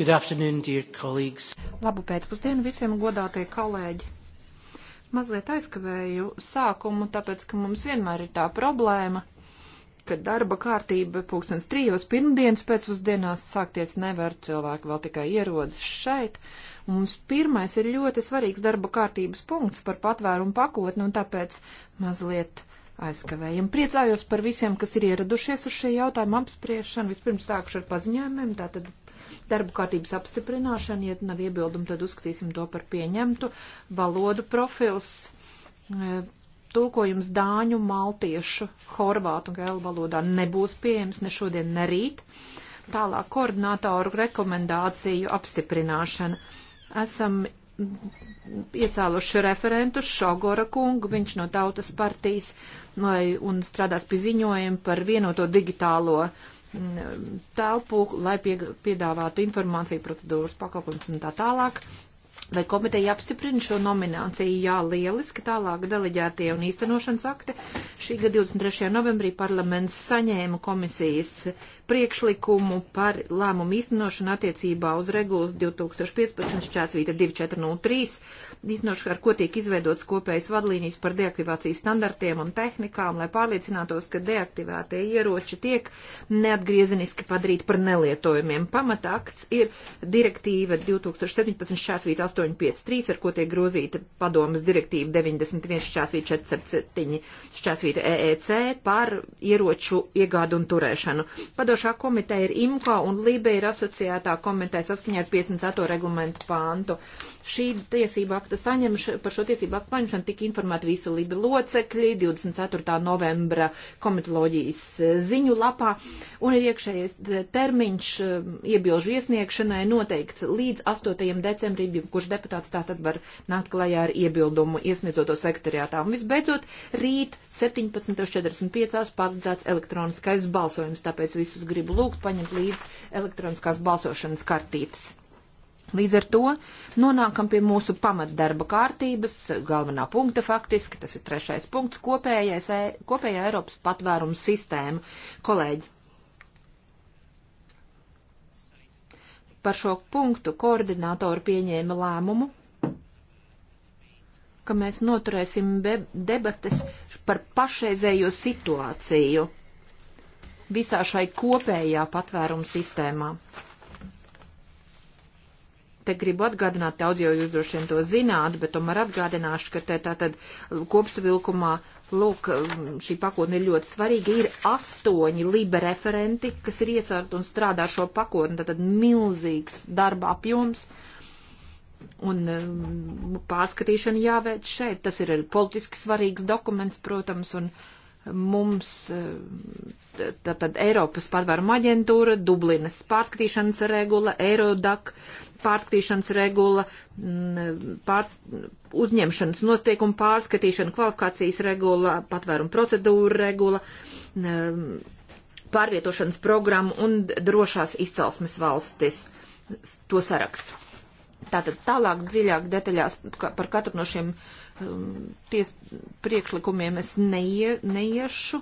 Good afternoon, dear colleagues. Labu pēcpusdienu visiem godātie kolēģi. Mazliet aizkavēju sākumu, tāpēc, ka mums vienmēr ir tā problēma, ka darba kārtība pūkstens trijos pirmdienas pēcpusdienās sākties nevar, cilvēki vēl tikai ierodas šeit. Mums pirmais ir ļoti svarīgs darba kārtības punkts par patvērumu pakotni, un tāpēc mazliet aizkavējam. Priecājos par visiem, kas ir ieradušies uz šī jautājuma apspriešanu. Vispirms sākuši ar paziņojumiem, tātad Darba kārtības apstiprināšana, ja nav iebildumu, tad uzskatīsim to par pieņemtu. Valodu profils, e, tulkojums dāņu, maltiešu, horvātu un gēlu valodā nebūs pieejams ne šodien, ne rīt. Tālāk koordinātoru rekomendāciju apstiprināšana. Esam iecēluši referentu Šogora kungu, viņš no tautas partijas, lai, un strādās pie ziņojuma par vienoto digitālo telpu, lai pie, piedāvātu informāciju, procedūras pakalpojumus un tā tālāk. Uh, Vai komiteja apstiprina šo nomināciju? Jā, lieliski tālāk deleģētie un īstenošanas akti. Šī gada 23. novembrī parlaments saņēma komisijas priekšlikumu par lēmumu īstenošanu attiecībā uz regulas 2015 šķērsvīta 2403, īstenošanu, ar ko tiek izveidots kopējas vadlīnijas par deaktivācijas standartiem un tehnikām, lai pārliecinātos, ka deaktivētie ieroči tiek neatgriezeniski padarīti par nelietojumiem. Pamatakts ir direktīva 2017 šķērsvīta 8. 853, ar ko tiek grozīta padomas direktīva 91 šķāsvīta 47 šķāsvīta EEC par ieroču iegādu un turēšanu. Padošā komiteja ir IMKO un Lībe ir asociētā komiteja saskaņā ar 54. regulamentu pāntu. Pa šī tiesība akta saņemšana, par šo tiesību aktu saņemšanu tika informēti visi Libi locekļi 24. novembra komitoloģijas eh, ziņu lapā, un ir iekšējais eh, termiņš eh, iebilžu iesniegšanai noteikts līdz 8. decembrim, kurš deputāts tātad var nākt klajā ar iebildumu iesniedzot to sekretariātā. Un visbeidzot, rīt 17.45 paredzēts elektroniskais balsojums, tāpēc visus gribu lūgt paņemt līdz elektroniskās balsošanas kartītes. Līdz ar to nonākam pie mūsu pamatdarba kārtības, galvenā punkta faktiski, tas ir trešais punkts, kopējais, e, kopējā Eiropas patvērums sistēma. Kolēģi, par šo punktu koordinātori pieņēma lēmumu, ka mēs noturēsim debates par pašreizējo situāciju visā šai kopējā patvērumu sistēmā. Te gribu atgādināt, daudz jau jūs droši vien to zināt, bet tomēr atgādināšu, ka te tātad kopsavilkumā, lūk, šī pakotne ir ļoti svarīga. Ir astoņi liba referenti, kas ir iecērti un strādā šo pakotni, tātad milzīgs darba apjoms. Un um, pārskatīšana jāveic šeit. Tas ir arī politiski svarīgs dokuments, protams, un mums uh, tātad Eiropas patvērumu aģentūra, Dublinas pārskatīšanas regula, Eirodak, pārskatīšanas regula, pārs, uzņemšanas noteikuma pārskatīšana, kvalifikācijas regula, patvērumu procedūra regula, pārvietošanas programma un drošās izcelsmes valstis. To saraksts. Tātad tālāk dziļāk detaļās par katru no šiem um, ties priekšlikumiem es neie, neiešu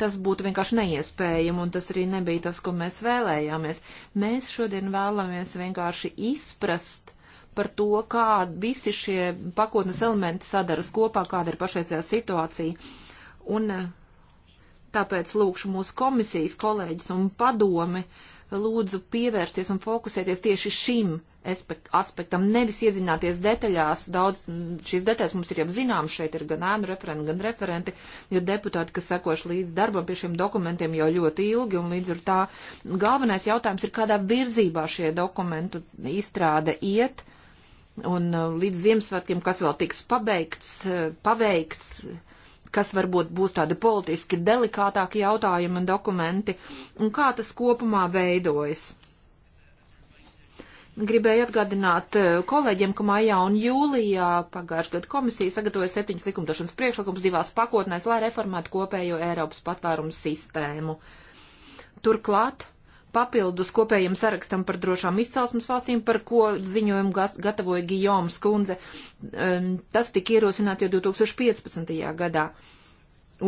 tas būtu vienkārši neiespējami, un tas arī nebija tas, ko mēs vēlējāmies. Mēs šodien vēlamies vienkārši izprast par to, kā visi šie pakotnes elementi sadaras kopā, kāda ir pašreizējā situācija. Un eh, tāpēc lūkšu mūsu komisijas kolēģis un padomi uh, lūdzu pievērsties un fokusēties tieši šim aspektam, nevis iedzināties detaļās. Daudz šīs detaļas mums ir jau zināmas, šeit ir gan ēnu referenti, gan referenti, ir deputāti, kas sekoši līdz darbam pie šiem dokumentiem jau ļoti ilgi, un līdz ar tā galvenais jautājums ir, kādā virzībā šie dokumentu izstrāde iet, un uh, līdz Ziemassvētkiem, kas vēl tiks pabeigts, uh, paveikts. paveikts kas varbūt būs tādi politiski delikātāki jautājumi un dokumenti, un kā tas kopumā veidojas. Gribēju atgādināt eh, kolēģiem, ka maijā un jūlijā pagājušajā gadā komisija sagatavoja septiņas likumdošanas priekšlikumus divās pakotnēs, lai reformētu kopējo Eiropas patvērumu sistēmu. Turklāt papildus kopējiem sarakstam par drošām izcelsmes valstīm, par ko ziņojumu gatavoja Gijomas kundze. Tas tika ierosināts jau 2015. gadā.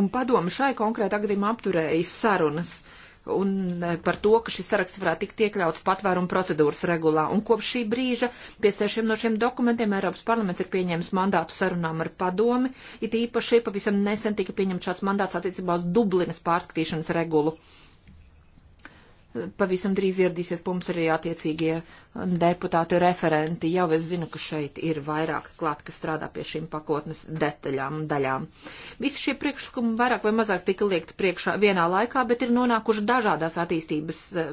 Un padomu šai konkrētā gadījumā apturējis sarunas un e, par to, ka šis saraksts varētu tikt iekļauts patvērumu procedūras regulā. Un kopš šī brīža pie sešiem no šiem dokumentiem Eiropas parlaments ir pieņēmis mandātu sarunām ar padomi, it īpaši pavisam nesen tika pieņemts šāds mandāts attiecībā uz Dublinas pārskatīšanas regulu. Uh, pavisam drīz ieradīsies mums arī attiecīgie deputāti referenti. Jau es zinu, ka šeit ir vairāk klāt, kas strādā pie šīm pakotnes detaļām un daļām. Visi šie priekšlikumi vairāk vai mazāk tika liekti priekšā vienā laikā, bet ir nonākuši dažādās attīstības eh,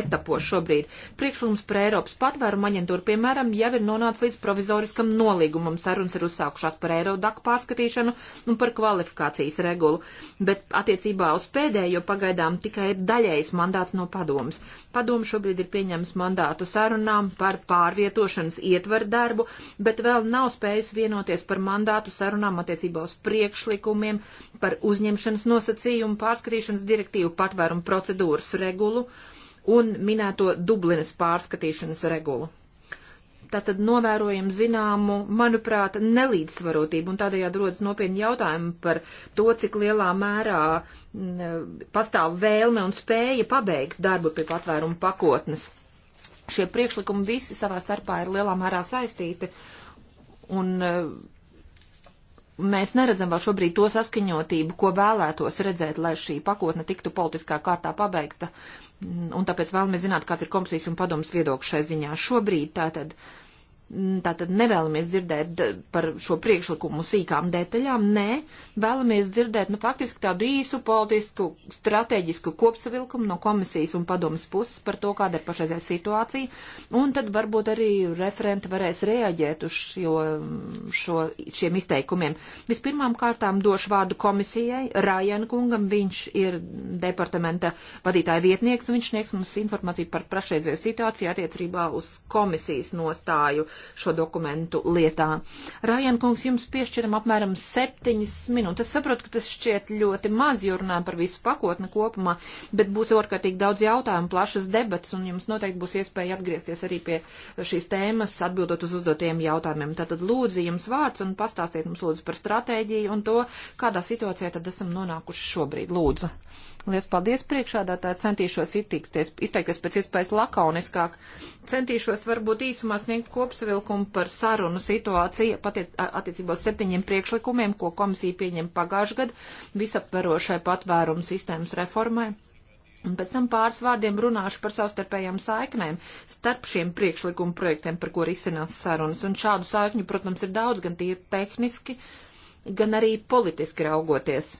etapos šobrīd. Priekšlikums par Eiropas patvērumu aģentūru, piemēram, jau ir nonācis līdz provizoriskam nolīgumam. Sarunas ir uzsākušās par Eirodaku pārskatīšanu un par kvalifikācijas regulu, bet attiecībā uz pēdējo pagaidām tikai ir daļējs mandāts no padomas. Padoma šobrīd ir pieņēmis mandātu sarunu sarunām par pārvietošanas ietver darbu, bet vēl nav spējis vienoties par mandātu sarunām attiecībā uz priekšlikumiem, par uzņemšanas nosacījumu pārskatīšanas direktīvu patvērumu procedūras regulu un minēto Dublinas pārskatīšanas regulu. Tātad novērojam zināmu, manuprāt, nelīdzsvarotību, un tādējādi rodas nopietni jautājumi par to, cik lielā mērā mm, pastāv vēlme un spēja pabeigt darbu pie patvērumu pakotnes. Šie priekšlikumi visi savā starpā ir lielā mērā saistīti. Un eh, mēs neredzam vēl šobrīd to saskaņotību, ko vēlētos redzēt, lai šī pakotne tiktu politiskā kārtā pabeigta. Un tāpēc vēlamies zināt, kāds ir komisijas un padomas viedoklis šai ziņā. Šobrīd tātad. Uh, Tātad nevēlamies dzirdēt par šo priekšlikumu sīkām detaļām, nē, vēlamies dzirdēt, nu, faktiski tādu īsu politisku, strateģisku kopsavilkumu no komisijas un padomas puses par to, kāda ir pašreizē situācija, un tad varbūt arī referenti varēs reaģēt uz šo, šo, šiem izteikumiem. Vispirmām kārtām došu vārdu komisijai, Rājana kungam, viņš ir departamenta vadītāja vietnieks, un viņš sniegs mums informāciju par pašreizējo situāciju attiecībā uz komisijas nostāju. Uh, šo dokumentu lietā. Rajan kungs, jums piešķiram apmēram septiņas minūtes. Es saprotu, ka tas šķiet ļoti maz, jo runājam par visu pakotni kopumā, bet būs ārkārtīgi daudz jautājumu, plašas debats, un jums noteikti būs iespēja atgriezties arī pie šīs tēmas, atbildot uz uzdotiem jautājumiem. Tātad lūdzu jums vārds un pastāstiet mums lūdzu par stratēģiju un to, kādā situācijā tad esam nonākuši šobrīd. Lūdzu. Lies paldies priekšādātāji, centīšos izteikties, izteikties pēc iespējas lakauniskāk. Centīšos varbūt īsumā sniegt kopsavilkumu par sarunu situāciju attiecībā uz septiņiem priekšlikumiem, ko komisija pieņem pagājušajā gadā visaptverošai patvērumu sistēmas reformai. Un pēc tam pāris vārdiem runāšu par savstarpējām saiknēm starp šiem priekšlikumu projektiem, par kur izcinās sarunas. Un šādu saikņu, protams, ir daudz, gan tie ir tehniski, gan arī politiski raugoties.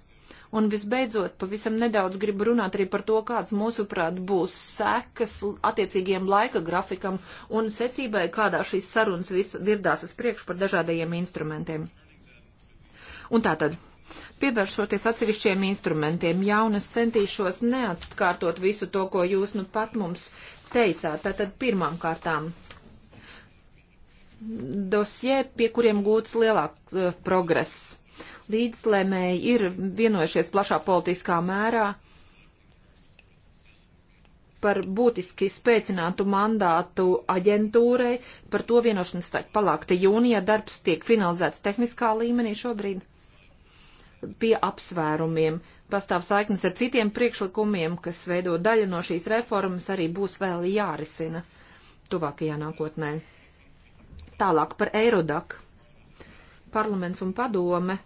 Un visbeidzot, pavisam nedaudz gribu runāt arī par to, kāds mūsuprāt būs sekas attiecīgiem laika grafikam un secībai, kādā šīs sarunas virdās uz priekšu par dažādajiem instrumentiem. Un tātad. Pievēršoties atsevišķiem instrumentiem, jaunas centīšos neatkārtot visu to, ko jūs nu pat mums teicāt. Tātad pirmām kārtām dosie, pie kuriem gūts lielāks uh, progress līdzlēmēji ir vienojušies plašā politiskā mērā par būtiski spēcinātu mandātu aģentūrai. Par to vienošanas tiek palākta jūnijā. Darbs tiek finalizēts tehniskā līmenī šobrīd pie apsvērumiem. Pastāv saiknes ar citiem priekšlikumiem, kas veido daļu no šīs reformas, arī būs vēl jārisina tuvākajā nākotnē. Tālāk par Eirodaku. Parlaments un padome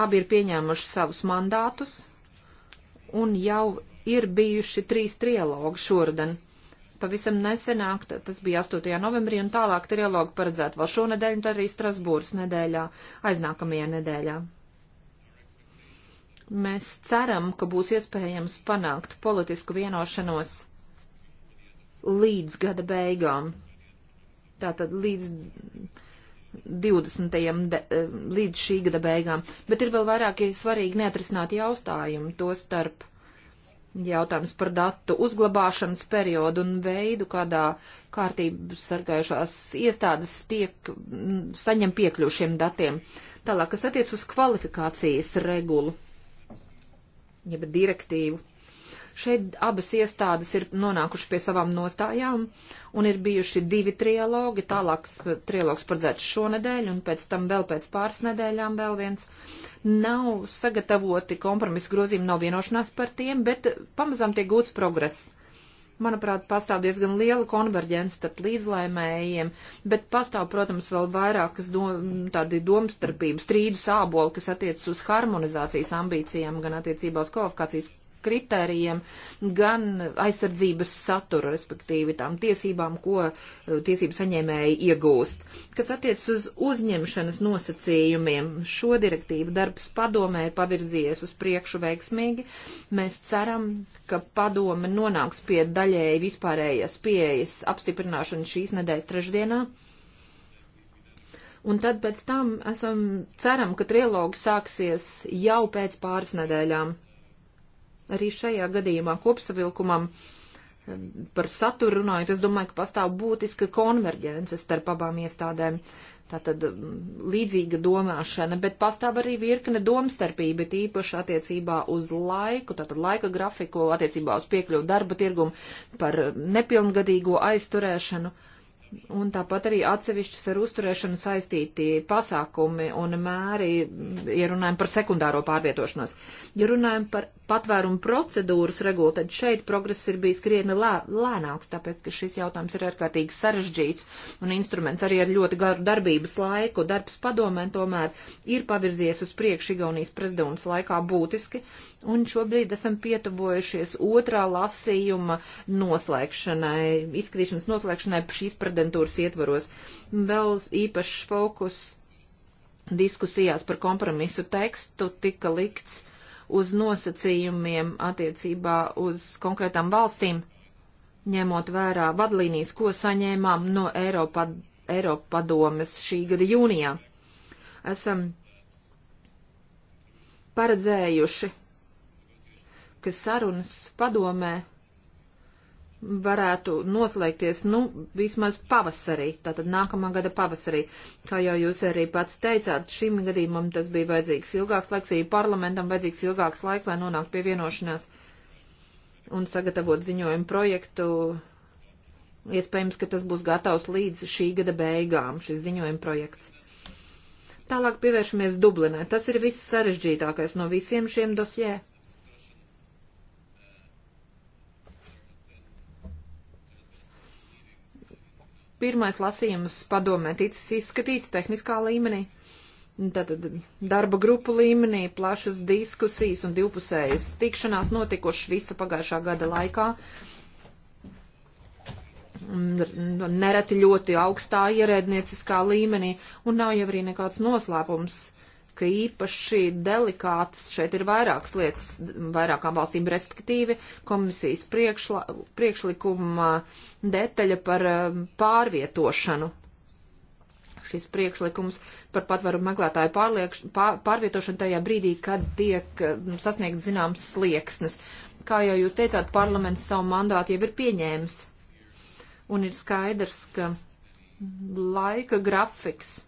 Abi ir pieņēmuši savus mandātus un jau ir bijuši trīs trialogi šoruden. Pavisam nesenāk, tas bija 8. novembrī, un tālāk trialogu paredzētu vēl šonadēļ, un tad arī Strasbūras nedēļā, aiznākamajā nedēļā. Mēs ceram, ka būs iespējams panākt politisku vienošanos līdz gada beigām. Tātad līdz 20. De, eh, līdz šī gada beigām, bet ir vēl vairākie svarīgi neatrisināti jautājumi, to starp jautājums par datu uzglabāšanas periodu un veidu, kādā kārtības sargājušās iestādes tiek saņem piekļušiem datiem. Tālāk, kas attiec uz kvalifikācijas regulu, jeb direktīvu Šeit abas iestādes ir nonākuši pie savām nostājām un ir bijuši divi trialogi. Tālāks eh, trialogs paredzēts šonedēļ un pēc tam vēl pēc pāris nedēļām vēl viens. Nav sagatavoti kompromisa grozījumi, nav vienošanās par tiem, bet pamazām tiek gūts progress manuprāt, pastāv diezgan liela konverģence starp līdzlēmējiem, bet pastāv, protams, vēl vairākas do, tādi domstarpības, strīdu sāboli, kas attiecas uz harmonizācijas ambīcijām, gan attiecībā uz kvalifikācijas kritērijiem, gan aizsardzības satura, respektīvi tām tiesībām, ko eh, tiesību saņēmēji iegūst. Kas attiec uz uzņemšanas nosacījumiem, šo direktīvu darbs padomē ir pavirzies uz priekšu veiksmīgi. Mēs ceram, ka padome nonāks pie daļēji vispārējas pieejas apstiprināšanas šīs nedēļas trešdienā. Un tad pēc tam esam ceram, ka trilogs sāksies jau pēc pāris nedēļām arī šajā gadījumā kopsavilkumam um, par saturu runājot, es domāju, ka pastāv būtiska konverģence starp abām iestādēm. Tātad um, līdzīga domāšana, bet pastāv arī virkne domstarpība, tīpaši attiecībā uz laiku, tātad laika grafiku, attiecībā uz piekļuvu darba tirgumu par nepilngadīgo aizturēšanu. Uh, un tāpat arī atsevišķas ar uzturēšanu saistīti pasākumi un mēri, ja runājam par sekundāro pārvietošanos. Ja runājam par patvērumu procedūras regulu, tad šeit progress ir bijis krietni lē, lēnāks, tāpēc, ka šis jautājums ir ārkārtīgi sarežģīts un instruments arī ar ļoti garu darbības laiku. Darbs padomē tomēr ir pavirzies uz priekšu Igaunijas prezidents laikā būtiski, un šobrīd esam pietuvojušies otrā lasījuma noslēgšanai, izskatīšanas noslēgšanai šīs predē prezidentūras ietvaros. Vēl īpašs fokus diskusijās par kompromisu tekstu tika likts uz nosacījumiem attiecībā uz konkrētām valstīm, ņemot vērā vadlīnijas, ko saņēmām no Eiropa, Eiropa padomes šī gada jūnijā. Esam paredzējuši, ka sarunas padomē varētu noslēgties, nu, vismaz pavasarī, tātad nākamā gada pavasarī. Kā jau jūs arī pats teicāt, šim gadījumam tas bija vajadzīgs ilgāks laiks, arī parlamentam vajadzīgs ilgāks laiks, lai nonāktu pie vienošanās un sagatavot ziņojumu projektu. Iespējams, ka tas būs gatavs līdz šī gada beigām, šis ziņojuma projekts. Tālāk pievēršamies Dublinai. Tas ir viss sarežģītākais no visiem šiem dosjē. Pirmais lasījums padomē ticis izskatīts tehniskā līmenī. Tātad darba grupu līmenī plašas diskusijas un divpusējas tikšanās notikušas visa pagājušā gada laikā. Nereti ļoti augstā ierēdnieciskā līmenī, un nav jau arī nekāds noslēpums, ka īpaši delikātas šeit ir vairākas lietas vairākām valstīm, respektīvi komisijas priekšla, priekšlikuma detaļa par um, pārvietošanu. Šis priekšlikums par patvaru meklētāju pārliekš, pār, pārvietošanu tajā brīdī, kad tiek um, sasniegt zināms slieksnes. Kā jau jūs teicāt, parlaments savu mandātu jau ir pieņēmis. Un ir skaidrs, ka laika grafiks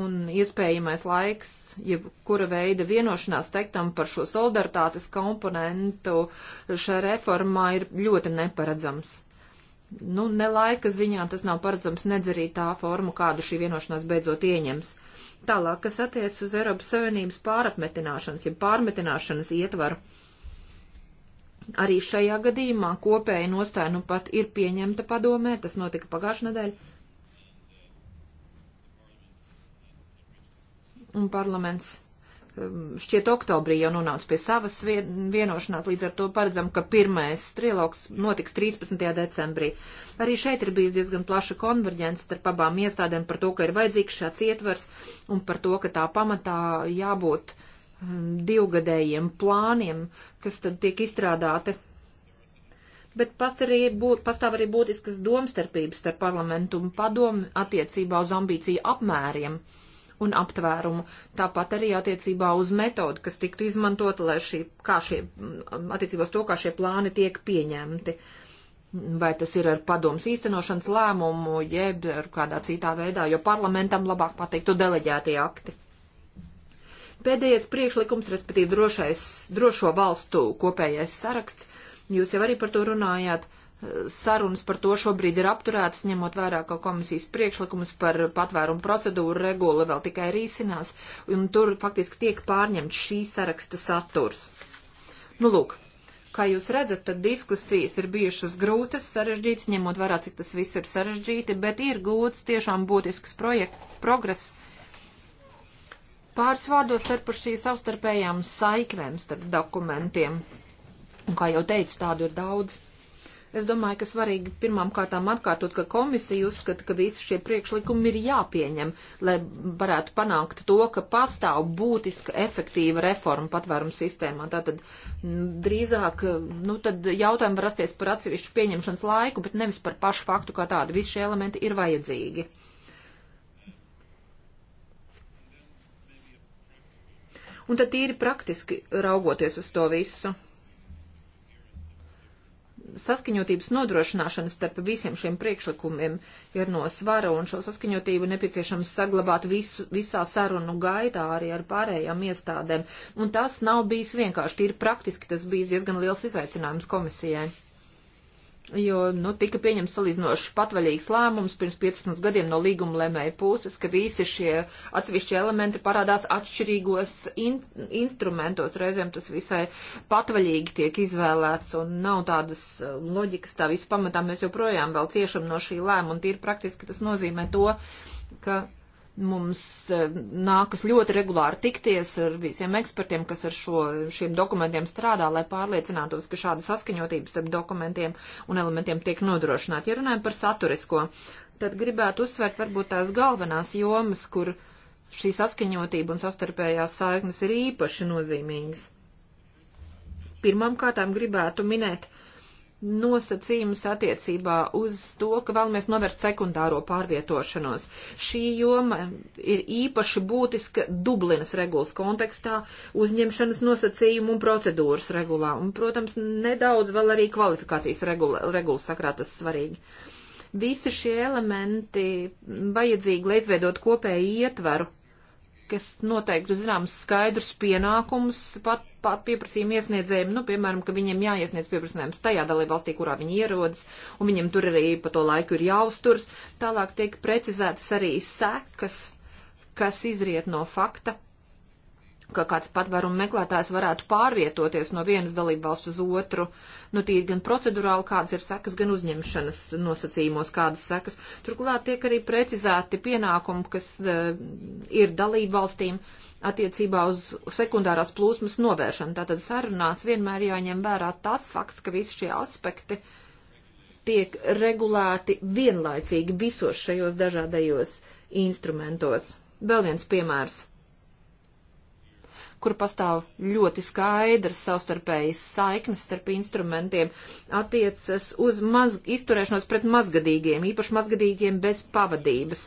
un iespējamais laiks, jebkura ja veida vienošanās teiktam par šo solidaritātes komponentu šajā reformā ir ļoti neparedzams. Nu, ne laika ziņā tas nav paredzams nedz arī tā forma, kādu šī vienošanās beidzot ieņems. Tālāk, kas attiec uz Eiropas Savienības pārapmetināšanas, ja pārmetināšanas ietvaru. Arī šajā gadījumā kopēja nostāja nu pat ir pieņemta padomē, tas notika pagājušajā nedēļā Un parlaments um, šķiet oktobrī jau nonāca pie savas vienošanās, līdz ar to paredzam, ka pirmais trilogs notiks 13. decembrī. Arī šeit ir bijis diezgan plaša konverģence starp abām iestādēm par to, ka ir vajadzīgs šāds ietvers un par to, ka tā pamatā jābūt um, divgadējiem plāniem, kas tad tiek izstrādāti. Bet arī būt, pastāv arī būtiskas domstarpības starp parlamentu un padomu attiecībā uz ambīciju apmēriem. Uh, un aptvērumu. Tāpat arī attiecībā uz metodu, kas tiktu izmantota, lai šī, kā šie, mm, attiecībā uz to, kā šie plāni tiek pieņemti. Vai tas ir ar padomus īstenošanas lēmumu, jeb ar kādā citā veidā, jo parlamentam labāk pateiktu deleģētie akti. Pēdējais priekšlikums, respektīvi drošais, drošo valstu kopējais saraksts, jūs jau arī par to runājāt. Uh, sarunas par to šobrīd ir apturētas, ņemot vērā, ka komisijas priekšlikums par patvērumu procedūru regula vēl tikai rīsinās, un tur faktiski tiek pārņemts šī saraksta saturs. Nu, lūk, kā jūs redzat, tad diskusijas ir bijušas grūtas, sarežģītas, ņemot vērā, cik tas viss ir sarežģīti, bet ir gūts tiešām būtisks projekt, progress. Pāris vārdos starp šīs savstarpējām saiknēm starp dokumentiem. Un, kā jau teicu, tādu ir daudz. Es domāju, ka svarīgi pirmām kārtām atkārtot, ka komisija uzskata, ka visi šie priekšlikumi ir jāpieņem, lai varētu panākt to, ka pastāv būtiska efektīva reforma patvērumu sistēmā. Tātad drīzāk, nu tad jautājumi var rasties par atsevišķu pieņemšanas laiku, bet nevis par pašu faktu kā tādu. Visi šie elementi ir vajadzīgi. Un tad tīri praktiski raugoties uz to visu saskaņotības nodrošināšana starp visiem šiem priekšlikumiem ir no svara, un šo saskaņotību nepieciešams saglabāt visu, visā sarunu gaitā arī ar pārējām iestādēm. Un tas nav bijis vienkārši, ir praktiski tas bijis diezgan liels izaicinājums komisijai jo, nu, tika pieņemts salīdzinoši patvaļīgs lēmums pirms 15 gadiem no līguma lemēja puses, ka visi šie atsevišķi elementi parādās atšķirīgos in instrumentos, reizēm tas visai patvaļīgi tiek izvēlēts un nav tādas um, loģikas tā vispār pamatā mēs joprojām vēl ciešam no šī lēmuma, un tīri praktiski tas nozīmē to, ka Mums e, nākas ļoti regulāri tikties ar visiem ekspertiem, kas ar šo, šiem dokumentiem strādā, lai pārliecinātos, ka šāda saskaņotības starp dokumentiem un elementiem tiek nodrošināta. Ja runājam par saturisko, tad gribētu uzsvērt varbūt tās galvenās jomas, kur šī saskaņotība un sastarpējās saiknes ir īpaši nozīmīgas. Pirmām kārtām gribētu minēt uh, nosacījumus attiecībā uz to, ka vēlamies novērst sekundāro pārvietošanos. Šī joma ir īpaši būtiska Dublinas regulas kontekstā, uzņemšanas nosacījumu un procedūras regulā, un, protams, nedaudz vēl arī kvalifikācijas regula, regulas sakrā tas svarīgi. Visi šie elementi vajadzīgi, lai izveidot kopēju ietveru kas noteiktu zināms skaidrus pienākumus pat, pat pieprasījuma iesniedzējiem, nu, piemēram, ka viņiem jāiesniedz pieprasījums tajā dalībvalstī, kurā viņi ierodas, un viņiem tur arī pa to laiku ir jāuzturs. Tālāk tiek precizētas arī sekas, kas izriet no fakta, ka kāds patvērumu meklētājs varētu pārvietoties no vienas dalībvalsts uz otru. Nu, tie ir gan procedurāli, kādas ir sekas, gan uzņemšanas nosacījumos, kādas sekas. Turklāt tiek arī precizēti pienākumi, kas uh, ir dalībvalstīm attiecībā uz sekundārās plūsmas novēršanu. Tātad sarunās vienmēr jāņem vērā tas fakts, ka visi šie aspekti tiek regulēti vienlaicīgi visos šajos dažādajos instrumentos. Vēl viens piemērs kur pastāv ļoti skaidrs savstarpējas saiknes starp instrumentiem, attiecas uz maz, izturēšanos pret mazgadīgiem, īpaši mazgadīgiem bez pavadības.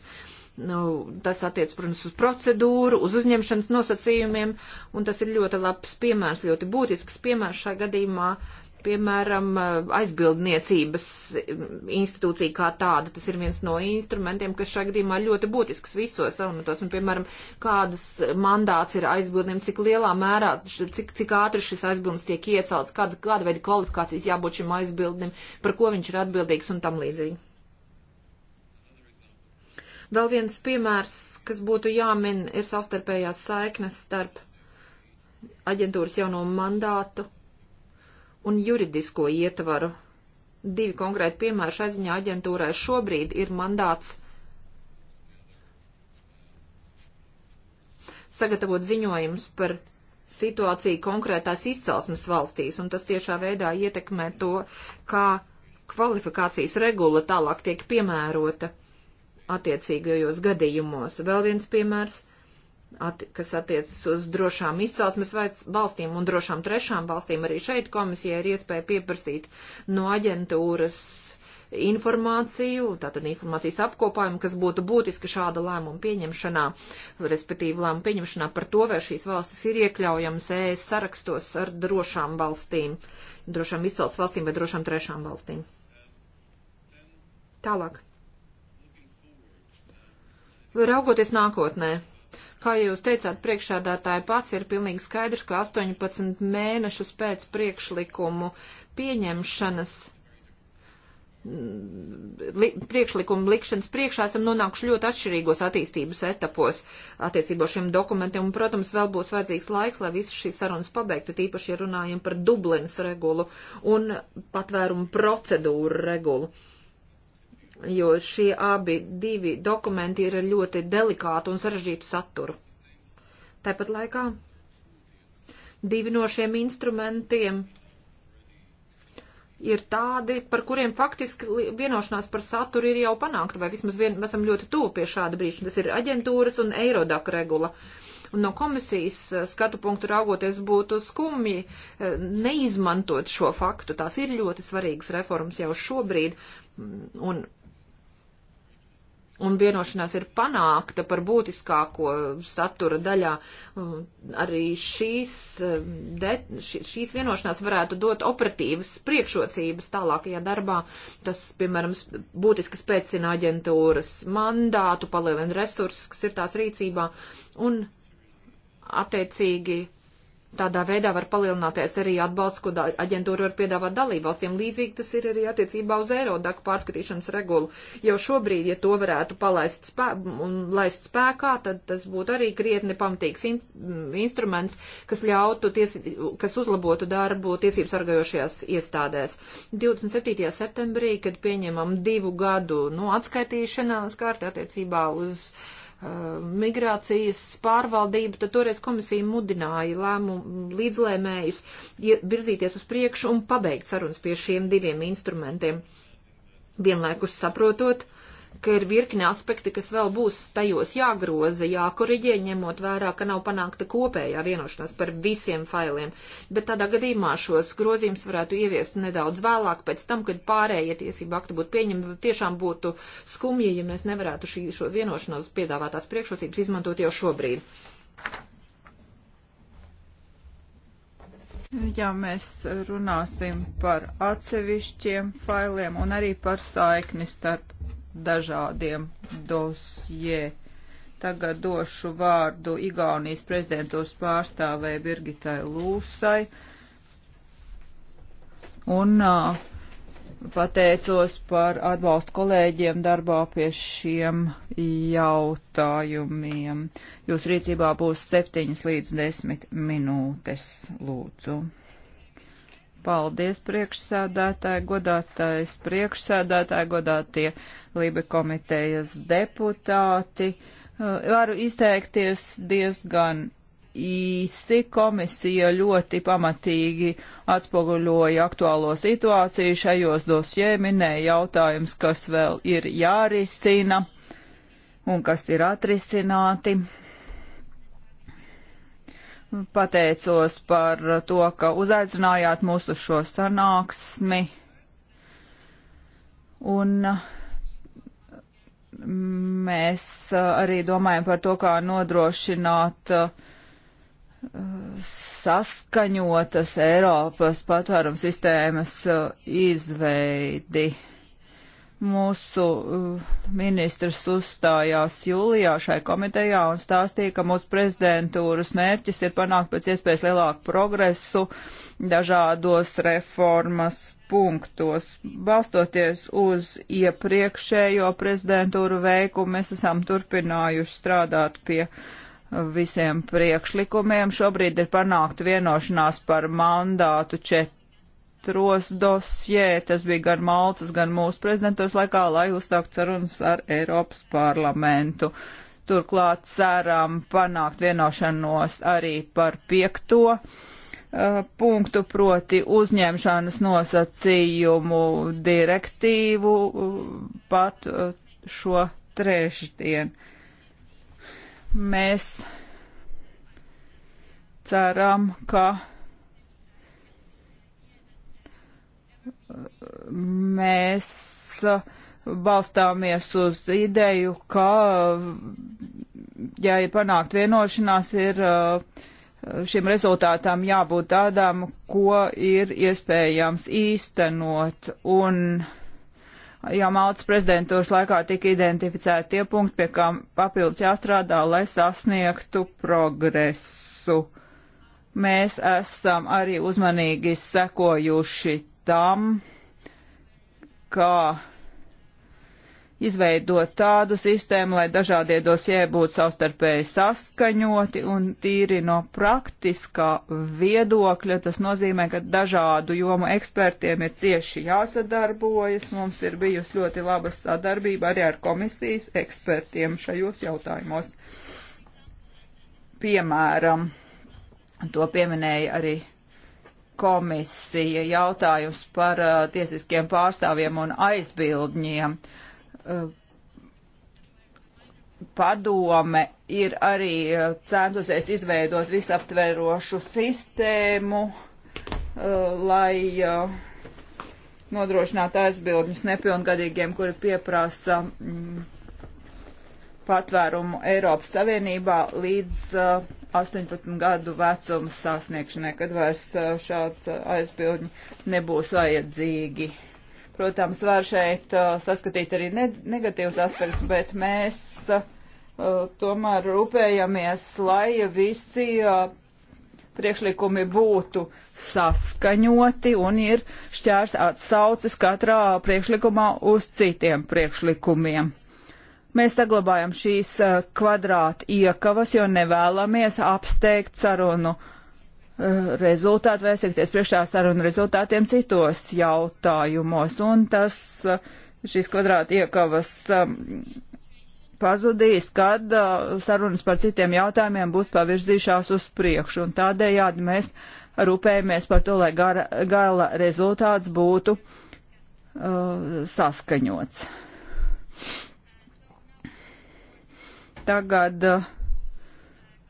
Nu, tas attiec, protams, uz procedūru, uz uzņemšanas nosacījumiem, un tas ir ļoti labs piemērs, ļoti būtisks piemērs šā gadījumā. Uh, piemēram, aizbildniecības institūcija kā tāda. Tas ir viens no instrumentiem, kas šajā gadījumā ļoti būtisks visos elementos. Un, piemēram, kādas mandāts ir aizbildniem, cik lielā mērā, cik, cik ātri šis aizbildnis tiek iecelts, kāda, kāda veida kvalifikācijas jābūt šim aizbildnim, par ko viņš ir atbildīgs un tam līdzīgi. Vēl viens piemērs, kas būtu jāmin, ir savstarpējās saiknes starp aģentūras jauno mandātu un juridisko ietvaru. Divi konkrēti piemēri šai ziņā aģentūrai šobrīd ir mandāts sagatavot ziņojumus par situāciju konkrētās izcelsmes valstīs, un tas tiešā veidā ietekmē to, kā kvalifikācijas regula tālāk tiek piemērota attiecīgajos gadījumos. Vēl viens piemērs at, kas attiecas uz drošām izcelsmes valstīm un drošām trešām valstīm. Arī šeit komisija ir iespēja pieprasīt no aģentūras informāciju, tātad informācijas apkopājumu, kas būtu būtiski šāda lēmuma pieņemšanā, respektīvi lēmuma pieņemšanā par to, vai šīs valstis ir iekļaujamas ES sarakstos ar drošām valstīm, drošām izcels valstīm vai drošām trešām valstīm. Tālāk. Raugoties nākotnē, Kā jūs teicāt, priekšādātāji pats ir pilnīgi skaidrs, ka 18 mēnešus pēc priekšlikumu pieņemšanas, mm, li, priekšlikumu likšanas priekšā esam nonākuši ļoti atšķirīgos attīstības etapos attiecībā šiem dokumentiem, un, protams, vēl būs vajadzīgs laiks, lai visas šīs sarunas pabeigtu, tīpaši, ja runājam par Dublinas regulu un patvērumu procedūru regulu. Uh, jo šie abi divi dokumenti ir ar ļoti delikātu un sarežģītu saturu. Tāpat laikā divi no šiem instrumentiem ir tādi, par kuriem faktiski vienošanās par saturu ir jau panākta, vai vismaz vien, esam ļoti tuvu pie šāda brīža. Tas ir aģentūras un Eirodaka regula. Un no komisijas eh, skatu punktu raugoties būtu skumji eh, neizmantot šo faktu. Tās ir ļoti svarīgas reformas jau šobrīd, mm, un un vienošanās ir panākta par būtiskāko satura daļā, arī šīs, um, de, šīs vienošanās varētu dot operatīvas priekšrocības tālākajā darbā. Tas, piemēram, būtiski spēcina aģentūras mandātu, palielina resursus, kas ir tās rīcībā, un attiecīgi Tādā veidā var palielināties arī atbalsts, ko aģentūra var piedāvāt dalībvalstīm. Līdzīgi tas ir arī attiecībā uz Eirodaku pārskatīšanas regulu. Jau šobrīd, ja to varētu palaist spē un laist spēkā, tad tas būtu arī krietni pamatīgs in instruments, kas ļautu, ties kas uzlabotu darbu tiesības sargājošajās iestādēs. 27. septembrī, kad pieņemam divu gadu no nu, atskaitīšanās kārti attiecībā uz. Uh, Uh, migrācijas pārvaldību, tad toreiz komisija mudināja lēmumu līdzlēmējus virzīties uz priekšu un pabeigt sarunas pie šiem diviem instrumentiem. Vienlaikus saprotot, ka ir virkni aspekti, kas vēl būs tajos jāgroza, jākoriģē, ņemot vērā, ka nav panākta kopējā vienošanās par visiem failiem. Bet tādā gadījumā šos grozījums varētu ieviest nedaudz vēlāk, pēc tam, kad pārējie tiesību akti būtu pieņemti, tiešām būtu skumji, ja mēs nevarētu šī, šo vienošanos piedāvātās priekšrocības izmantot jau šobrīd. Ja mēs runāsim par atsevišķiem failiem un arī par saikni starp dažādiem dosjē. Tagad došu vārdu Igaunijas prezidentūras pārstāvēja Birgitai Lūsai. Un uh, pateicos par atbalstu kolēģiem darbā pie šiem jautājumiem. Jūs rīcībā būs 7 līdz 10 minūtes, lūdzu. Paldies priekšsēdētāji, godātais priekšsēdētāji, godātie Lībe komitejas deputāti. Eh, varu izteikties diezgan īsi. Komisija ļoti pamatīgi atspoguļoja aktuālo situāciju šajos dosjē, minēja jautājums, kas vēl ir jārisina un kas ir atrisināti Pateicos par to, ka uzaicinājāt mūsu šo sanāksmi. Un mēs uh, arī domājam par to, kā nodrošināt uh, saskaņotas Eiropas patvērums sistēmas uh, izveidi. Mūsu uh, ministrs uzstājās jūlijā šai komitejā un stāstīja, ka mūsu prezidentūras mērķis ir panākt pēc iespējas lielāku progresu dažādos reformas punktos. Balstoties uz iepriekšējo prezidentūru veikumu, mēs esam turpinājuši strādāt pie visiem priekšlikumiem. Šobrīd ir panākt vienošanās par mandātu četriem četros dosjē, tas bija gan Maltas, gan mūsu prezidentūras laikā, lai uzstāktu sarunas ar Eiropas parlamentu. Turklāt ceram panākt vienošanos arī par piekto uh, punktu, proti uzņemšanas nosacījumu direktīvu uh, pat uh, šo trešdien. Mēs ceram, ka mēs balstāmies uz ideju, ka, ja ir panākt vienošanās, ir uh, šim rezultātām jābūt tādām, ko ir iespējams īstenot. Un, ja Maltas prezidentūras laikā tika identificēti tie punkti, pie kā papildus jāstrādā, lai sasniegtu progresu. Mēs esam arī uzmanīgi sekojuši tam, kā izveidot tādu sistēmu, lai dažādie dosie būtu savstarpēji saskaņoti un tīri no praktiskā viedokļa. Tas nozīmē, ka dažādu jomu ekspertiem ir cieši jāsadarbojas. Mums ir bijusi ļoti laba sadarbība arī ar komisijas ekspertiem šajos jautājumos. Piemēram, to pieminēja arī komisija jautājums par uh, tiesiskiem pārstāvjiem un aizbildņiem. Uh, padome ir arī uh, centusies izveidot visaptverošu sistēmu, uh, lai uh, nodrošinātu aizbildņus nepilngadīgiem, kuri pieprasa mm, patvērumu Eiropas Savienībā līdz uh, 18 gadu vecuma sasniegšanai, kad vairs šāds aizbildņi nebūs vajadzīgi. Protams, var šeit saskatīt arī negatīvus aspektus, bet mēs tomēr rūpējamies, lai visi priekšlikumi būtu saskaņoti un ir šķērs atsaucis katrā priekšlikumā uz citiem priekšlikumiem. Mēs saglabājam šīs eh, kvadrāta iekavas, jo nevēlamies apsteigt sarunu eh, rezultātu, vērsties priekšā sarunu rezultātiem citos jautājumos. Un tas eh, šīs kvadrāta iekavas pazudīs, kad sarunas par citiem jautājumiem būs pavirzījušās uz priekšu. Un tādējādi mēs rūpējamies par to, lai gara, gala rezultāts būtu uh, saskaņots tagad uh,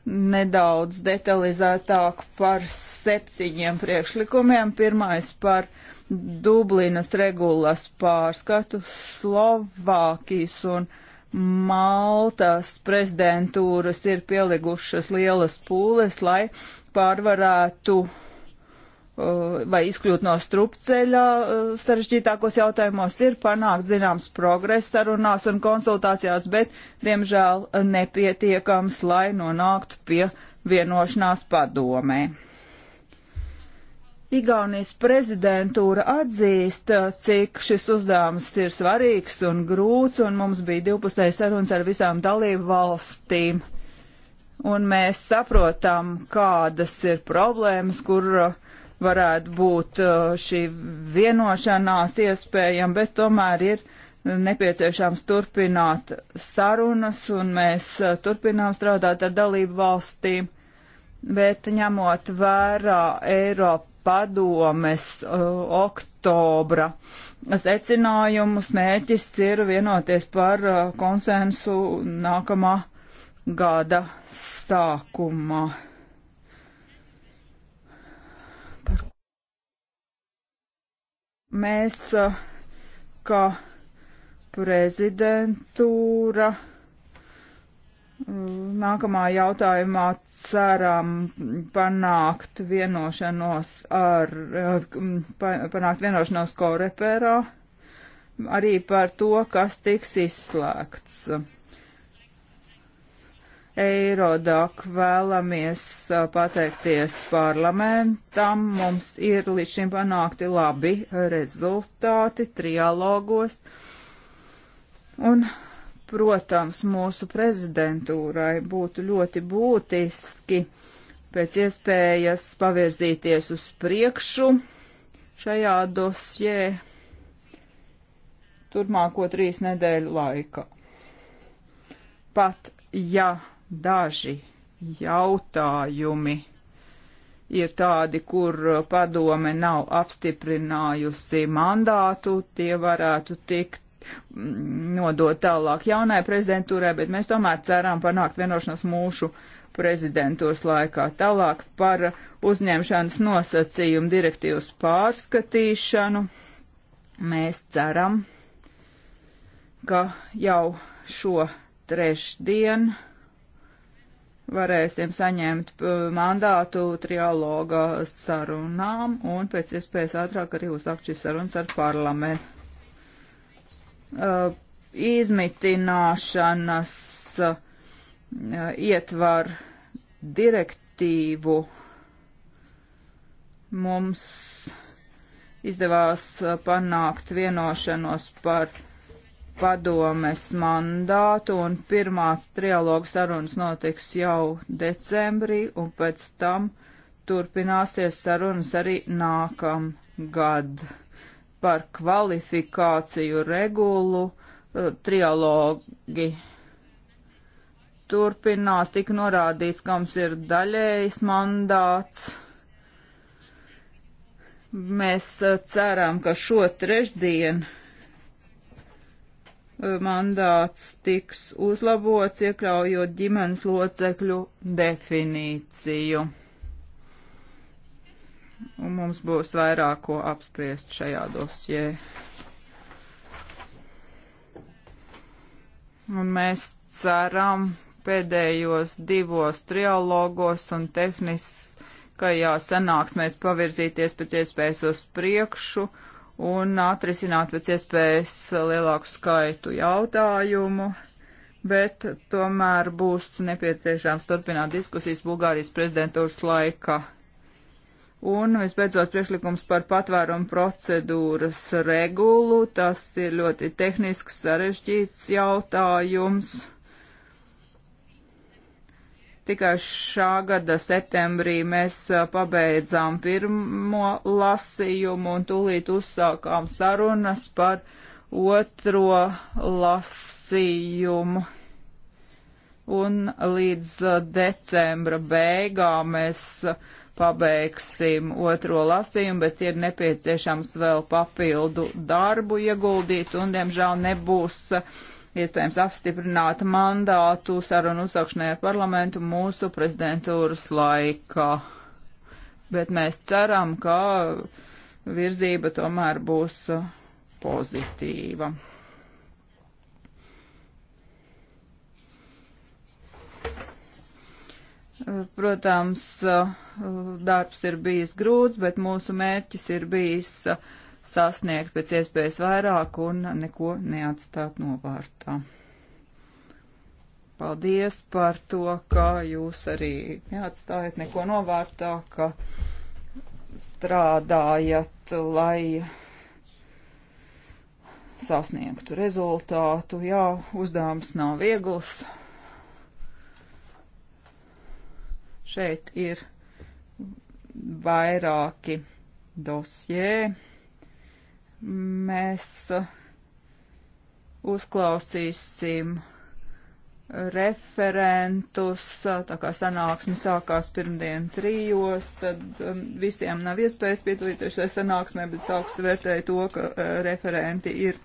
nedaudz detalizētāk par septiņiem priekšlikumiem. Pirmais par Dublinas regulas pārskatu Slovākijas un Maltas prezidentūras ir pielikušas lielas pūles, lai pārvarētu uh, Eh, vai izkļūt no strupceļa eh, sarežģītākos jautājumos ir panākt zināms progress sarunās un konsultācijās, bet, diemžēl, nepietiekams, lai nonāktu pie vienošanās padomē. Igaunijas prezidentūra atzīst, eh, cik šis uzdevums ir svarīgs un grūts, un mums bija divpusējas sarunas ar visām dalību valstīm. Un mēs saprotam, kādas ir problēmas, kur uh, varētu būt uh, šī vienošanās iespējama, bet tomēr ir nepieciešams turpināt sarunas, un mēs uh, turpinām strādāt ar dalību valstīm, bet ņemot vērā Eiropa padomes uh, oktobra secinājumus, mērķis ir vienoties par uh, konsensu nākamā gada sākumā. Mēs, eh, kā prezidentūra, eh, nākamā jautājumā ceram panākt vienošanos ar, eh, panākt vienošanos koreperā arī par to, kas tiks izslēgts. Eirodak vēlamies pateikties parlamentam. Mums ir līdz šim panākti labi rezultāti trialogos. Un, protams, mūsu prezidentūrai būtu ļoti būtiski pēc iespējas pavirzīties uz priekšu šajā dosjē turpmāko trīs nedēļu laikā. Pat ja Daži jautājumi ir tādi, kur padome nav apstiprinājusi mandātu, tie varētu tikt mm, nodot tālāk jaunai prezidentūrai, bet mēs tomēr ceram panākt vienošanos mūsu prezidentūras laikā. Tālāk par uzņemšanas nosacījumu direktīvas pārskatīšanu mēs ceram, ka jau šo trešdienu varēsim saņemt uh, mandātu trialoga sarunām un pēc iespējas ātrāk arī uzsākt šīs sarunas ar parlamentu. Uh, izmitināšanas uh, ietvar direktīvu mums izdevās uh, panākt vienošanos par padomes mandātu, un pirmās trialogu sarunas notiks jau decembrī, un pēc tam turpināsies sarunas arī nākamgad par kvalifikāciju regulu uh, trialogi. Turpinās tik norādīts, ka mums ir daļējs mandāts. Mēs eh, ceram, ka šo trešdienu Eh, mandāts tiks uzlabots, iekļaujot ģimenes locekļu definīciju. Un mums būs vairāk ko apspriest šajā dosjē. Un mēs ceram pēdējos divos trialogos un tehniskajā sanāksmēs pavirzīties pēc iespējas uz priekšu un atrisināt pēc iespējas lielāku skaitu jautājumu, bet tomēr būs nepieciešams turpināt diskusijas Bulgārijas prezidentūras laika. Un visbeidzot priekšlikums par patvērumu procedūras regulu, tas ir ļoti tehnisks sarežģīts jautājums. Tikai šā gada septembrī mēs pabeidzām pirmo lasījumu un tūlīt uzsākām sarunas par otro lasījumu. Un līdz decembra beigām mēs pabeigsim otro lasījumu, bet ir nepieciešams vēl papildu darbu ieguldīt, un, diemžēl, nebūs uh, iespējams apstiprināt mandātu sarunu uzsākšanai ar parlamentu mūsu prezidentūras laikā. Bet mēs ceram, ka virzība tomēr būs uh, pozitīva. Uh, protams, uh, darbs ir bijis grūts, bet mūsu mērķis ir bijis uh, sasniegt pēc iespējas vairāk un neko neatstāt novārtā. Paldies par to, ka jūs arī neatstājat neko novārtā, ka strādājat, lai sasniegtu rezultātu. Jā, uzdevums nav viegls. Šeit ir vairāki dosjē. Mēs uh, uzklausīsim referentus, uh, tā kā sanāksme sākās pirmdien trijos, tad um, visiem nav iespējas piedalīties šajā sanāksmē, bet augstu vērtēju to, ka uh, referenti ir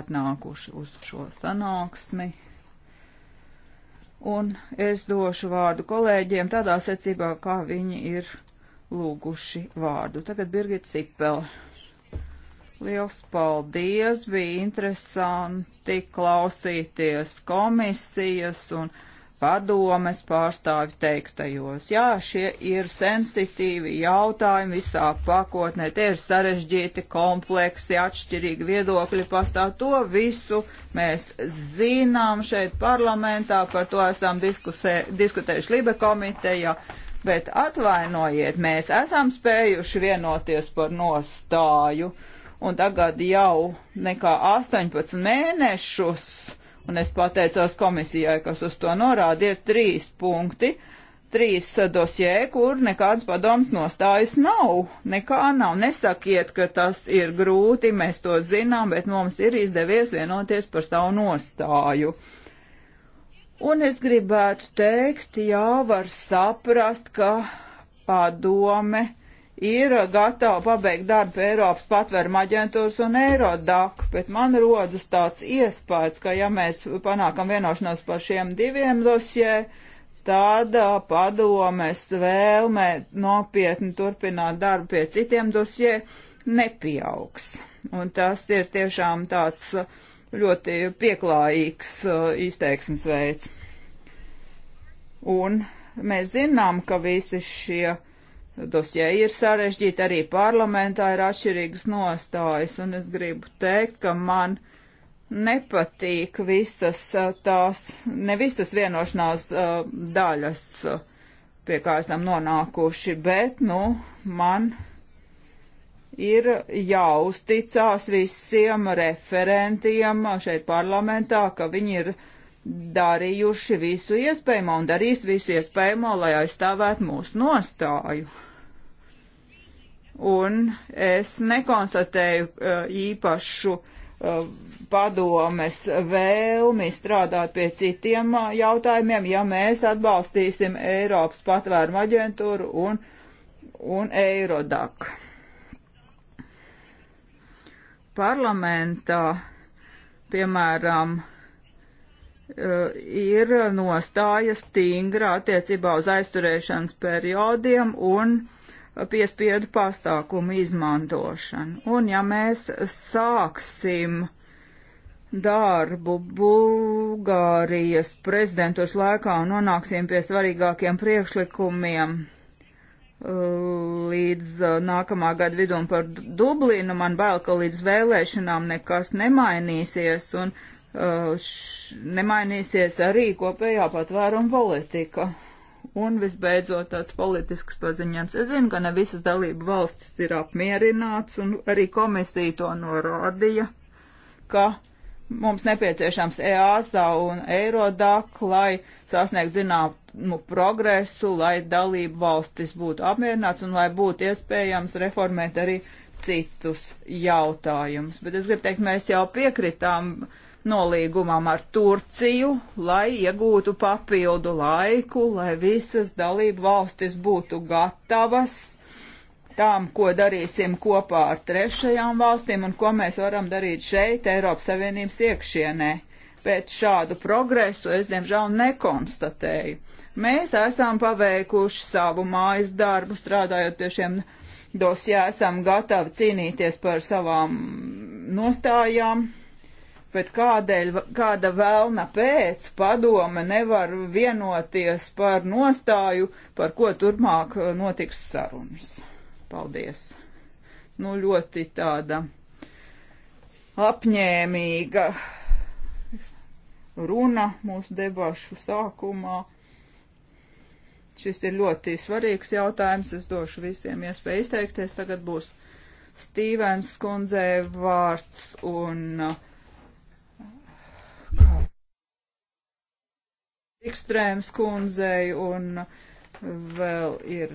atnākuši uz šo sanāksmi. Un es došu vārdu kolēģiem tādā secībā, kā viņi ir lūguši vārdu. Tagad Birgit Cipela. Liels paldies! Bija interesanti klausīties komisijas un padomes pārstāvi teiktajos. Jā, šie ir sensitīvi jautājumi visā pakotnē. Tie ir sarežģīti, kompleksi, atšķirīgi viedokļi pastāv. To visu mēs zinām šeit parlamentā, par to esam diskusē, diskutējuši Libe komitejā. Bet atvainojiet, mēs esam spējuši vienoties par nostāju. Uh, un tagad jau nekā 18 mēnešus, un es pateicos komisijai, kas uz to norāda, ir trīs punkti, trīs dosjē, kur nekāds padoms nostājas nav, nekā nav. Nesakiet, ka tas ir grūti, mēs to zinām, bet mums ir izdevies vienoties par savu nostāju. Un es gribētu teikt, jā, var saprast, ka padome ir gatava pabeigt darbu Eiropas patvēruma aģentūras un Eirodak, bet man rodas tāds iespējas, ka ja mēs panākam vienošanos par šiem diviem dosjē, tad padomes vēlme nopietni turpināt darbu pie citiem dosjē nepieaugs. Un tas ir tiešām tāds ļoti pieklājīgs izteiksmes veids. Un mēs zinām, ka visi šie dosjē ir sarežģīti, arī parlamentā ir atšķirīgas nostājas, un es gribu teikt, ka man nepatīk visas uh, tās, ne visas vienošanās uh, daļas, uh, pie kā esam nonākuši, bet, nu, man ir jāuzticās visiem referentiem šeit parlamentā, ka viņi ir uh, darījuši visu iespējamo un darīs visu iespējamo, lai aizstāvētu mūsu nostāju. Un es nekonstatēju uh, īpašu uh, padomes vēlmi strādāt pie citiem uh, jautājumiem, ja mēs atbalstīsim Eiropas patvērumu aģentūru un, un Eirodak. Parlamentā, piemēram, ir nostāja stingra attiecībā uz aizturēšanas periodiem un piespiedu pasākumu izmantošanu. Un ja mēs sāksim darbu Bulgārijas prezidentūras laikā un nonāksim pie svarīgākiem priekšlikumiem līdz uh, nākamā gada vidum par Dublinu, man bail, ka līdz vēlēšanām nekas nemainīsies un uh, Uh, š, nemainīsies arī kopējā patvēruma politika. Un visbeidzot tāds politisks paziņojums. Es zinu, ka ne visas dalību valstis ir apmierināts, un arī komisija to norādīja, ka mums nepieciešams EASA un Eirodak, lai sasniegtu zināmu progresu, lai dalību valstis būtu apmierināts un lai būtu iespējams reformēt arī citus jautājumus. Bet es gribu teikt, mēs jau piekritām uh, nolīgumam ar Turciju, lai iegūtu papildu laiku, lai visas dalību valstis būtu gatavas tām, ko darīsim kopā ar trešajām valstīm un ko mēs varam darīt šeit, Eiropas Savienības iekšienē. Pēc šādu progresu es, diemžēl, nekonstatēju. Mēs esam paveikuši savu mājas darbu, strādājot pie šiem dosjā, esam gatavi cīnīties par savām nostājām, Bet kādēļ, kāda vēlna pēc padome nevar vienoties par nostāju, par ko turpmāk eh, notiks sarunas? Paldies. Nu, ļoti tāda apņēmīga runa mūsu debašu sākumā. Šis ir ļoti svarīgs jautājums. Es došu visiem iespēju izteikties. Tagad būs Stīvens kundzei vārds un uh, Ikstrēms kundzei un vēl ir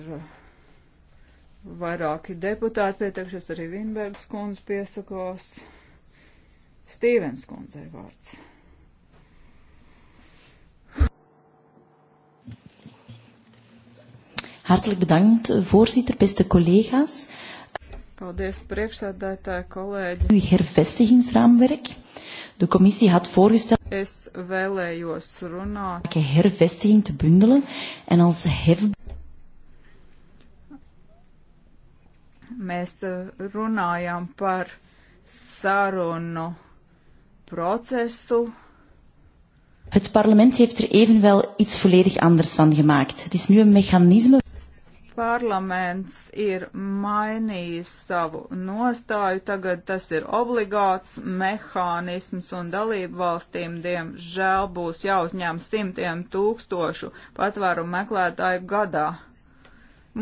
vairāki deputāti pieteikšies, arī Vinbergs kundze piesakos. Stīvens kundzei vārds. Hartelijk bedankt, voorzitter, beste collega's. Paldies, priekšsēdētāji, kolēģi. Uw hervestigingsraamwerk. De commissie had voorgesteld. Es vēlējos runāt. Hervestiging te bundelen en als hef. Mēs eh, runājam par sarunu procesu. Het parlement heeft er evenwel iets volledig anders van gemaakt. Het is nu een mechanisme. Parlaments ir mainījis savu nostāju, tagad tas ir obligāts mehānisms un dalību valstīm, diemžēl, būs jāuzņem simtiem tūkstošu patvērumu meklētāju gadā.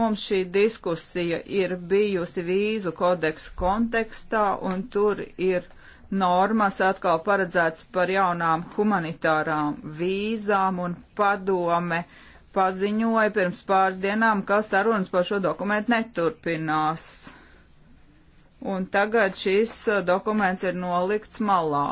Mums šī diskusija ir bijusi vīzu kodeksa kontekstā, un tur ir normas atkal paredzētas par jaunām humanitārām vīzām un padome paziņoja pirms pāris dienām, ka sarunas par šo dokumentu neturpinās. Un tagad šis uh, dokuments ir nolikts malā.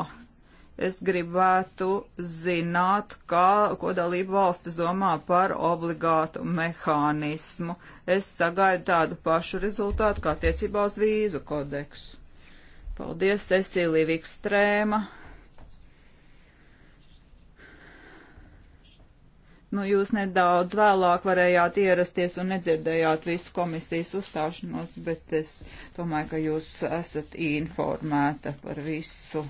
Es gribētu zināt, kā, ko dalību valstis domā par obligātu mehānismu. Es sagaidu tādu pašu rezultātu kā attiecībā uz vīzu kodeksu. Paldies, Cecīlija Vikstrēma. Nu, jūs nedaudz vēlāk varējāt ierasties un nedzirdējāt visu komisijas uzstāšanos, bet es domāju, ka jūs esat informēta par visu.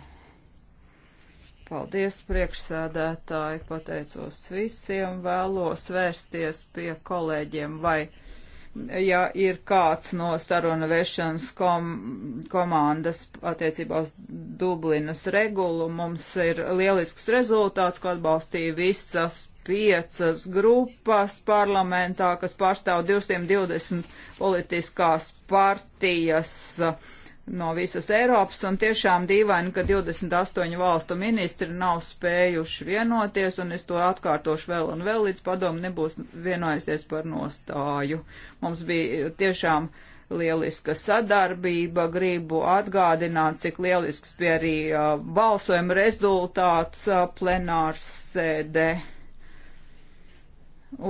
Paldies, priekšsēdētāji, pateicos visiem, vēlos vērsties pie kolēģiem vai, ja ir kāds no saruna vešanas kom komandas attiecībā uz Dublinas regulu, mums ir lielisks rezultāts, ko atbalstīja visas piecas grupas parlamentā, kas pārstāv 220 politiskās partijas uh, no visas Eiropas, un tiešām dīvaini, ka 28 valstu ministri nav spējuši vienoties, un es to atkārtošu vēl un vēl, līdz padomu nebūs vienojusies par nostāju. Mums bija tiešām lieliska sadarbība. Gribu atgādināt, cik lielisks bija arī uh, balsojuma rezultāts uh, plenārs sēdē. Uh,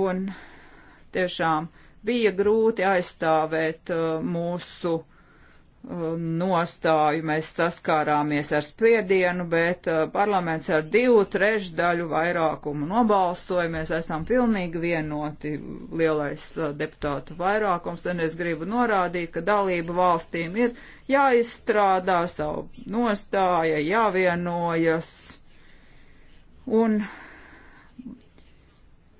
un tiešām bija grūti aizstāvēt uh, mūsu uh, nostāju. Mēs saskārāmies ar spiedienu, bet uh, parlaments ar divu trešdaļu vairākumu nobalstoja. Mēs esam pilnīgi vienoti. Lielais deputātu vairākums, un es gribu norādīt, ka dalību valstīm ir jāizstrādā savu nostāja, jāvienojas. Un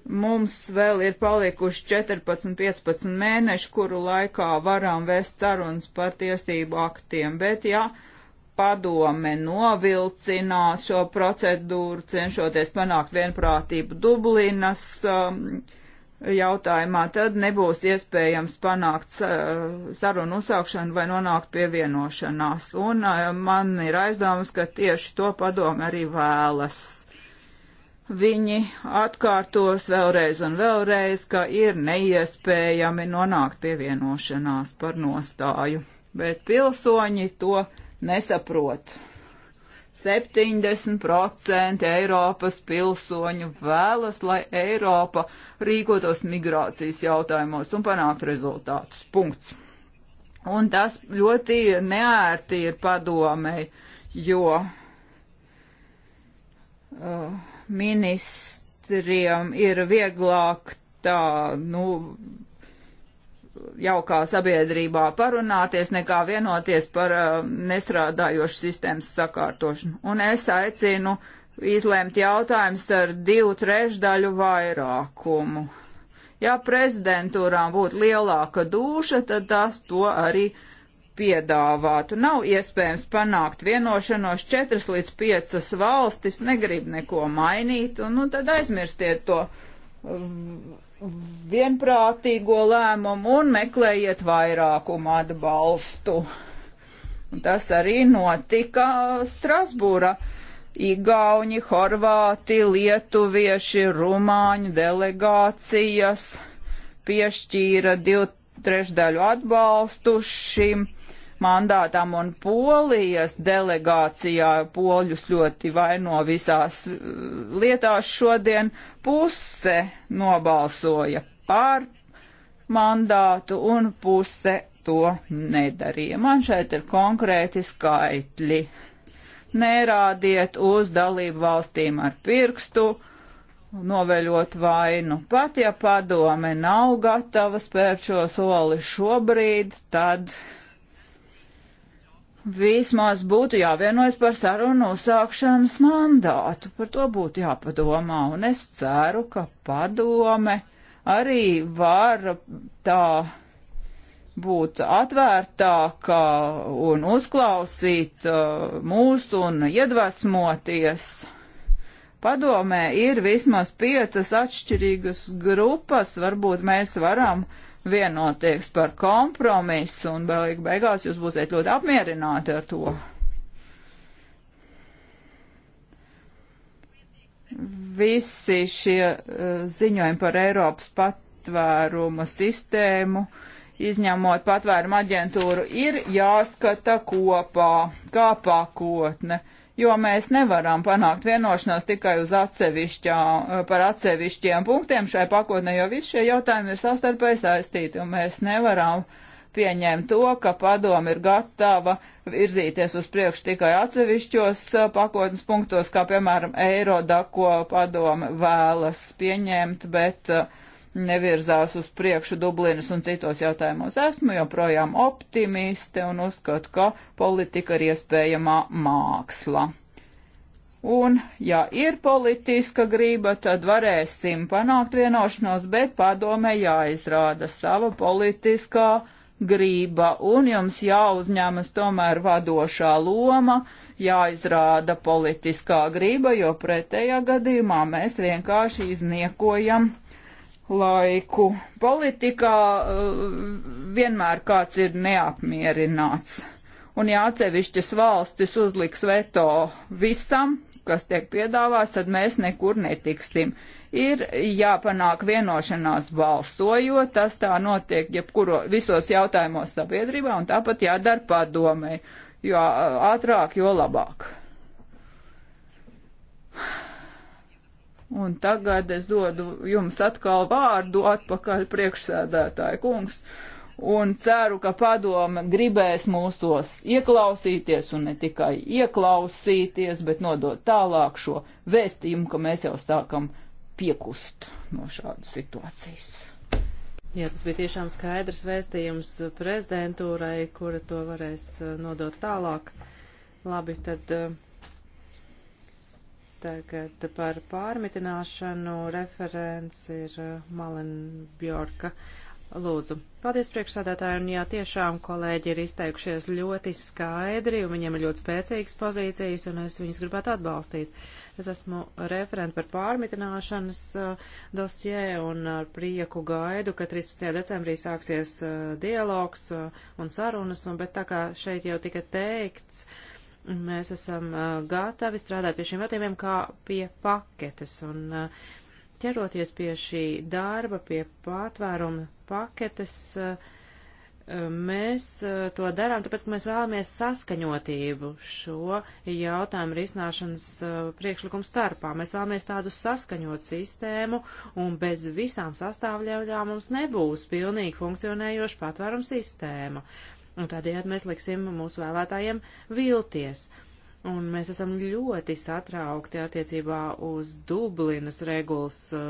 Mums vēl ir palikuši 14-15 mēneši, kuru laikā varam vēst sarunas par tiesību aktiem, bet ja padome novilcinās šo procedūru, cenšoties panākt vienprātību Dublinas um, jautājumā, tad nebūs iespējams panākt uh, sarunu uzsākšanu vai nonākt pie vienošanās. Un uh, man ir aizdomas, ka tieši to padome arī vēlas viņi atkārtos vēlreiz un vēlreiz, ka ir neiespējami nonākt pie vienošanās par nostāju, bet pilsoņi to nesaprot. 70% Eiropas pilsoņu vēlas, lai Eiropa rīkotos migrācijas jautājumos un panāktu rezultātus. Punkts. Un tas ļoti neērti ir padomei, jo. Uh, ministriem ir vieglāk tā, nu, jaukā sabiedrībā parunāties, nekā vienoties par uh, nestrādājošu sistēmas sakārtošanu. Un es aicinu izlēmt jautājums ar divu trešdaļu vairākumu. Ja prezidentūrām būtu lielāka duša, tad tas to arī uh, piedāvātu. Nav iespējams panākt vienošanos četras līdz piecas valstis, negrib neko mainīt, un nu, tad aizmirstiet to vienprātīgo lēmumu un meklējiet vairākumu atbalstu. Un tas arī notika Strasbūra. Igauni, Horvāti, Lietuvieši, Rumāņu delegācijas piešķīra divu trešdaļu atbalstu šim mandātam un Polijas delegācijā poļus ļoti vaino visās uh, lietās šodien. Puse nobalsoja par mandātu un puse to nedarīja. Man šeit ir konkrēti skaitļi. Nerādiet uz dalību valstīm ar pirkstu, noveļot vainu. Pat ja padome nav gatava spērt šo soli šobrīd, tad vismaz būtu jāvienojas par sarunu uzsākšanas mandātu. Par to būtu jāpadomā, un es ceru, ka padome arī var tā būt atvērtākā un uzklausīt uh, mūsu un iedvesmoties. Padomē ir vismaz piecas atšķirīgas grupas, varbūt mēs varam uh, vienoties par kompromisu, un beig beigās jūs būsiet ļoti apmierināti ar to. Visi šie uh, ziņojumi par Eiropas patvērumu sistēmu, izņemot patvērumu aģentūru, ir jāskata kopā, kā pakotne. Uh, jo mēs nevaram panākt vienošanos tikai uz atsevišķā, eh, par atsevišķiem punktiem šai pakotnē, jo visi šie jautājumi ir savstarpēji saistīti, un mēs nevaram pieņēma to, ka padomi ir gatava virzīties uz priekšu tikai atsevišķos eh, pakotnes punktos, kā piemēram Eiroda, ko padomi vēlas pieņemt, bet uh, nevirzās uz priekšu Dublinas un citos jautājumos. Esmu joprojām optimiste un uzskatu, ka politika ir iespējamā māksla. Un, ja ir politiska grība, tad varēsim panākt vienošanos, bet padomē jāizrāda sava politiskā grība, un jums jāuzņemas tomēr vadošā loma, jāizrāda politiskā grība, jo pretējā gadījumā mēs vienkārši izniekojam laiku. Politikā eh, vienmēr kāds ir neapmierināts. Un ja atsevišķas valstis uzliks veto visam, kas tiek piedāvāts, tad mēs nekur netiksim. Ir jāpanāk vienošanās balsojot, tas tā notiek jebkuro visos jautājumos sabiedrībā un tāpat jādara padomē, jo eh, ātrāk, jo labāk. Un tagad es dodu jums atkal vārdu atpakaļ priekšsēdētāja kungs un ceru, ka padoma gribēs mūsos ieklausīties un ne tikai ieklausīties, bet nodot tālāk šo vēstījumu, ka mēs jau sākam piekust no šādas situācijas. Jā, tas bija tiešām skaidrs vēstījums prezidentūrai, kura to varēs eh, nodot tālāk. Labi, tad. Uh Tagad par pārmitināšanu referents ir uh, Malen Bjorka. Lūdzu. Paldies priekšsādātāji, un jā, tiešām kolēģi ir izteikušies ļoti skaidri, un viņiem ir ļoti spēcīgas pozīcijas, un es viņus gribētu atbalstīt. Es esmu referenti par pārmitināšanas uh, dosjē, un ar prieku gaidu, ka 13. decembrī sāksies uh, dialogs un sarunas, un, bet tā kā šeit jau tika teikts, uh, Mēs esam gatavi strādāt pie šiem jautājumiem kā pie paketes un ķeroties pie šī darba, pie patvēruma paketes. Mēs to darām, tāpēc, ka mēs vēlamies saskaņotību šo jautājumu risināšanas priekšlikumu starpā. Mēs vēlamies tādu saskaņot sistēmu, un bez visām sastāvļaujām mums nebūs pilnīgi funkcionējoša patvērums sistēma. Un tādējādi mēs liksim mūsu vēlētājiem vilties. Un mēs esam ļoti satraukti attiecībā uz Dublinas regulas uh,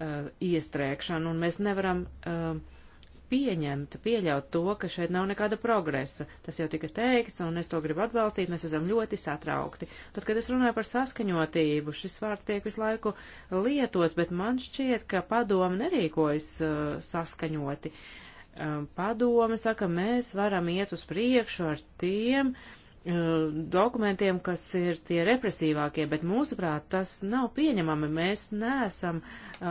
uh, iestrēgšanu, un mēs nevaram uh, pieņemt, pieļaut to, ka šeit nav nekāda progresa. Tas jau tika teikts, un es to gribu atbalstīt, mēs esam ļoti satraukti. Tad, kad es runāju par saskaņotību, šis vārds tiek visu laiku lietots, bet man šķiet, ka padomu nerīkojas uh, saskaņoti. Uh, padome saka, mēs varam iet uz priekšu ar tiem Uh, dokumentiem, kas ir tie represīvākie, bet mūsuprāt tas nav pieņemami. Mēs neesam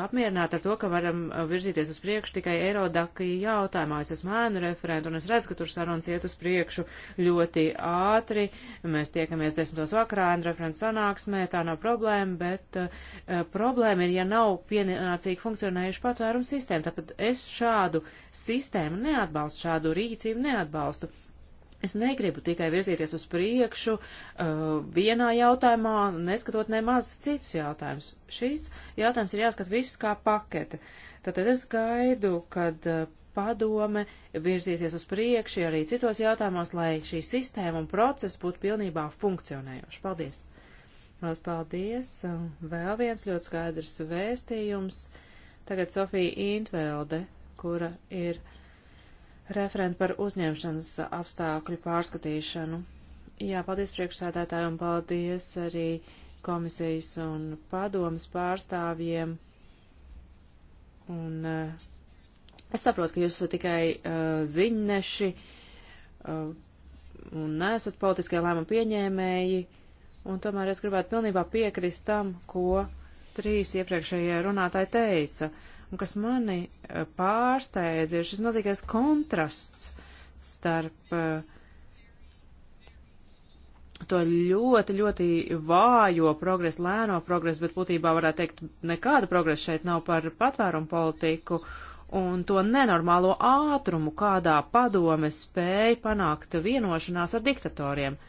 apmierināti ar to, ka varam virzīties uz priekšu tikai Eirodaki jautājumā. Es esmu ēnu referentu un es redzu, ka tur sarunas iet uz priekšu ļoti ātri. Mēs tiekamies desmitos vakarā ēnu referentu sanāksmē, tā nav problēma, bet uh, problēma ir, ja nav pienācīgi funkcionējuši patvērumu sistēmu. Tāpēc es šādu sistēmu neatbalstu, šādu rīcību neatbalstu. Es negribu tikai virzīties uz priekšu uh, vienā jautājumā, neskatot nemaz citus jautājumus. Šīs jautājums ir jāskat viss kā pakete. Tātad es gaidu, kad uh, padome virzīsies uz priekšu arī citos jautājumos, lai šī sistēma un process būtu pilnībā funkcionējoši. Paldies! Lielas paldies! Vēl viens ļoti skaidrs vēstījums. Tagad Sofija Intvelde, kura ir. Uh, referenti par uzņemšanas apstākļu pārskatīšanu. Jā, paldies priekšsēdētāju un paldies arī komisijas un padomas pārstāvjiem. Un uh, es saprotu, ka jūs esat tikai uh, ziņneši uh, un neesat politiskie lēmumu pieņēmēji, un tomēr es gribētu pilnībā piekrist tam, ko trīs iepriekšējie runātāji teica. Uh, Un kas mani eh, pārsteidz, ir šis mazīgais kontrasts starp eh, to ļoti, ļoti vājo progresu, lēno progresu, bet būtībā varētu teikt, nekāda progresa šeit nav par patvērumu politiku un to nenormālo ātrumu, kādā padome spēja panākt vienošanās ar diktatoriem.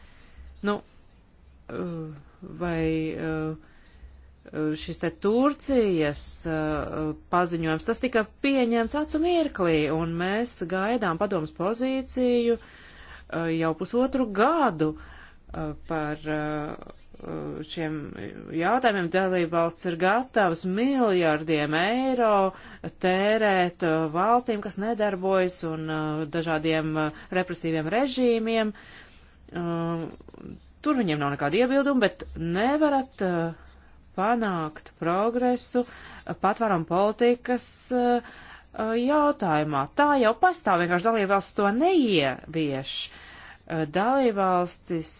Nu, eh, vai uh, Eh, šis te Turcijas eh, paziņojums, tas tika pieņemts acu mirklī, un mēs gaidām padomas pozīciju eh, jau pusotru gadu par šiem jautājumiem dalībvalsts ir gatavs miljardiem eiro tērēt valstīm, kas nedarbojas un dažādiem represīviem režīmiem. Tur viņiem nav nekāda iebilduma, bet nevarat uh, panākt progresu patvaram politikas uh, uh, jautājumā. Tā jau pastāv, vienkārši dalībvalsts to neievieš. Uh, dalībvalstis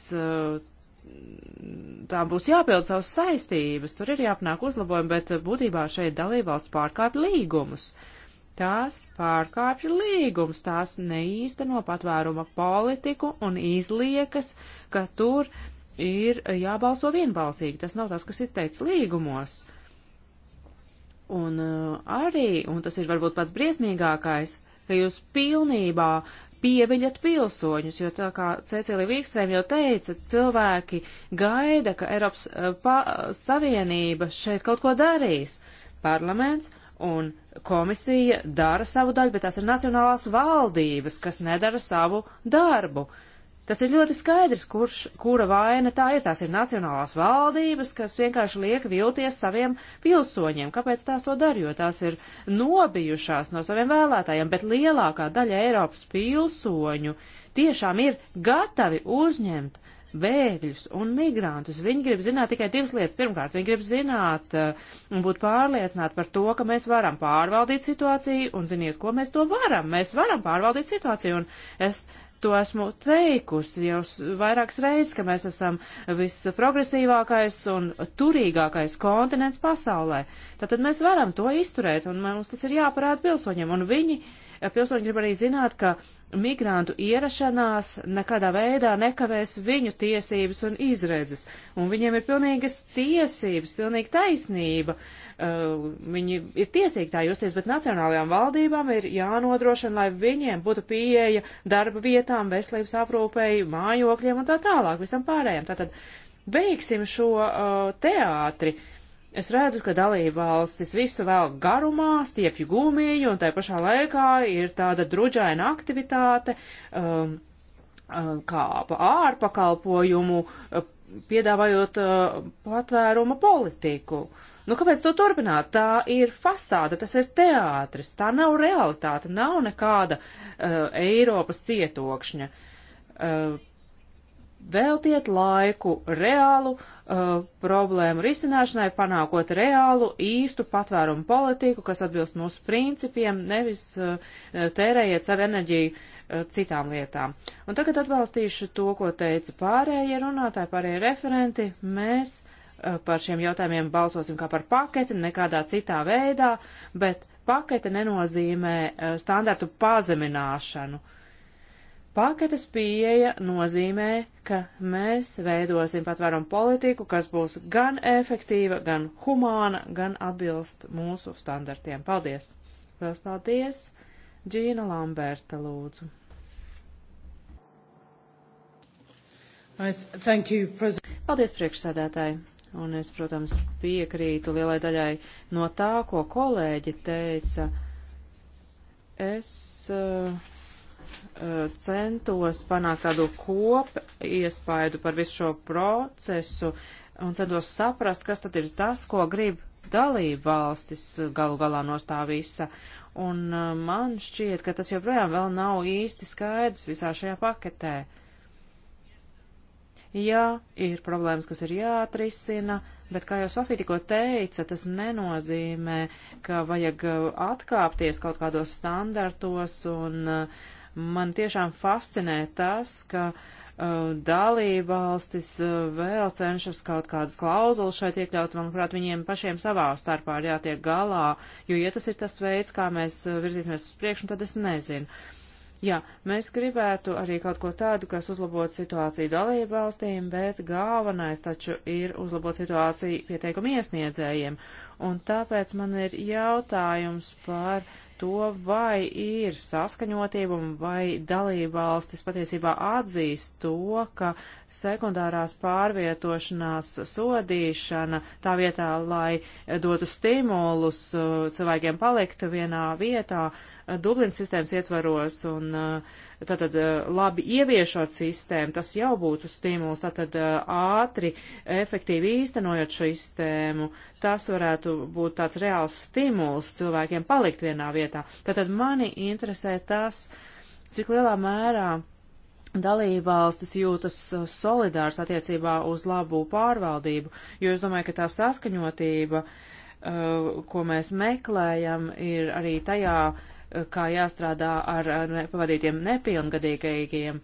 tā būs jāpild savas saistības, tur ir jāpanāk uzlabojumi, bet būtībā šeit dalībvalsts pārkāpj līgumus. Tās pārkāpj līgumus, tās neīsteno patvēruma politiku un izliekas, ka tur uh, ir jābalso vienbalsīgi. Tas nav tas, kas ir teikts līgumos. Un uh, arī, un tas ir varbūt pats briesmīgākais, ka jūs pilnībā pieviļat pilsoņus, jo tā kā Cecilija Vīkstrēm jau teica, cilvēki gaida, ka Eiropas uh, pa, Savienība šeit kaut ko darīs. Parlaments un komisija dara savu daļu, bet tās ir nacionālās valdības, kas nedara savu darbu. Uh, Tas ir ļoti skaidrs, kurš, kura vaina tā ir. Tās ir nacionālās valdības, kas vienkārši liek vilties saviem pilsoņiem. Kāpēc tās to dara? Jo tās ir nobijušās no saviem vēlētājiem, bet lielākā daļa Eiropas pilsoņu tiešām ir gatavi uzņemt bēgļus un migrantus. Viņi grib zināt tikai divas lietas. Pirmkārt, viņi grib zināt uh, un būt pārliecināti par to, ka mēs varam pārvaldīt situāciju, un ziniet, ko mēs to varam. Mēs varam pārvaldīt situāciju, un es to esmu teikusi jau vairākas reizes, ka mēs esam visprogresīvākais un turīgākais kontinents pasaulē. Tātad mēs varam to izturēt, un mums tas ir jāparāda pilsoņiem. Un viņi, pilsoņi grib arī zināt, ka migrantu ierašanās nekādā veidā nekavēs viņu tiesības un izredzes. Un viņiem ir pilnīgas tiesības, pilnīga taisnība Eh, viņi ir tiesīgi tā justies, bet nacionālajām valdībām ir jānodrošina, lai viņiem būtu pieeja darba vietām, veselības aprūpēji, mājokļiem un tā tālāk, visam pārējiem. Tātad beigsim šo uh, teātri. Es redzu, ka dalība valstis visu vēl garumā, stiepju gumiju, un tai pašā laikā ir tāda druģaina aktivitāte, um, kā ārpakalpojumu piedāvājot uh, patvēruma politiku. Nu, kāpēc to turpināt? Tā ir fasāde, tas ir teātris, tā nav realitāte, nav nekāda uh, Eiropas cietokšņa. Uh, veltiet laiku reālu uh, problēmu risināšanai, panākot reālu, īstu patvērumu politiku, kas atbilst mūsu principiem, nevis uh, tērējiet savu enerģiju uh, Eh, citām lietām. Un tagad atbalstīšu to, ko teica pārējie runātāji, pārējie referenti. Mēs eh, par šiem jautājumiem balsosim kā par paketi, nekādā citā veidā, bet pakete nenozīmē eh, standartu pazemināšanu. Paketes pieeja nozīmē, ka mēs veidosim patvērumu politiku, kas būs gan efektīva, gan humāna, gan atbilst mūsu standartiem. Paldies! Lielas paldies! Džīna Lamberta lūdzu. You, Paldies, priekšsēdētāji. Un es, protams, piekrītu lielai daļai no tā, ko kolēģi teica. Es uh, centos panākt tādu kopu iespaidu par visu šo procesu un centos saprast, kas tad ir tas, ko grib dalība valstis eh, galu galā no tā visa. Un uh, man šķiet, ka tas joprojām vēl nav īsti skaidrs visā šajā paketē. Uh, Jā, ir problēmas, kas ir jāatrisina, bet, kā jau Sofija tikko teica, tas nenozīmē, ka vajag uh, atkāpties kaut kādos standartos, un uh, man tiešām fascinē tas, ka uh, dalībvalstis uh, vēl cenšas kaut kādas klauzulas šeit iekļaut, manuprāt, viņiem pašiem savā starpā ir jātiek galā, jo, ja tas ir tas veids, kā mēs virzīsimies uz priekšu, tad es nezinu. Jā, mēs gribētu arī kaut ko tādu, kas uzlabotu situāciju dalību valstīm, bet galvenais taču ir uzlabot situāciju pieteikumu iesniedzējiem. Un tāpēc man ir jautājums par to, vai ir saskaņotība un vai dalībvalstis patiesībā atzīst to, ka sekundārās pārvietošanās sodīšana tā vietā, lai dotu stimulus uh, cilvēkiem palikt vienā vietā, Dublinas sistēmas ietvaros un uh, tātad uh, labi ieviešot sistēmu, tas jau būtu stimuls, tātad uh, ātri, efektīvi īstenojot šo sistēmu, tas varētu būt tāds reāls stimuls cilvēkiem palikt vienā vietā. Tātad mani interesē tas, cik lielā mērā dalībvalstis jūtas solidārs attiecībā uz labu pārvaldību, jo es domāju, ka tā saskaņotība, ko mēs meklējam, ir arī tajā, kā jāstrādā ar pavadītiem nepilngadīgajiem,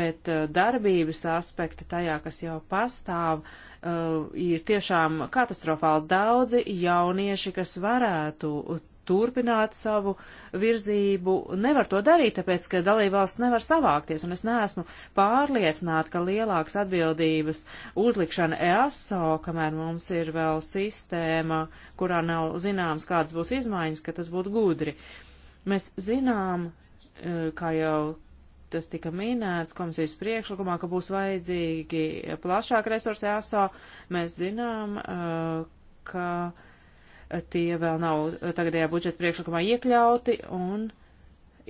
bet uh, darbības aspekti tajā, kas jau pastāv, uh, ir tiešām katastrofāli daudzi jaunieši, kas varētu turpināt savu virzību, nevar to darīt, tāpēc, ka dalībvalsts nevar savākties, un es neesmu pārliecināta, ka lielākas atbildības uzlikšana EASO, kamēr mums ir vēl sistēma, kurā nav zināms, kādas būs izmaiņas, ka tas būtu gudri. Uh, Mēs zinām, e, kā jau tas tika minēts komisijas priekšlikumā, ka būs vajadzīgi plašāk resursi ASO. Mēs zinām, e, ka tie vēl nav tagadējā budžeta priekšlikumā iekļauti un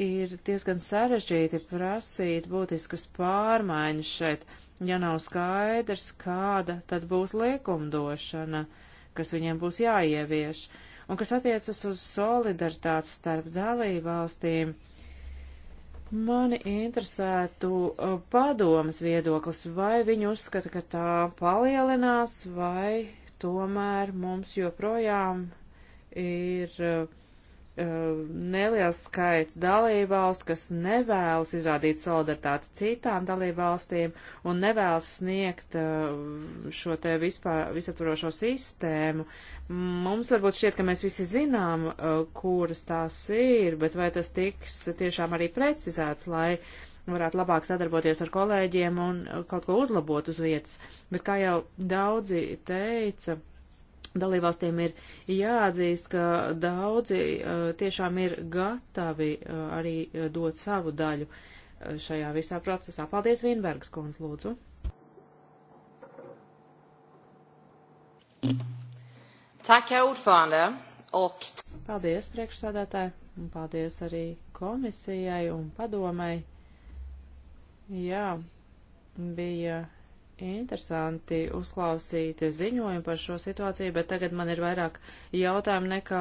ir diezgan sarežģīti prasīt būtiskas pārmaiņas šeit, ja nav skaidrs, kāda tad būs liekumdošana, kas viņiem būs jāievieš. Uh, Un kas attiecas uz solidaritāti starp dalību valstīm, mani interesētu uh, padomas viedoklis, vai viņi uzskata, ka tā palielinās, vai tomēr mums joprojām ir uh, Uh, neliels skaits dalībvalstu, kas nevēlas izrādīt solidaritāti citām dalībvalstīm un nevēlas sniegt uh, šo te vispār, visaturošo sistēmu. Mums varbūt šķiet, ka mēs visi zinām, uh, kuras tās ir, bet vai tas tiks tiešām arī precizēts, lai varētu labāk sadarboties ar kolēģiem un kaut ko uzlabot uz vietas. Bet kā jau daudzi teica, Dalībvalstīm ir jāatzīst, ka daudzi eh, tiešām ir gatavi eh, arī eh, dot savu daļu šajā visā procesā. Paldies, Vīnbergs kundz, lūdzu. Tak, ordförande. Ok. Paldies, priekšsādātāji, un paldies arī komisijai un padomai. Jā, bija Interesanti uzklausīt ziņojumu par šo situāciju, bet tagad man ir vairāk jautājumu nekā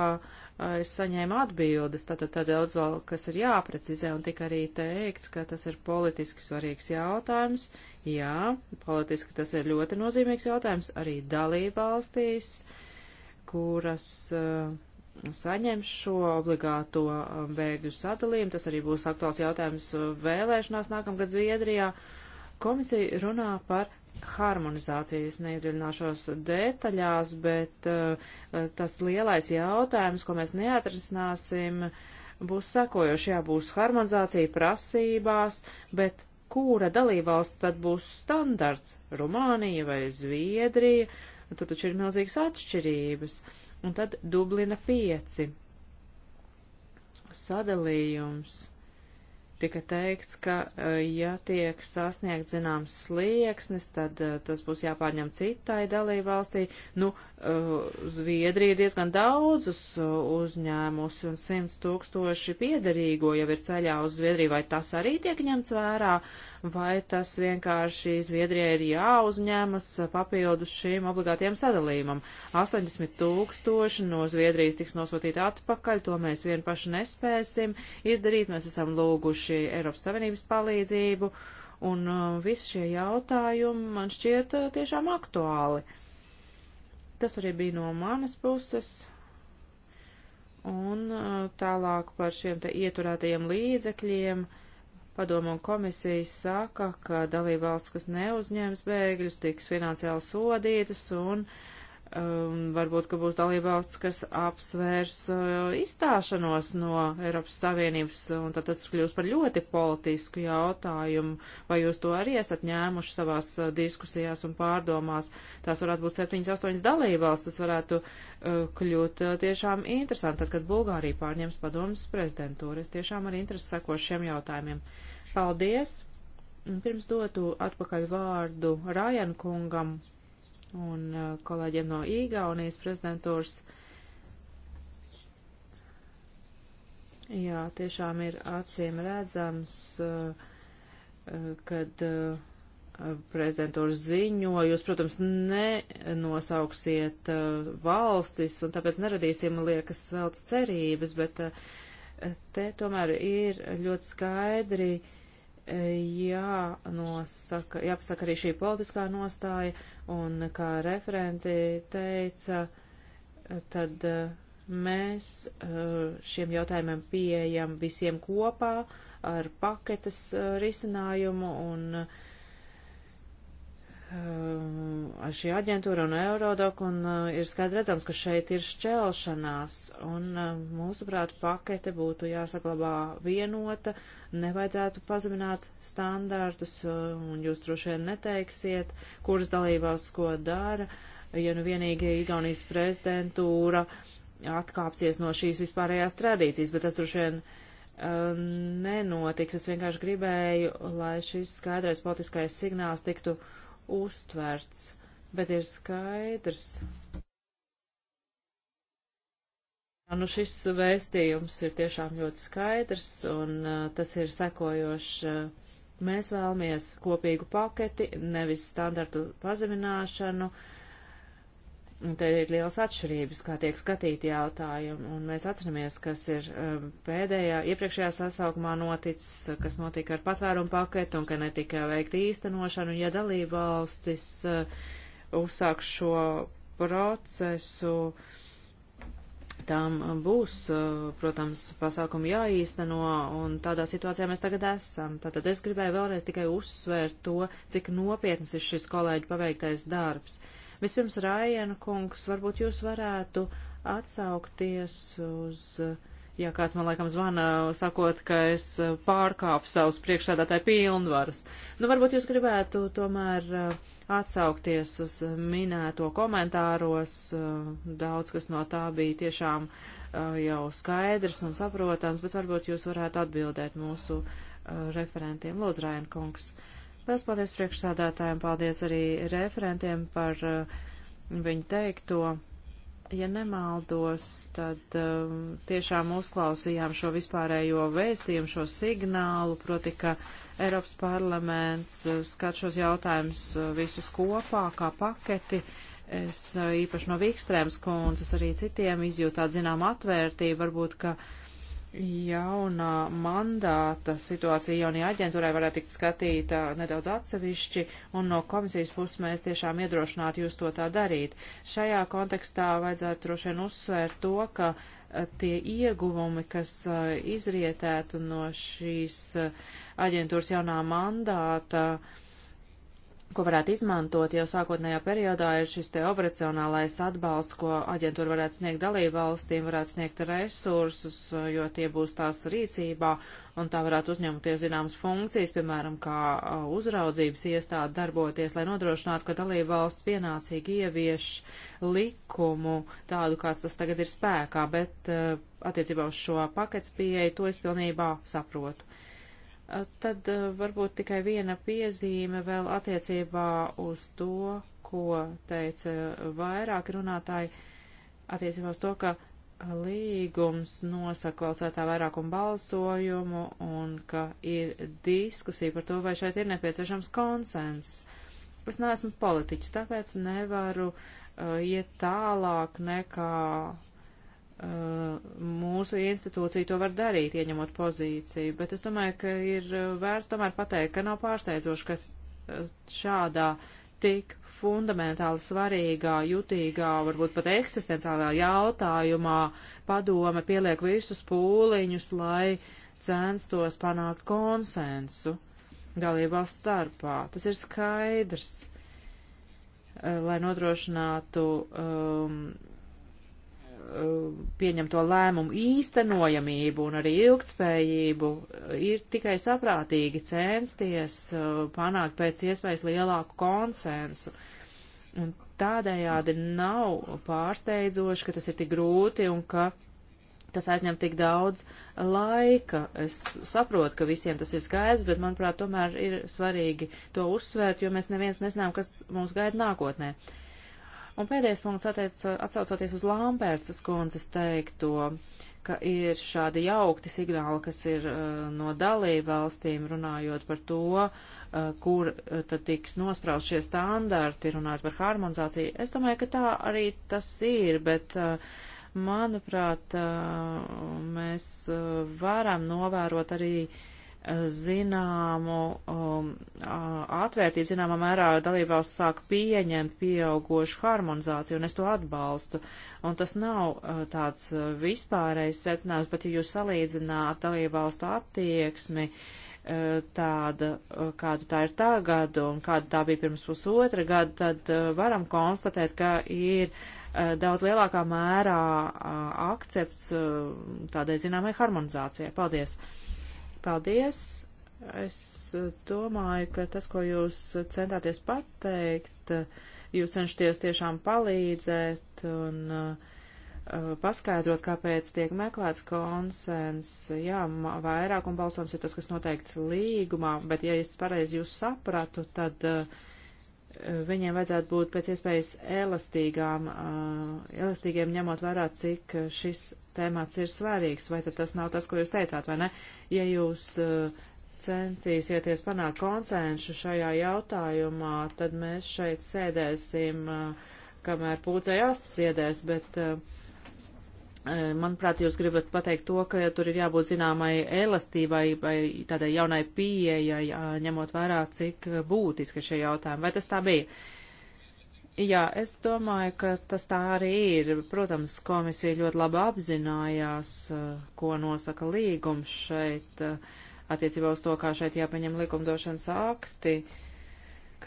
es saņēmu atbildes. Tātad tā daudz vēl, kas ir jāprecizē un tika arī teikts, ka tas ir politiski svarīgs jautājums. Jā, politiski tas ir ļoti nozīmīgs jautājums arī dalībvalstīs, kuras uh, saņem šo obligāto bēgļu sadalījumu. Tas arī būs aktuāls jautājums vēlēšanās nākamgad Zviedrijā. Komisija runā par harmonizāciju. Es neiedziļināšos detaļās, bet uh, tas lielais jautājums, ko mēs neatrisināsim, būs sekojoši. Jā, būs harmonizācija prasībās, bet kura dalībvalsts tad būs standarts? Rumānija vai Zviedrija? Tur taču ir milzīgas atšķirības. Un tad Dublina 5. Sadalījums tika teikts, ka eh, ja tiek sasniegt zināms slieksnis, tad eh, tas būs jāpārņem citai dalībvalstī. Nu, eh, Zviedrija ir diezgan daudzus uzņēmus un 100 tūkstoši piederīgo jau ir ceļā uz Zviedriju. Vai tas arī tiek ņemts vērā, vai tas vienkārši Zviedrijai ir jāuzņemas papildus šīm obligātiem sadalījumam? 80 tūkstoši no Zviedrijas tiks nosūtīti atpakaļ, to mēs vien paši nespēsim izdarīt. Mēs esam lūguši saņēmuši Eiropas Savienības palīdzību, un uh, visi šie jautājumi man šķiet uh, tiešām aktuāli. Tas arī bija no manas puses. Un uh, tālāk par šiem te ieturētajiem līdzekļiem. Padomu un komisijas saka, ka dalībvalsts, kas neuzņēmas bēgļus, tiks finansiāli sodītas un uh, Um, varbūt, ka būs dalībvalsts, kas apsvērs uh, izstāšanos no Eiropas Savienības, un tad tas kļūs par ļoti politisku jautājumu. Vai jūs to arī esat ņēmuši savās uh, diskusijās un pārdomās? Tās varētu būt 7-8 dalībvalsts, tas varētu uh, kļūt uh, tiešām interesanti, tad, kad Bulgārija pārņems padomas prezidentūru. Es tiešām ar interesi sekošu šiem jautājumiem. Paldies! Pirms dotu atpakaļ vārdu Rajankungam. kungam un uh, kolēģiem no Igaunijas prezidentūras. Jā, tiešām ir acīm redzams, uh, uh, kad prezidentūras ziņo, jūs, protams, nenosauksiet valstis un tāpēc neradīsim liekas sveltas cerības, bet te tomēr ir ļoti skaidri uh, jānosaka, jāpasaka arī šī politiskā nostāja, un kā referenti teica, tad uh, mēs uh, šiem jautājumiem pieejam visiem kopā ar paketes uh, risinājumu, un Ehm, ar šī aģentūra un Eurodok, un eh, ir skaidrs redzams, ka šeit ir šķelšanās, un eh, mūsuprāt pakete būtu jāsaglabā vienota, nevajadzētu pazemināt standārtus, eh, un jūs droši vien neteiksiet, kuras dalībās ko dara, ja nu vienīgi Igaunijas prezidentūra atkāpsies no šīs vispārējās tradīcijas, bet tas droši vien nenotiks. Es vienkārši gribēju, lai šis skaidrais politiskais signāls tiktu uh, uztverts, bet ir skaidrs. Nu, šis vēstījums ir tiešām ļoti skaidrs, un uh, tas ir sekojošs. Uh, mēs vēlamies kopīgu paketi, nevis standartu pazemināšanu, uh, Un te ir liels atšķirības, kā tiek skatīti jautājumi, un mēs atceramies, kas ir um, pēdējā, iepriekšējā sasaukumā noticis, kas notika ar patvērumu paketu, un ka netika veikta īstenošana, un ja dalība valstis uzsāks uh, šo procesu, tam būs, uh, protams, pasākumi jāīsteno, un tādā situācijā mēs tagad esam. Tātad es gribēju vēlreiz tikai uzsvērt to, cik nopietnas ir šis kolēģi paveiktais darbs. Uh, Vispirms, Rājana kungs, varbūt jūs varētu atsaukties uz, ja kāds man laikam zvana, sakot, ka es pārkāpu savus priekšsēdētāju pilnvaras. Nu, varbūt jūs gribētu tomēr uh, atsaukties uz minēto komentāros. Uh, daudz kas no tā bija tiešām uh, jau skaidrs un saprotams, bet varbūt jūs varētu atbildēt mūsu referentiem. Lūdzu, Rājana kungs. Pēc paldies priekšsādātājiem, paldies arī referentiem par uh, viņu teikto. Ja nemaldos, tad uh, tiešām uzklausījām šo vispārējo vēstījumu, šo signālu, proti, ka Eiropas parlaments uh, skat šos jautājumus uh, visus kopā kā paketi. Es uh, īpaši no Vīkstrēmas kundzes arī citiem izjūtāt zinām atvērtību, varbūt, ka uh, jaunā mandāta situācija jaunajā aģentūrai varētu tikt skatīta nedaudz atsevišķi, un no komisijas puses mēs tiešām iedrošinātu jūs to tā darīt. Šajā kontekstā vajadzētu droši vien uzsvērt to, ka eh, tie ieguvumi, kas eh, izrietētu no šīs eh, aģentūras jaunā mandāta, uh, ko varētu izmantot jau sākotnējā periodā, ir šis te operacionālais atbalsts, ko aģentūra varētu sniegt dalību valstīm, varētu sniegt resursus, jo tie būs tās rīcībā, un tā varētu uzņemties zināmas funkcijas, piemēram, kā uzraudzības iestāde darboties, lai nodrošinātu, ka dalību valsts pienācīgi ievieš likumu tādu, kāds tas tagad ir spēkā, bet attiecībā uz šo paketes pieeju to es pilnībā saprotu. Tad e, varbūt tikai viena piezīme vēl attiecībā uz to, ko teica vairāk runātāji, attiecībā uz to, ka līgums nosaka kvalificētā vairākumu balsojumu un ka ir diskusija par to, vai šeit ir nepieciešams konsens. Es neesmu politiķis, tāpēc nevaru uh, iet tālāk nekā Uh, mūsu institūcija to var darīt, ieņemot pozīciju, bet es domāju, ka ir uh, vērts tomēr pateikt, ka nav pārsteidzoši, ka uh, šādā tik fundamentāli svarīgā, jutīgā, varbūt pat eksistenciālā jautājumā padome pieliek visus pūliņus, lai censtos panākt konsensu dalībās starpā. Tas ir skaidrs, lai nodrošinātu um, pieņemto lēmumu īstenojamību un arī ilgtspējību, ir tikai saprātīgi censties uh, panākt pēc iespējas lielāku konsensu. Un tādējādi nav pārsteidzoši, ka tas ir tik grūti un ka tas aizņem tik daudz laika. Es saprotu, ka visiem tas ir skaidrs, bet, manuprāt, tomēr ir svarīgi to uzsvērt, jo mēs neviens nezinām, kas mūs gaida nākotnē. Uh, Un pēdējais punkts attiec, atsaucoties uz Lambertas kundzes teikto, ka ir šādi jaukti signāli, kas ir uh, no dalību valstīm runājot par to, uh, kur uh, tad tiks nospraust šie standarti, runājot par harmonizāciju. Es domāju, ka tā arī tas ir, bet. Uh, Manuprāt, uh, mēs uh, varam novērot arī uh, zināmu um, atvērtību, zināmā mērā dalībvalsts sāk pieņemt pieaugošu harmonizāciju, un es to atbalstu. Un tas nav uh, tāds vispārējs secinājums, bet ja jūs salīdzināt dalībvalstu attieksmi, uh, tāda, uh, kāda tā ir tagad un kāda tā bija pirms pusotra gada, tad uh, varam konstatēt, ka ir uh, daudz lielākā mērā uh, akcepts uh, tādai zināmai harmonizācijai. Paldies! Uh, Paldies! Es domāju, ka tas, ko jūs centāties pateikt, jūs cenšaties tiešām palīdzēt un uh, paskaidrot, kāpēc tiek meklēts konsens. Jā, vairākuma balsojums ir tas, kas noteikts līgumā, bet ja es pareizi jūs sapratu, tad uh, viņiem vajadzētu būt pēc iespējas elastīgām, elastīgiem ņemot vērā, cik šis tēmats ir svarīgs, vai tad tas nav tas, ko jūs teicāt, vai ne? Ja jūs centīsieties panākt konsensu šajā jautājumā, tad mēs šeit sēdēsim, kamēr pūcei astas iedēs, bet uh, E, manuprāt, jūs gribat pateikt to, ka tur ir jābūt zināmai elastībai vai tādai jaunai pieejai, ņemot vērā, cik būtiski šie jautājumi. Vai tas tā bija? Jā, es domāju, ka tas tā arī ir. Protams, komisija ļoti labi apzinājās, ko nosaka līgums šeit, attiecībā uz to, kā šeit jāpieņem likumdošanas akti. Uh,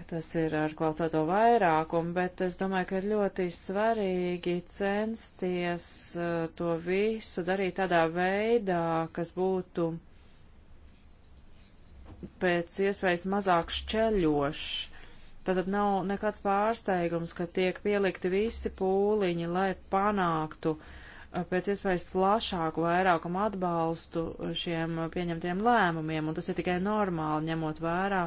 ka tas ir ar kvalitāto vairākumu, bet es domāju, ka ir ļoti svarīgi censties uh, to visu darīt tādā veidā, kas būtu pēc iespējas mazāk šķeļošs. Tātad nav nekāds pārsteigums, ka tiek pielikti visi pūliņi, lai panāktu uh, Eh, pēc iespējas plašāku vairākumu atbalstu šiem eh, pieņemtiem lēmumiem, un tas ir tikai normāli, ņemot vērā,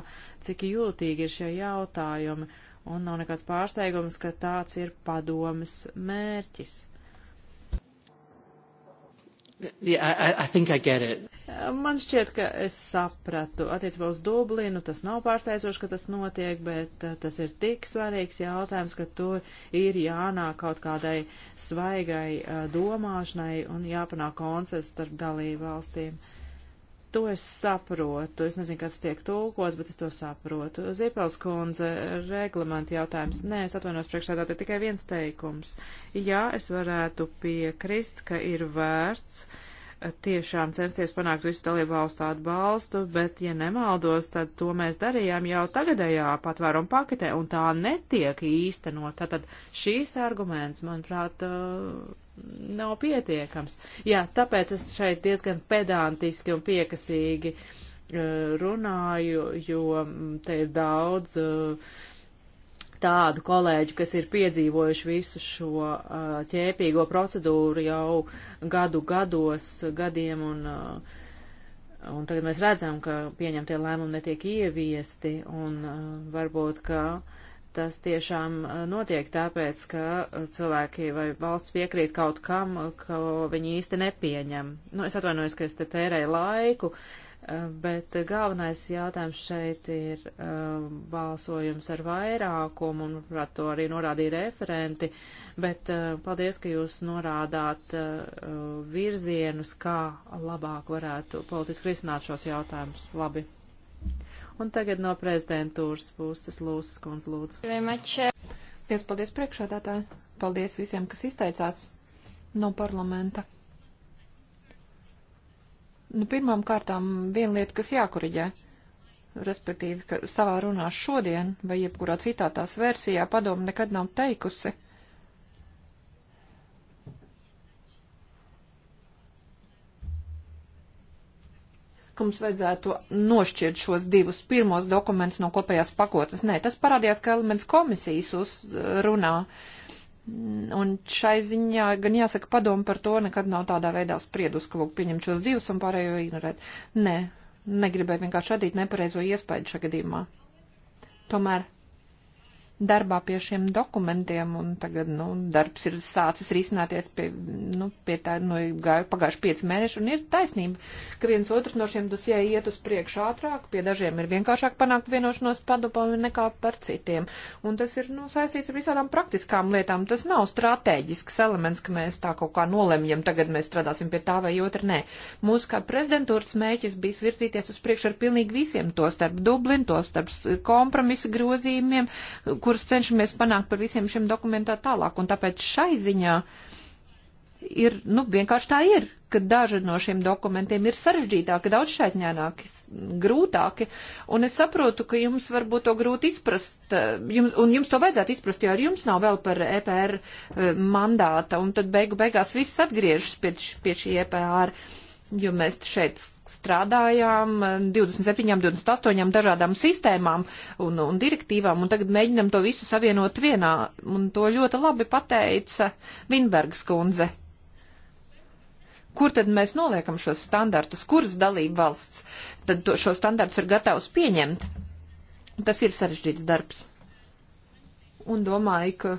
cik jūtīgi ir šie jautājumi, un nav nekāds pārsteigums, ka tāds ir padomas mērķis. Yeah, I, I think I get it. Man šķiet, ka es sapratu. Attiecībā uz Dublinu tas nav pārsteidzoši, ka tas notiek, bet eh, tas ir tik svarīgs jautājums, ka tur ir jānāk kaut kādai svaigai eh, domāšanai un jāpanāk konsensus starp dalību valstīm. Uh, To es saprotu. Es nezinu, kāds tiek tulkots, bet es to saprotu. Zipels kundze, reglamenta jautājums. Nē, es atvainos priekšādā, te tikai viens teikums. Jā, es varētu piekrist, ka ir vērts uh, tiešām censties panākt visu dalību valstu atbalstu, bet, ja nemaldos, tad to mēs darījām jau tagadējā patvērumu paketē, un tā netiek īstenot. Tātad šīs arguments, manuprāt, uh, nav pietiekams. Jā, tāpēc es šeit diezgan pedantiski un piekasīgi uh, runāju, jo mm, te ir daudz uh, tādu kolēģu, kas ir piedzīvojuši visu šo uh, ķēpīgo procedūru jau gadu gados, gadiem, un, uh, un tagad mēs redzam, ka pieņemtie lēmumi netiek ieviesti, un uh, varbūt, ka tas tiešām uh, notiek tāpēc, ka cilvēki vai valsts piekrīt kaut kam, ko viņi īsti nepieņem. Nu, es atvainojos, ka es te tērēju laiku. Uh, bet galvenais jautājums šeit ir uh, balsojums ar vairākumu, un, manuprāt, to arī norādīja referenti, bet uh, paldies, ka jūs norādāt uh, virzienus, kā labāk varētu politiski risināt šos jautājumus. Labi. Un tagad no prezidentūras puses Lūsas kundze lūdzu. Uh, Liels paldies priekšādātāji. Paldies visiem, kas izteicās no parlamenta. Nu, pirmām kārtām viena lieta, kas jākoriģē, respektīvi, ka savā runā šodien vai jebkurā citā tās versijā padoma nekad nav teikusi, ka mums vajadzētu nošķirt šos divus pirmos dokumentus no kopējās pakotnes. Nē, tas parādījās kā elements komisijas uzrunā, Un šai ziņā, gan jāsaka, padomu par to nekad nav tādā veidā spriedus, ka lūk, pieņem šos divus un pārējo ignorēt. Nē, negribēju vienkārši radīt nepareizo iespēju šajā gadījumā. Tomēr darbā pie šiem dokumentiem, un tagad, nu, darbs ir sācis risināties pie, nu, pie tā, nu, gāju pagājuši pieci mēneši, un ir taisnība, ka viens otrs no šiem dosijai iet uz priekšu ātrāk, pie dažiem ir vienkāršāk panākt vienošanos padomu nekā par citiem, un tas ir, nu, saistīts ar visādām praktiskām lietām, tas nav strateģisks elements, ka mēs tā kaut kā nolemjam, tagad mēs strādāsim pie tā vai otra, nē. Mūsu kā prezidentūras mēķis bija virzīties uz priekšu ar pilnīgi visiem, to starp Dublin, to starp kompromisa grozījumiem, kuras cenšamies panākt par visiem šiem dokumentā tālāk. Un tāpēc šai ziņā ir, nu, vienkārši tā ir, ka daži no šiem dokumentiem ir sarežģītāki, daudzšķaitņēnāki, grūtāki, un es saprotu, ka jums varbūt to grūti izprast, eh, jums, un jums to vajadzētu izprast, jo ar jums nav vēl par EPR eh, mandāta, un tad beigu beigās viss atgriežas pie, pie šī EPR. Uh, jo mēs šeit strādājām 27, eh, 28 dažādām sistēmām un, un direktīvām, un tagad mēģinam to visu savienot vienā, un to ļoti labi pateica Vinbergs kundze. Kur tad mēs noliekam šos standartus, kuras dalība valsts tad to, šo standartus ir gatavs pieņemt? Tas ir sarežģīts darbs. Un domāju, ka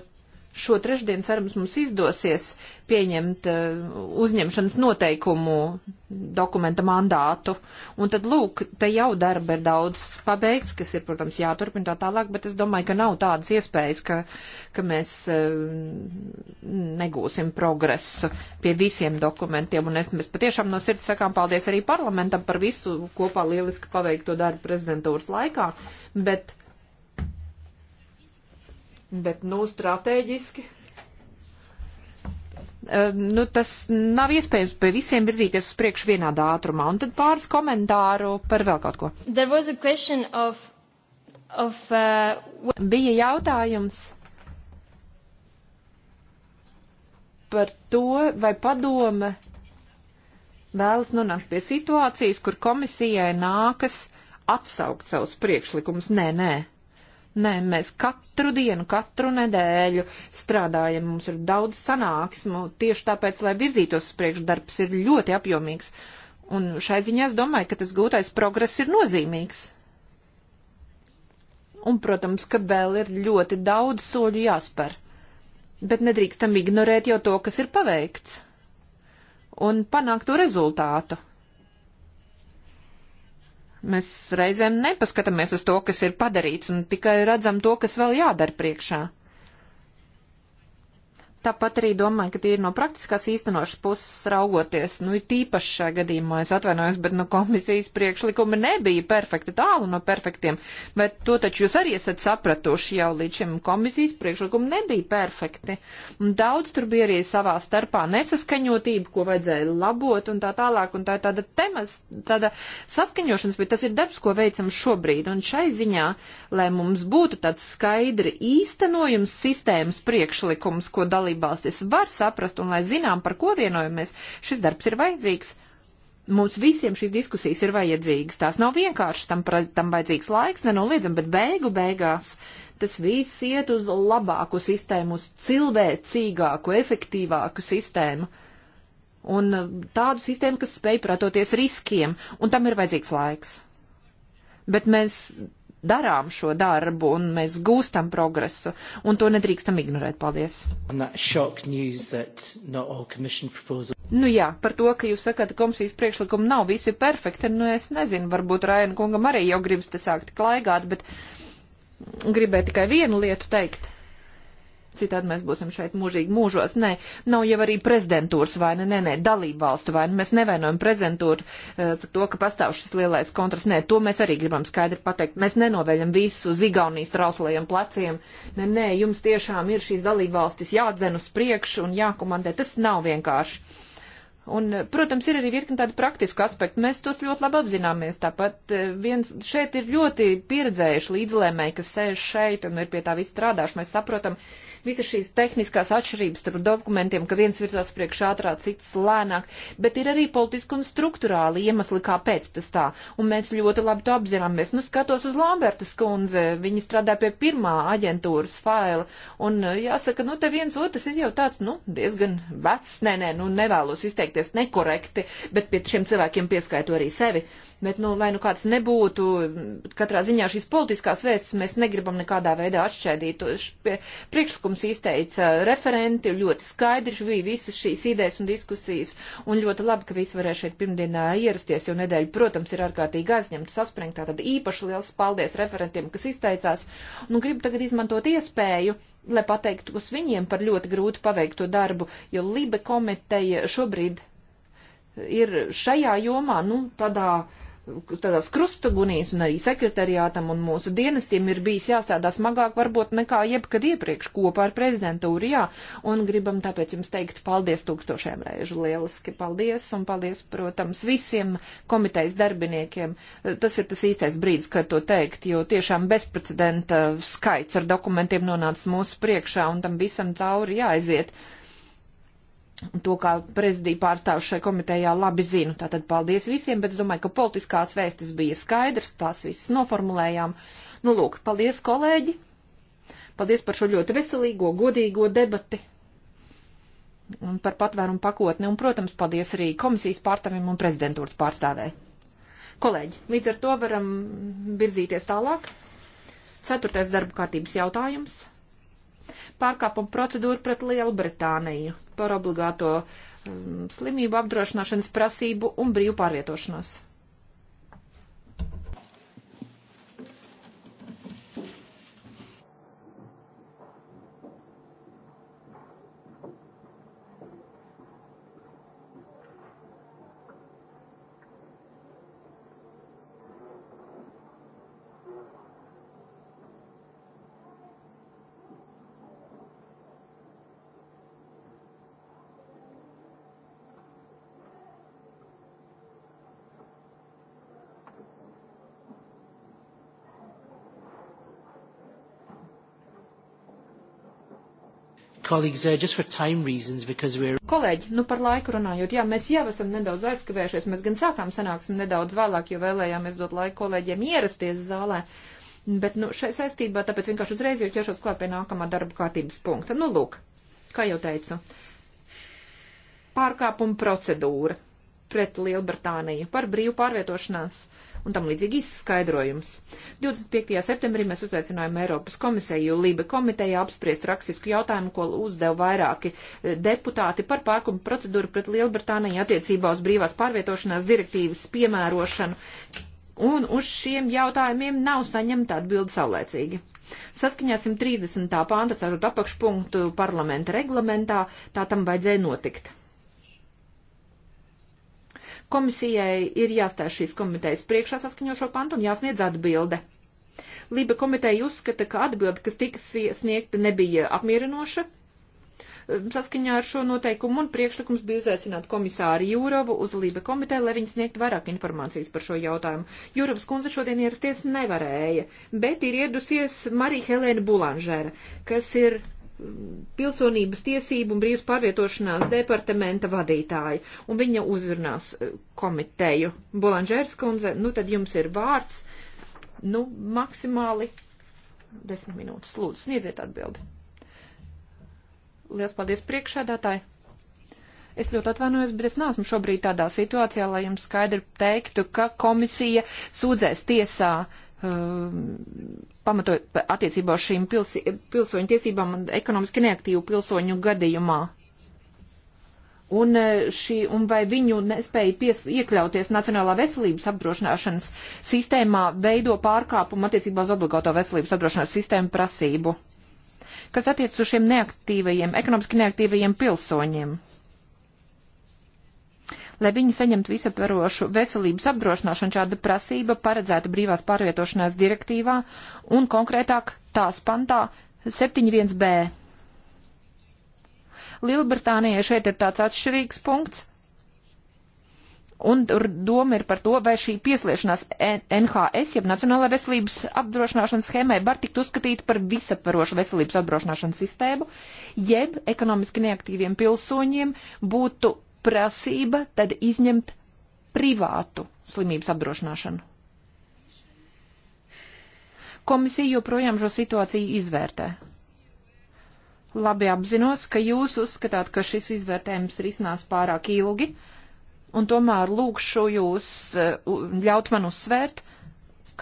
šo trešdienu cerams mums izdosies uh, pieņemt eh, uzņemšanas noteikumu dokumenta mandātu. Un tad, lūk, te jau darba ir daudz pabeigts, kas ir, protams, jāturpina tā tālāk, bet es domāju, ka nav tādas iespējas, ka, ka mēs eh, negūsim progresu pie visiem dokumentiem. Un es, mēs patiešām no sirds sakām paldies arī parlamentam par visu kopā lieliski paveikto darbu prezidentūras laikā. Bet, bet nu, strateģiski Ehm, nu, tas nav iespējams pie visiem virzīties uz priekšu vienādā ātrumā. Un tad pāris komentāru par vēl kaut ko. Of, of, uh, Bija jautājums par to, vai padome vēlas nonākt pie situācijas, kur komisijai nākas atsaukt savus priekšlikumus. Nē, nē. Nē, mēs katru dienu, katru nedēļu strādājam, mums ir daudz sanāksmu, tieši tāpēc, lai virzītos uz priekšu, darbs ir ļoti apjomīgs. Un šai ziņā es domāju, ka tas gūtais progress ir nozīmīgs. Un, protams, ka vēl ir ļoti daudz soļu jāspēr. Bet nedrīkstam ignorēt jau to, kas ir paveikts. Un panākt to rezultātu. Mēs reizēm nepaskatāmies uz to, kas ir padarīts, un tikai redzam to, kas vēl jādara priekšā. Tāpat arī domāju, ka tie ir no praktiskās īstenošas puses raugoties. Nu, ir tīpaši šajā gadījumā, es atvainojos, bet no nu, komisijas priekšlikumi nebija perfekti tālu no perfektiem. Bet to taču jūs arī esat sapratuši jau līdz šim komisijas priekšlikumi nebija perfekti. Un daudz tur bija arī savā starpā nesaskaņotība, ko vajadzēja labot un tā tālāk. Un tā ir tāda temas, tāda saskaņošanas, bet tas ir darbs, ko veicam šobrīd. Un šai ziņā, lai mums būtu tāds skaidri īstenojums sistēmas priekšlikums, ko dalība dalībvalstis var saprast un lai zinām, par ko vienojamies, šis darbs ir vajadzīgs. Mums visiem šīs diskusijas ir vajadzīgas. Tās nav vienkārši, tam, tam vajadzīgs laiks, nenoliedzam, bet beigu beigās tas viss iet uz labāku sistēmu, uz cilvēcīgāku, efektīvāku sistēmu. Un uh, tādu sistēmu, kas spēj pratoties riskiem, un tam ir vajadzīgs laiks. Bet mēs darām šo darbu un mēs gūstam progresu, un to nedrīkstam ignorēt. Paldies! Nu jā, par to, ka jūs sakat, ka komisijas priekšlikumi nav visi perfekti, nu es nezinu, varbūt Raina kungam arī jau gribas te sākt klaigāt, bet gribēju tikai vienu lietu teikt citādi mēs būsim šeit mūžīgi mūžos. Nē, nav jau arī prezidentūras vaina, nu, nē, nē, dalību valstu vaina. Nu. Mēs nevainojam prezidentūru eh, par to, ka pastāv šis lielais kontrasts. Nē, to mēs arī gribam skaidri pateikt. Mēs nenoveļam visu uz Igaunijas trauslajiem pleciem. Nē, nē, jums tiešām ir šīs dalību valstis jādzen uz priekšu un jākomandē. Tas nav vienkārši. Un, eh, protams, ir arī virkni tādi praktiski aspekti. Mēs tos ļoti labi apzināmies. Tāpat eh, viens šeit ir ļoti pieredzējuši līdzlēmēji, kas sēž šeit un ir pie tā viss strādājuši. Mēs saprotam, Visas šīs tehniskās atšķirības starp dokumentiem, ka viens virzās priekš ātrāk, cits lēnāk, bet ir arī politiski un struktūrāli iemesli, kāpēc tas tā. Un mēs ļoti labi to apzināmies. Nu, skatos uz Lambertas kundze, viņa strādā pie pirmā aģentūras faila, un eh, jāsaka, nu, te viens otrs ir jau tāds, nu, diezgan vecs, nē, nē, nu, nevēlos izteikties nekorekti, bet pie šiem cilvēkiem pieskaitu arī sevi. Bet, nu, lai nu kāds nebūtu, katrā ziņā šīs politiskās vēstis mēs negribam nekādā veidā atšķēdīt. Priekšlikums priekšlikums izteica referenti, ļoti skaidri bija visas šīs idejas un diskusijas, un ļoti labi, ka visi varēja šeit pirmdienā ierasties, jo nedēļa, protams, ir ārkārtīgi aizņemta saspringtā, tad īpaši liels paldies referentiem, kas izteicās, un gribu tagad izmantot iespēju lai pateiktu uz viņiem par ļoti grūti paveikto darbu, jo Libe komiteja šobrīd ir šajā jomā, nu, tādā uh, tādās krustugunīs un arī sekretariātam un mūsu dienestiem ir bijis jāsādā smagāk varbūt nekā jebkad iepriekš kopā ar prezidentūru, jā. Un gribam tāpēc jums teikt paldies tūkstošiem reižu. Lieliski paldies un paldies, protams, visiem komitejas darbiniekiem. Tas ir tas īstais brīdis, kad to teikt, jo tiešām bezprecedenta skaits ar dokumentiem nonāca mūsu priekšā un tam visam cauri jāaiziet to, kā prezidija pārstāvju šai komitejā labi zinu. Tātad paldies visiem, bet es domāju, ka politiskās vēstis bija skaidrs, tās visas noformulējām. Nu, lūk, paldies, kolēģi! Paldies par šo ļoti veselīgo, godīgo debati un par patvērumu pakotni, un, protams, paldies arī komisijas pārstāvim un prezidentūras pārstāvē. Kolēģi, līdz ar to varam virzīties tālāk. Ceturtais darba kārtības jautājums pārkāpuma procedūru pret Lielbritāniju par obligāto um, slimību apdrošināšanas prasību un brīvu pārvietošanos. Uh, Kolēģi, nu par laiku runājot, jā, mēs jau esam nedaudz aizskavējušies, mēs gan sākām sanāksim nedaudz vēlāk, jo vēlējāmies dot laiku kolēģiem ierasties zālē, bet, nu, šai saistībā, tāpēc vienkārši uzreiz jau ķeršos klāt pie nākamā darba kārtības punkta. Nu, lūk, kā jau teicu, pārkāpuma procedūra pret Lielbritāniju par brīvu pārvietošanās un tam līdzīgi izskaidrojums. 25. septembrī mēs uzaicinājām Eiropas komisiju Lība komiteja apspriest rakstisku jautājumu, ko uzdeva vairāki e, deputāti par pārkuma procedūru pret Lielbritāniju attiecībā uz brīvās pārvietošanās direktīvas piemērošanu. Un uz šiem jautājumiem nav saņemta atbildi saulēcīgi. Saskaņā 130. pānta, cerot apakšpunktu parlamenta reglamentā, tā tam vajadzēja notikt. Komisijai ir jāstāj šīs komitejas priekšā saskaņošo pantu un jāsniedz atbilde. Lība komiteja uzskata, ka atbilde, kas tika sniegta, nebija apmierinoša um, saskaņā ar šo noteikumu, un priekšlikums bija uzaicināt komisāru Jūrovu uz Lība komiteju, lai viņi sniegtu vairāk informācijas par šo jautājumu. Jūrovas kundze šodien ierasties nevarēja, bet ir iedusies Marija Helēna Bulanžēra, kas ir pilsonības tiesību un brīvs pārvietošanās departamenta vadītāja, un viņa uzrunās eh, komiteju. Bolanžērs kundze, nu tad jums ir vārds, nu, maksimāli desmit minūtes. Lūdzu, sniedziet atbildi. Lielas paldies priekšādātāji. Es ļoti atvainojos, bet es neesmu šobrīd tādā situācijā, lai jums skaidri teiktu, ka komisija sūdzēs tiesā uh, Um, pamatot attiecībā uz šīm pilsi, pilsoņu tiesībām un ekonomiski neaktīvu pilsoņu gadījumā. Un, uh, šī, un vai viņu nespēja pies, iekļauties Nacionālā veselības apdrošināšanas sistēmā veido pārkāpumu attiecībā uz obligāto veselības apdrošināšanas sistēmu prasību, kas attiec uz šiem neaktīvajiem, ekonomiski neaktīvajiem pilsoņiem. Lai viņi saņemtu visaptverošu veselības apdrošināšanu, šāda prasība paredzēta brīvās pārvietošanās direktīvā un konkrētāk tās pantā 71b. Lielbritānijai šeit ir tāds atšķirīgs punkts, Un tur doma ir par to, vai šī piesliešanās NHS, jeb Nacionālajai veselības apdrošināšanas schēmai, var tikt uzskatīta par visaptvarošu veselības apdrošināšanas sistēmu, jeb ekonomiski neaktīviem pilsoņiem būtu prasība tad izņemt privātu slimības apdrošināšanu. Komisija joprojām šo situāciju izvērtē. Labi apzinos, ka jūs uzskatāt, ka šis izvērtējums risinās pārāk ilgi, un tomēr lūkšu jūs eh, ļaut man uzsvērt,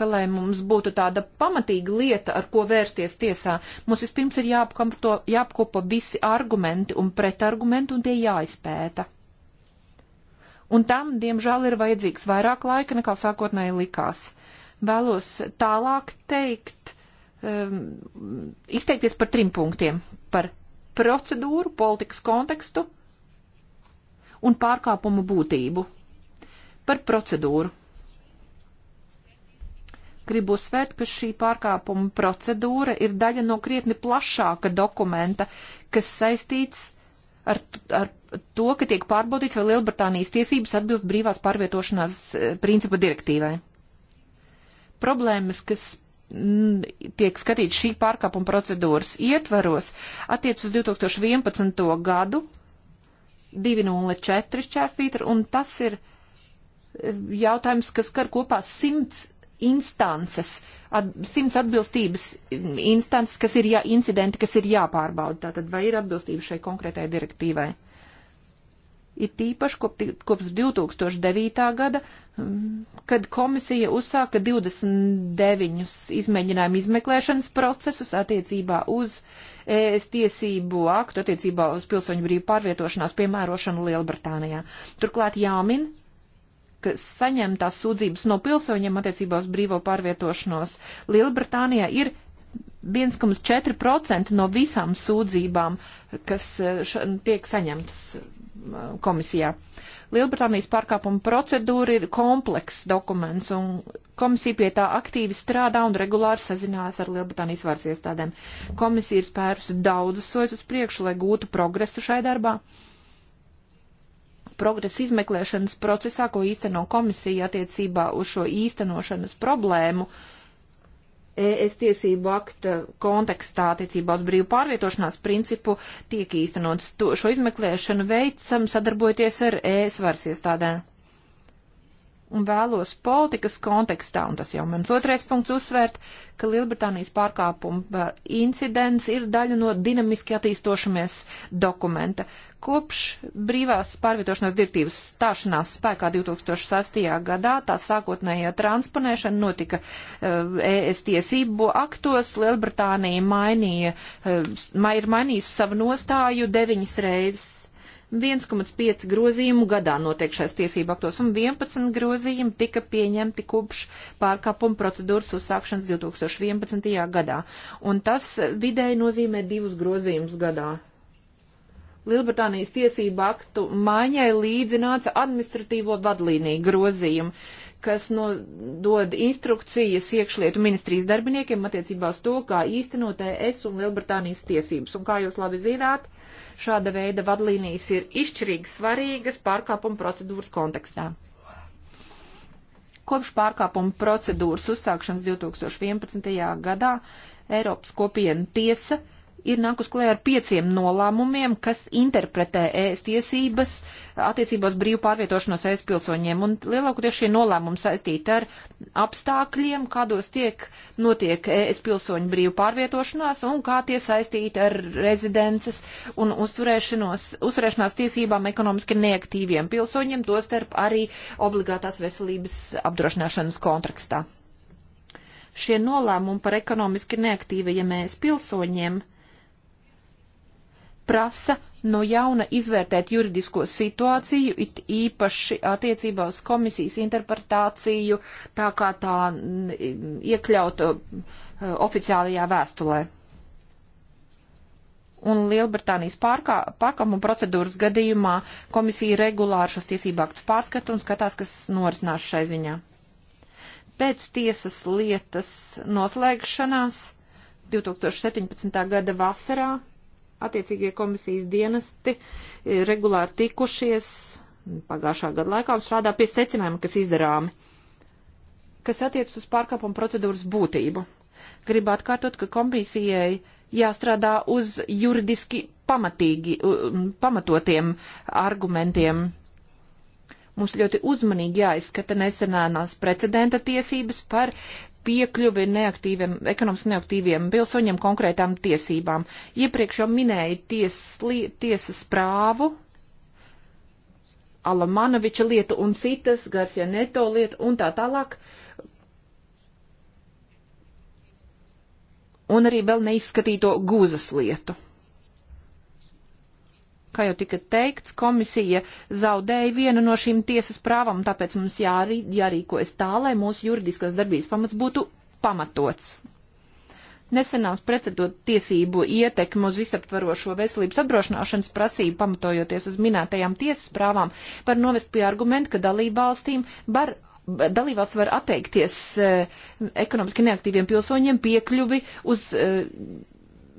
ka, lai mums būtu tāda pamatīga lieta, ar ko vērsties tiesā, mums vispirms ir jāapkopo, jāapkopo visi argumenti un pretargumenti, un tie jāizpēta un tam, diemžēl, ir vajadzīgs vairāk laika, nekā sākotnēji likās. Vēlos tālāk teikt, um, izteikties par trim punktiem - par procedūru, politikas kontekstu un pārkāpumu būtību. Par procedūru. Gribu uzsvērt, ka šī pārkāpuma procedūra ir daļa no krietni plašāka dokumenta, kas saistīts ar, ar to, ka tiek pārbaudīts, vai Lielbritānijas tiesības atbilst brīvās pārvietošanās eh, principa direktīvai. Problēmas, kas mm, tiek skatīts šī pārkāpuma procedūras ietvaros, attiec uz 2011. gadu 204 šķērfītra, un tas ir eh, jautājums, kas skar kopā simts instances, at, simts atbilstības mm, instances, kas ir jā, incidenti, kas ir jāpārbauda. Tātad, vai ir atbilstība šai konkrētai direktīvai? ir tīpaši kop, kopš 2009. gada, mm, kad komisija uzsāka 29 izmēģinājumu izmeklēšanas procesus attiecībā uz ES tiesību aktu, attiecībā uz pilsoņu brīvu pārvietošanās piemērošanu Lielbritānijā. Turklāt jāmin, ka saņemtās sūdzības no pilsoņiem attiecībā uz brīvo pārvietošanos Lielbritānijā ir 1,4% no visām sūdzībām, kas eh, tiek saņemtas komisijā. Lielbritānijas pārkāpuma procedūra ir komplekss dokuments, un komisija pie tā aktīvi strādā un regulāri sazinās ar Lielbritānijas varas iestādēm. Komisija ir spērusi daudzus soļus uz priekšu, lai gūtu progresu šai darbā. Progresa izmeklēšanas procesā, ko īsteno komisija attiecībā uz šo īstenošanas problēmu, uh, ES tiesību akta kontekstā attiecībā uz brīvu pārvietošanās principu tiek īstenots. To, šo izmeklēšanu veicam sadarbojoties ar ES varas iestādēm un vēlos politikas kontekstā, un tas jau mans otrais punkts uzsvērt, ka Lielbritānijas pārkāpuma eh, incidents ir daļa no dinamiski attīstošamies dokumenta. Kopš brīvās pārvietošanās direktīvas stāšanās spēkā 2006. gadā tā sākotnējā transponēšana notika ES eh, e tiesību aktos. Lielbritānija mainīja, eh, ir mainījusi savu nostāju deviņas reizes 1,5 grozījumu gadā notiek šais tiesību aktos, un 11 grozījumi tika pieņemti kopš pārkāpuma procedūras uzsākšanas 2011. gadā, un tas vidēji nozīmē divus grozījumus gadā. Lielbritānijas tiesību aktu maiņai līdzināca administratīvo vadlīniju grozījumu kas no, dod instrukcijas iekšlietu ministrijas darbiniekiem attiecībā uz to, kā īstenot ES un Lielbritānijas tiesības. Un kā jūs labi zināt, uh, Šāda veida vadlīnijas ir izšķirīgi svarīgas pārkāpuma procedūras kontekstā. Kopš pārkāpuma procedūras uzsākšanas 2011. gadā Eiropas kopiena tiesa ir nākus klē ar pieciem nolēmumiem, kas interpretē ēst tiesības attiecībos brīvu pārvietošanos ēst pilsoņiem. Un lielākoties šie nolēmumi saistīti ar apstākļiem, kādos tiek notiek ēst pilsoņu brīvu pārvietošanās un kā tie saistīti ar rezidences un uzturēšanās tiesībām ekonomiski neaktīviem pilsoņiem, tostarp arī obligātās veselības apdrošināšanas kontrakstā šie nolēmumi par ekonomiski neaktīvajiem mēs pilsoņiem prasa no jauna izvērtēt juridisko situāciju, it īpaši attiecībā uz komisijas interpretāciju, tā kā tā iekļauta uh, oficiālajā vēstulē. Un Lielbritānijas pārkā, pārkāpuma procedūras gadījumā komisija regulāri šos tiesību aktus pārskata un skatās, kas norisinās šai ziņā. Pēc tiesas lietas noslēgšanās 2017. gada vasarā attiecīgie komisijas dienesti regulāri tikušies pagājušā gada laikā un strādā pie secinājuma, kas izdarāmi, kas attiecas uz pārkāpumu procedūras būtību. Gribu atkārtot, ka komisijai jāstrādā uz juridiski pamatīgi, pamatotiem argumentiem. Mums ļoti uzmanīgi jāizskata nesenānās precedenta tiesības par piekļuvi neaktīviem, ekonomiski neaktīviem pilsoņiem konkrētām tiesībām. Iepriekš jau minēju ties, li, tiesas prāvu, Alamanoviča lietu un citas, Garcia Neto lietu un tā tālāk. Un arī vēl neizskatīto gūzas lietu. Kā jau tika teikts, komisija zaudēja vienu no šīm tiesas prāvam, tāpēc mums jārī, jārīkojas tā, lai mūsu juridiskās darbības pamats būtu pamatots. Nesenās precedot tiesību ietekmu uz visaptvarošo veselības apdrošināšanas prasību pamatojoties uz minētajām tiesas prāvām var novest pie argumenta, ka dalību valstīm var dalībvalsts var atteikties eh, ekonomiski neaktīviem pilsoņiem piekļuvi uz eh,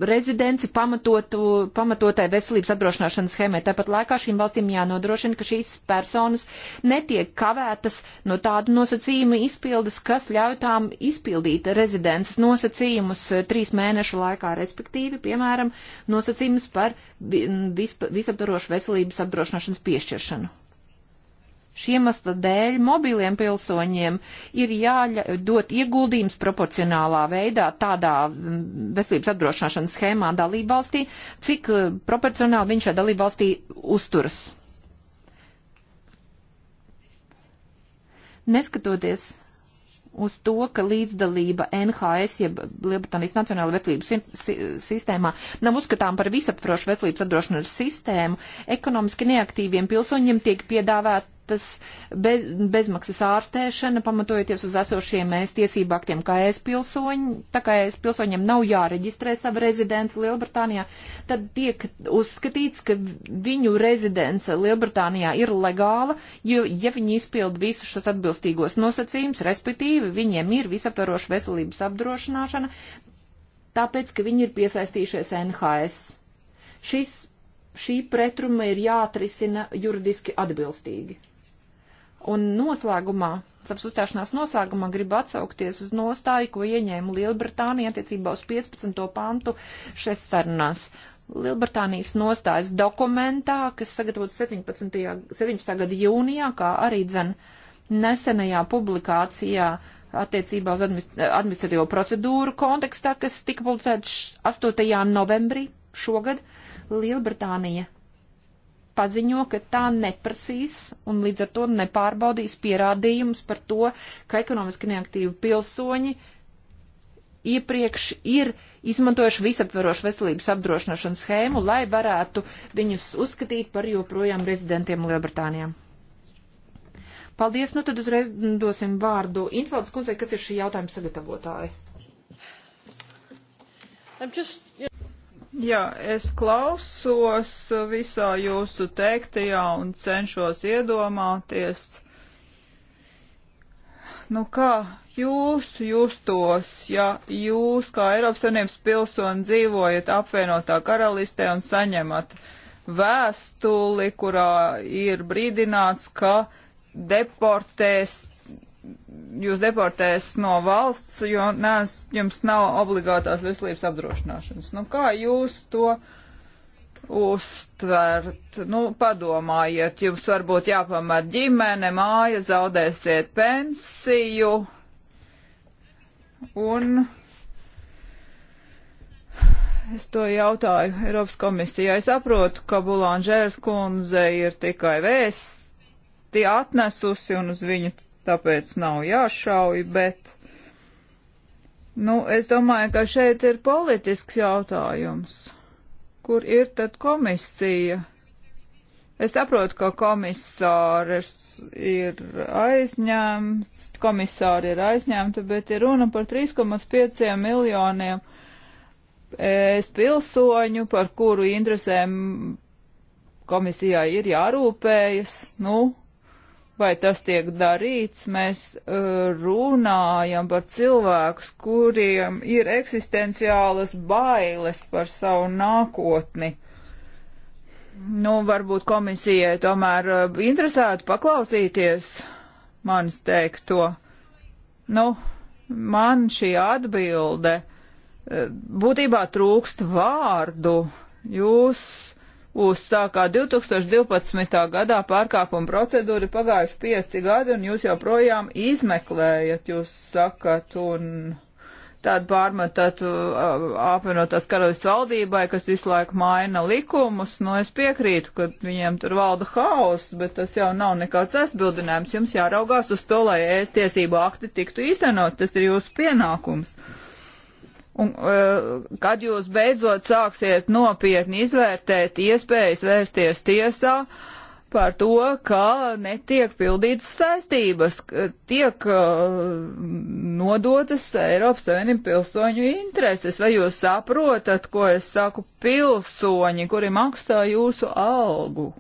rezidenci pamatotu, pamatotai veselības apdrošināšanas schēmai. Tāpat laikā šīm valstīm jānodrošina, ka šīs personas netiek kavētas no tādu nosacījumu izpildes, kas ļauj tām izpildīt rezidences nosacījumus eh, trīs mēnešu laikā, respektīvi, piemēram, nosacījumus par visaptvarošu veselības apdrošināšanas piešķiršanu. Šiem asla dēļ mobiliem pilsoņiem ir jādod ieguldījums proporcionālā veidā tādā mm, veselības apdrošināšanas schēmā dalībvalstī, cik eh, proporcionāli viņš šajā dalībvalstī uzturas. Neskatoties uz to, ka līdzdalība NHS, jeb Lielbritānijas Nacionāla veselības sistēmā, nav uzskatām par visaptvarošu veselības apdrošināšanas sistēmu, ekonomiski neaktīviem pilsoņiem tiek piedāvāt ārtas, bez, bezmaksas ārstēšana, pamatojoties uz esošiem ēst tiesību aktiem, kā ēst pilsoņi, tā kā ēst pilsoņiem nav jāreģistrē sava rezidence Lielbritānijā, tad tiek uzskatīts, ka viņu rezidence Lielbritānijā ir legāla, jo, ja viņi izpild visus šos atbilstīgos nosacījumus, respektīvi viņiem ir visaptvaroša veselības apdrošināšana, tāpēc, ka viņi ir piesaistījušies NHS. Šis šī pretruma ir jāatrisina juridiski atbilstīgi. Un noslēgumā, savas uzstāšanās noslēgumā gribu atsaukties uz nostāju, ko ieņēma Lielbritānija attiecībā uz 15. pantu šais sarunās. Lielbritānijas nostājas dokumentā, kas sagatavots 17. 17. gada jūnijā, kā arī dzen nesenajā publikācijā attiecībā uz administratīvo procedūru kontekstā, kas tika publicēts 8. novembrī šogad, Lielbritānija paziņo, ka tā neprasīs un līdz ar to nepārbaudīs pierādījumus par to, ka ekonomiski neaktīvi pilsoņi iepriekš ir izmantojuši visaptverošu veselības apdrošināšanas schēmu, lai varētu viņus uzskatīt par joprojām rezidentiem Lielbritānijā. Paldies, nu tad uzreiz dosim vārdu Invaldes kundzei, kas ir šī jautājuma sagatavotāja. I'm just, you know... Jā, es klausos visā jūsu teiktajā un cenšos iedomāties, nu kā jūs justos, ja jūs kā Eiropas Savienības pilsoni dzīvojat apvienotā karalistē un saņemat vēstuli, kurā ir brīdināts, ka deportēs jūs deportēs no valsts, jo nes, jums nav obligātās veselības apdrošināšanas. Nu, kā jūs to uztvert? Nu, padomājiet, jums varbūt jāpamat ģimene, māja, zaudēsiet pensiju un. Es to jautāju Eiropas komisijai. Es saprotu, ka Bulāņģērs kundze ir tikai vēsti atnesusi un uz viņu tāpēc nav jāšauj, bet, nu, es domāju, ka šeit ir politisks jautājums. Kur ir tad komisija? Es saprotu, ka komisārs ir aizņemts, komisāri ir aizņemti, bet ir runa par 3,5 miljoniem es pilsoņu, par kuru interesēm komisijai ir jārūpējas. Nu, vai tas tiek darīts, mēs uh, runājam par cilvēkus, kuriem ir eksistenciālas bailes par savu nākotni. Nu, varbūt komisijai tomēr uh, interesētu paklausīties manis teikto. Nu, man šī atbilde uh, būtībā trūkst vārdu. Jūs uzsākā 2012. gadā pārkāpuma procedūru, pagājuši pieci gadi, un jūs joprojām izmeklējat, jūs sakat, un tādu pārmetat uh, apvienotās karalistas valdībai, kas visu laiku maina likumus. Nu, es piekrītu, ka viņiem tur valda haoss, bet tas jau nav nekāds aizbildinājums. Jums jāraugās uz to, lai ēst tiesību akti tiktu īstenot. Tas ir jūsu pienākums. Uh, Un, eh, kad jūs beidzot sāksiet nopietni izvērtēt iespējas vērsties tiesā par to, ka netiek pildītas saistības, tiek eh, nodotas Eiropas Savienību pilsoņu intereses, vai jūs saprotat, ko es saku pilsoņi, kuri maksā jūsu algu?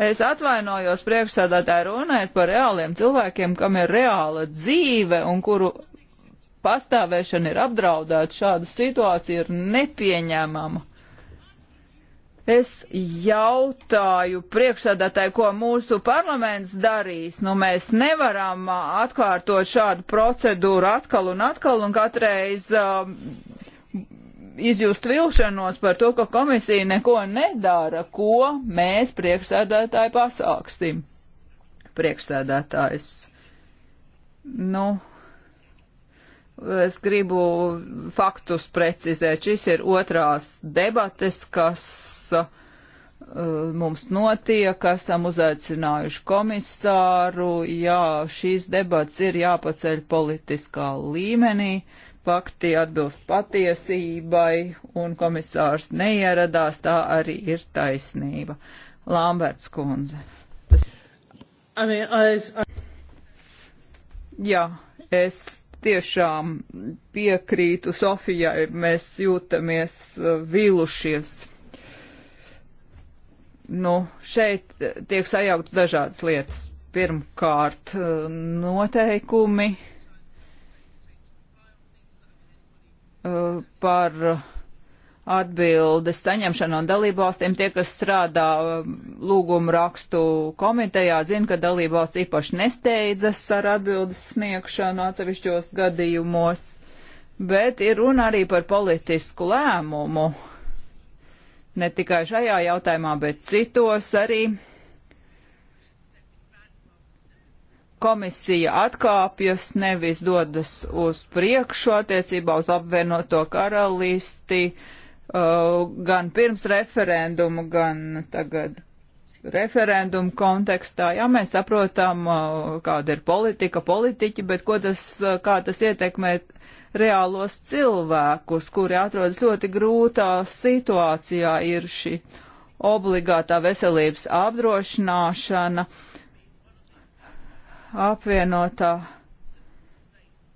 Es atvainojos priekšsēdētāji runāt par reāliem cilvēkiem, kam ir reāla dzīve un kuru pastāvēšana ir apdraudēta. Šāda situācija ir nepieņēmama. Es jautāju priekšsēdētāji, ko mūsu parlaments darīs. Nu, mēs nevaram uh, atkārtot šādu procedūru atkal un atkal un katreiz. Uh, izjust vilšanos par to, ka komisija neko nedara, ko mēs priekšsēdētāji pasāksim. Priekšsēdētājs. Nu, es gribu faktus precizēt. Šis ir otrās debates, kas uh, mums notiek, esam uzaicinājuši komisāru, jā, šīs debats ir jāpaceļ politiskā līmenī. Uh, fakti atbilst patiesībai un komisārs neieradās, tā arī ir taisnība. Lamberts kundze. I mean, I, I... Jā, es tiešām piekrītu Sofijai, mēs jūtamies uh, vīlušies. Nu, šeit uh, tiek sajaukt dažādas lietas. Pirmkārt, uh, noteikumi Uh, par atbildes saņemšanu no dalībvalstīm. Tie, kas strādā uh, lūgumu rakstu komitejā, zina, ka dalībvalsts īpaši nesteidzas ar atbildes sniegšanu atsevišķos gadījumos, bet ir runa arī par politisku lēmumu. Ne tikai šajā jautājumā, bet citos arī komisija atkāpjas, nevis dodas uz priekšu attiecībā uz apvienoto karalisti, uh, gan pirms referendumu, gan tagad referendumu kontekstā. Jā, mēs saprotam, uh, kāda ir politika, politiķi, bet ko tas, uh, kā tas ietekmē reālos cilvēkus, kuri atrodas ļoti grūtā situācijā, ir šī obligātā veselības apdrošināšana. Uh, apvienotā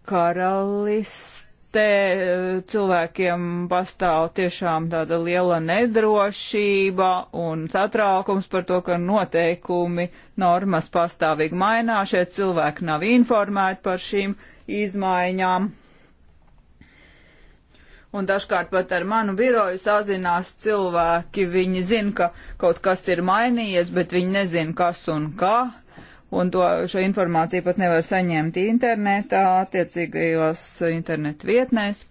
karalistē cilvēkiem pastāv tiešām tāda liela nedrošība un satraukums par to, ka noteikumi, normas pastāvīgi mainās, šie cilvēki nav informēti par šīm izmaiņām. Un dažkārt pat ar manu biroju sazinās cilvēki, viņi zina, ka kaut kas ir mainījies, bet viņi nezina, kas un kā. Ka un to, šo informāciju pat nevar saņemt internetā, attiecīgajos internetu vietnēs.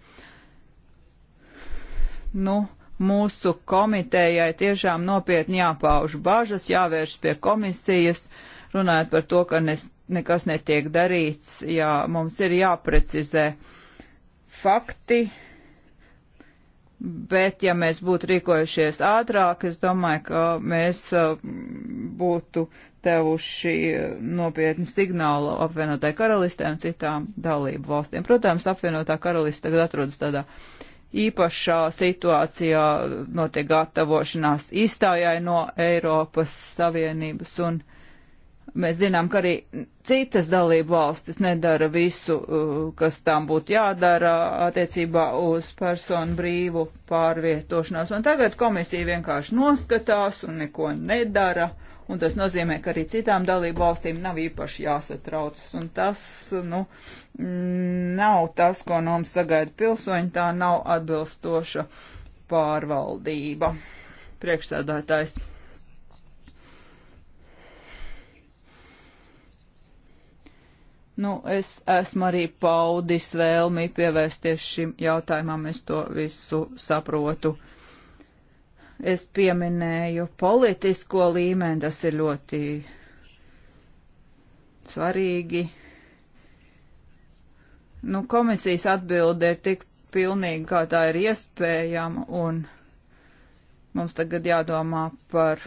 Nu, mūsu komitejai tiešām nopietni jāpauž bažas, jāvērš pie komisijas, runājot par to, ka ne, nekas netiek darīts, jā, mums ir jāprecizē fakti, bet ja mēs būtu rīkojušies ātrāk, es domāju, ka mēs būtu devuši nopietnu signālu apvienotai karalistē un citām dalību valstīm. Protams, apvienotā karalista tagad atrodas tādā īpašā situācijā, notiek gatavošanās izstājai no Eiropas Savienības un mēs zinām, ka arī citas dalību valstis nedara visu, uh, kas tām būtu jādara attiecībā uz personu brīvu pārvietošanos. Un tagad komisija vienkārši noskatās un neko nedara un tas nozīmē, ka arī citām dalību valstīm nav īpaši jāsatraucas, un tas, nu, nav tas, ko no mums sagaida pilsoņi, tā nav atbilstoša pārvaldība. Priekšsēdētājs. Nu, es esmu arī paudis vēlmi pievērsties šim jautājumam, es to visu saprotu. Uh, Es pieminēju politisko līmeni, tas ir ļoti svarīgi. Nu, komisijas atbilde ir tik pilnīga, kā tā ir iespējama, un mums tagad jādomā par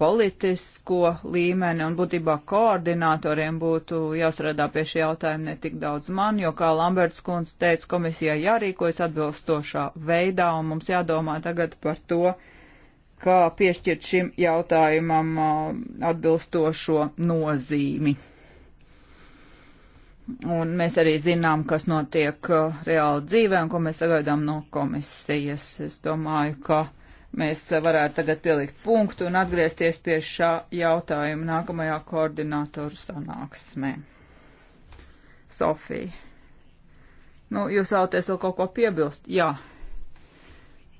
politisko līmeni un būtībā koordinatoriem būtu jāstrādā pie šī jautājuma ne tik daudz man, jo, kā Lamberts kundze teica, komisijai jārīkojas atbilstošā veidā un mums jādomā tagad par to, kā piešķirt šim jautājumam atbilstošo nozīmi. Un mēs arī zinām, kas notiek reāli dzīvē un ko mēs sagaidām no komisijas. Es domāju, ka mēs varētu tagad pielikt punktu un atgriezties pie šā jautājuma nākamajā koordinātoru sanāksmē. Sofija. Nu, jūs vēlaties vēl kaut ko piebilst? Jā.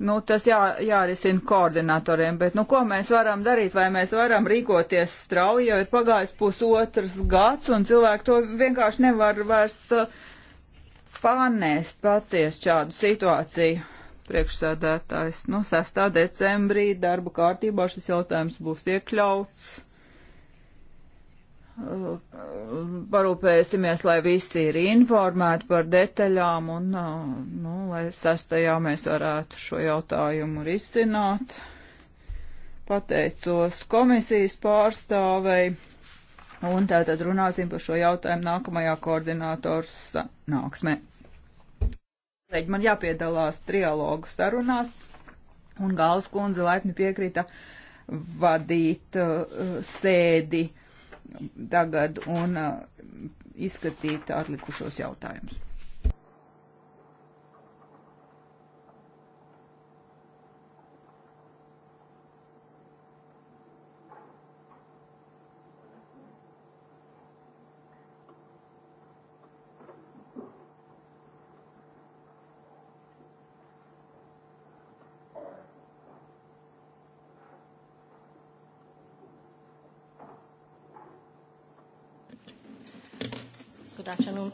Nu, tas jā, jārisina koordinatoriem, bet nu, ko mēs varam darīt, vai mēs varam rīkoties strauji, jo ir pagājis pusotrs gads un cilvēki to vienkārši nevar vairs uh, pārnēst, paciest šādu situāciju priekšsēdētājs. Nu, 6. decembrī darba kārtībā šis jautājums būs iekļauts. Parūpēsimies, lai visi ir informēti par detaļām un, nu, lai 6. mēs varētu šo jautājumu risināt. Pateicos komisijas pārstāvei un tātad runāsim par šo jautājumu nākamajā koordinātors nāksmē kolēģi, man jāpiedalās trialogu sarunās, un Gāles kundze laipni piekrita vadīt uh, sēdi tagad un uh, izskatīt atlikušos jautājumus.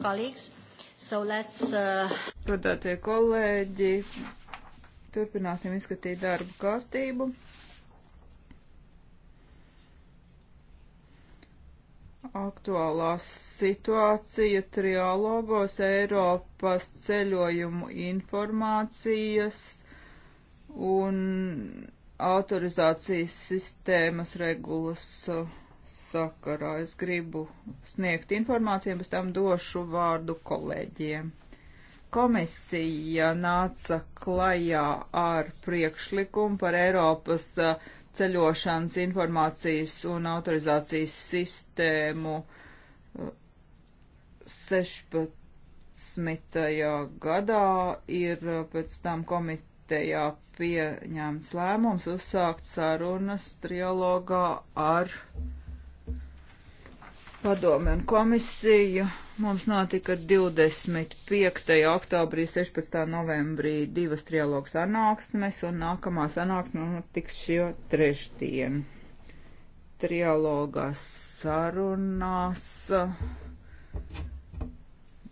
colleagues. So let's... Uh... Godātie kolēģi, turpināsim izskatīt darbu kārtību. aktuālā situācija trialogos Eiropas ceļojumu informācijas un autorizācijas sistēmas regulas sakarā. Es gribu sniegt informāciju, bet tam došu vārdu kolēģiem. Komisija nāca klajā ar priekšlikumu par Eiropas ceļošanas informācijas un autorizācijas sistēmu 16. gadā ir pēc tam komisija komitejā pieņēmts lēmums uzsākt sarunas trialogā ar padome un komisiju. Mums notika 25. oktobrī, 16. novembrī divas trialogu sanāksmes, un nākamā sanāksme notiks šo trešdienu. Trialogā sarunās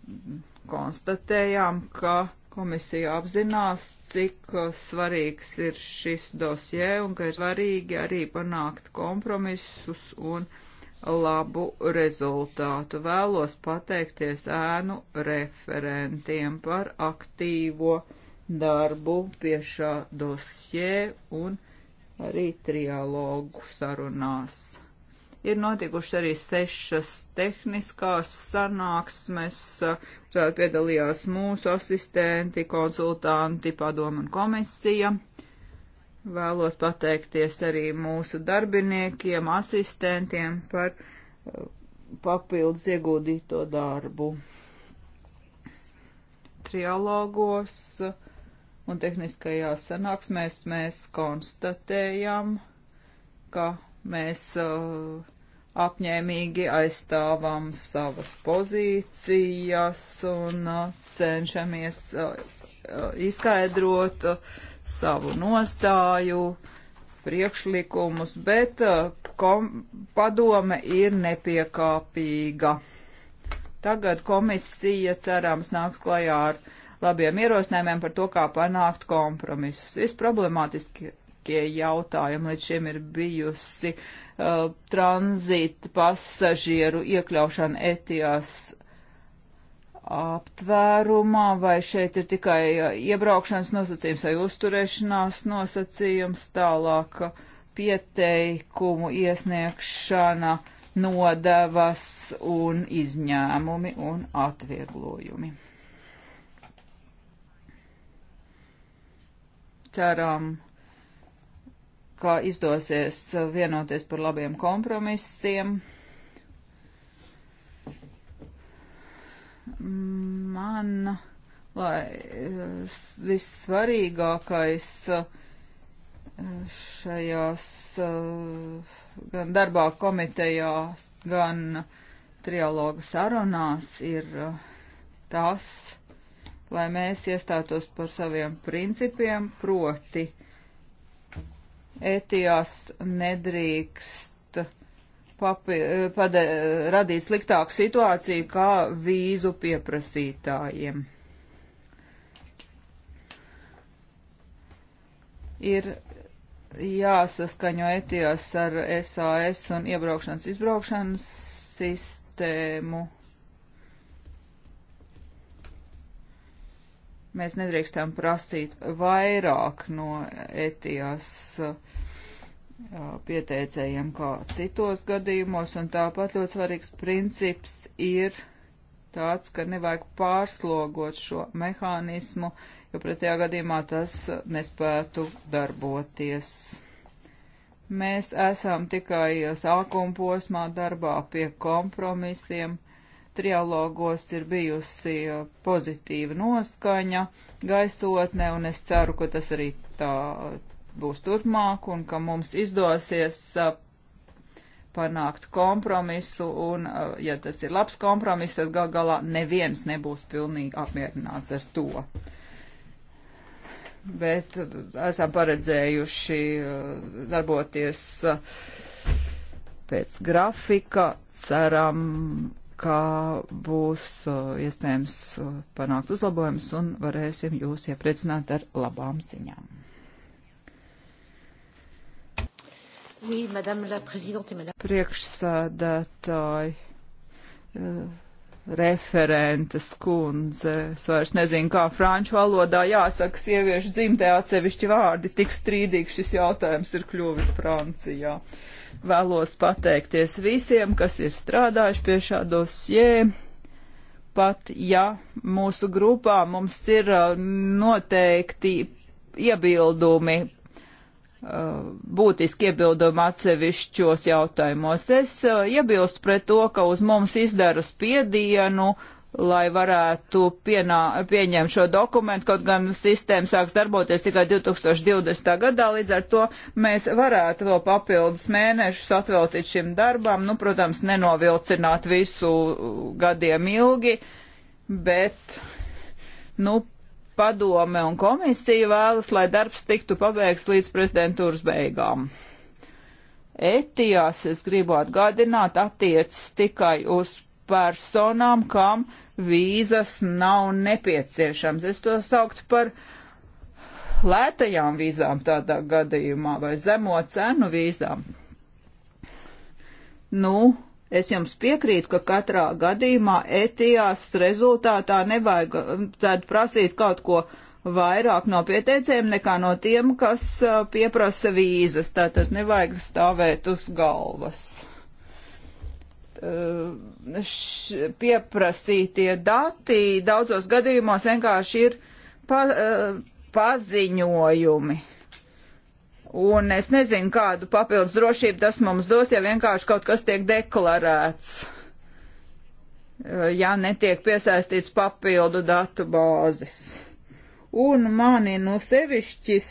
mm, konstatējām, ka komisija apzinās, cik uh, svarīgs ir šis dosie un ka ir svarīgi arī panākt kompromisus un kompromisus labu rezultātu. Vēlos pateikties ēnu referentiem par aktīvo darbu pie šā dosjē un arī trialogu sarunās. Ir notikušas arī sešas tehniskās sanāksmes, kurā piedalījās mūsu asistenti, konsultanti, padoma un komisija. Vēlos pateikties arī mūsu darbiniekiem, asistentiem par uh, papildus ieguldīto darbu. Trialogos uh, un tehniskajās sanāksmēs mēs konstatējam, ka mēs uh, apņēmīgi aizstāvam savas pozīcijas un cenšamies izskaidrot uh, savu nostāju, priekšlikumus, bet uh, kom, padome ir nepiekāpīga. Tagad komisija cerams nāks klajā ar labiem ierosinājumiem par to, kā panākt kompromisus. Visproblemātiski lielākie jautājumi līdz šim ir bijusi uh, tranzīta pasažieru iekļaušana Etijas aptvērumā, vai šeit ir tikai iebraukšanas nosacījums vai uzturēšanās nosacījums, tālāk pieteikumu iesniegšana, nodevas un izņēmumi un atvieglojumi. Ceram, ka izdosies vienoties par labiem kompromisiem. man lai, vissvarīgākais eh, šajās eh, gan darbā komitejā, gan trialoga sarunās ir eh, tas, lai mēs iestātos par saviem principiem, proti, etijās nedrīkst papi, pade, radīt sliktāku situāciju kā vīzu pieprasītājiem. Ir jāsaskaņo ETIAS ar SAS un iebraukšanas izbraukšanas sistēmu. Mēs nedrīkstam prasīt vairāk no ETIAS uh, pieteicējiem kā citos gadījumos, un tāpat ļoti svarīgs princips ir tāds, ka nevajag pārslogot šo mehānismu, jo pretējā gadījumā tas nespētu darboties. Mēs esam tikai sākuma posmā darbā pie kompromisiem. Trialogos ir bijusi pozitīva noskaņa, gaisotne, un es ceru, ka tas arī tā būs turpmāk un ka mums izdosies panākt kompromisu, un, ja tas ir labs kompromiss, tad gal galā neviens nebūs pilnīgi apmierināts ar to. Bet esam paredzējuši darboties pēc grafika, ceram, ka būs iespējams panākt uzlabojumus un varēsim jūs iepriecināt ar labām ziņām. Oui, madame la présidente et madame. Priekšsādātāji, eh, referentes kundze, es vairs nezinu, kā franču valodā jāsaka sieviešu dzimtē atsevišķi vārdi, tik strīdīgs šis jautājums ir kļuvis Francijā. Vēlos pateikties visiem, kas ir strādājuši pie šā dosjē. Pat ja mūsu grupā mums ir eh, noteikti iebildumi būtiski iebildumi atsevišķos jautājumos. Es uh, iebilstu pret to, ka uz mums izdara spiedienu, lai varētu pienā, pieņemt šo dokumentu, kaut gan sistēma sāks darboties tikai 2020. gadā, līdz ar to mēs varētu vēl papildus mēnešus atveltīt šim darbam, nu, protams, nenovilcināt visu gadiem ilgi, bet, nu, padome un komisija vēlas, lai darbs tiktu pabeigts līdz prezidentūras beigām. Etijās, es gribu atgādināt, attiecas tikai uz personām, kam vīzas nav nepieciešams. Es to sauktu par lētajām vīzām tādā gadījumā vai zemo cenu vīzām. Nu, Es jums piekrītu, ka katrā gadījumā etijās rezultātā nevajag um, prasīt kaut ko vairāk no pieteicējiem nekā no tiem, kas uh, pieprasa vīzas. Tātad nevajag stāvēt uz galvas. Uh, š, pieprasītie dati daudzos gadījumos vienkārši ir pa, uh, paziņojumi. Un es nezinu, kādu papildus drošību tas mums dos, ja vienkārši kaut kas tiek deklarēts, ja netiek piesaistīts papildu datu bāzes. Un mani nu sevišķis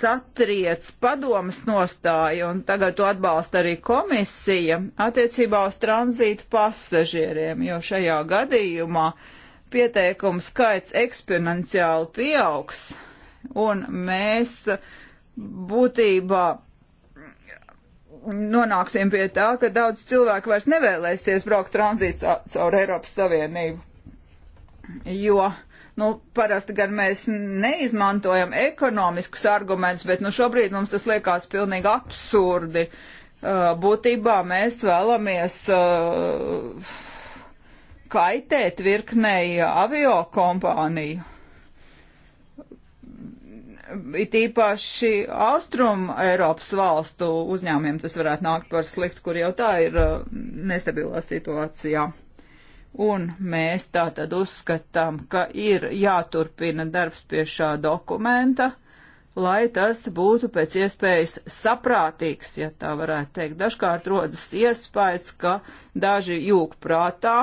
satriec padomas nostāja, un tagad to atbalsta arī komisija, attiecībā uz tranzītu pasažieriem, jo šajā gadījumā pieteikumu skaits eksponenciāli pieaugs un mēs būtībā nonāksim pie tā, ka daudz cilvēku vairs nevēlēsies braukt tranzītā caur Eiropas Savienību. Jo, nu, parasti gan mēs neizmantojam ekonomiskus argumentus, bet, nu, šobrīd mums tas liekas pilnīgi absurdi. Uh, būtībā mēs vēlamies uh, kaitēt virknei avio kompāniju it īpaši Austrum Eiropas valstu uzņēmumiem tas varētu nākt par sliktu, kur jau tā ir uh, nestabilā situācijā. Un mēs tā tad uzskatām, ka ir jāturpina darbs pie šā dokumenta, lai tas būtu pēc iespējas saprātīgs, ja tā varētu teikt. Dažkārt rodas iespējas, ka daži jūg prātā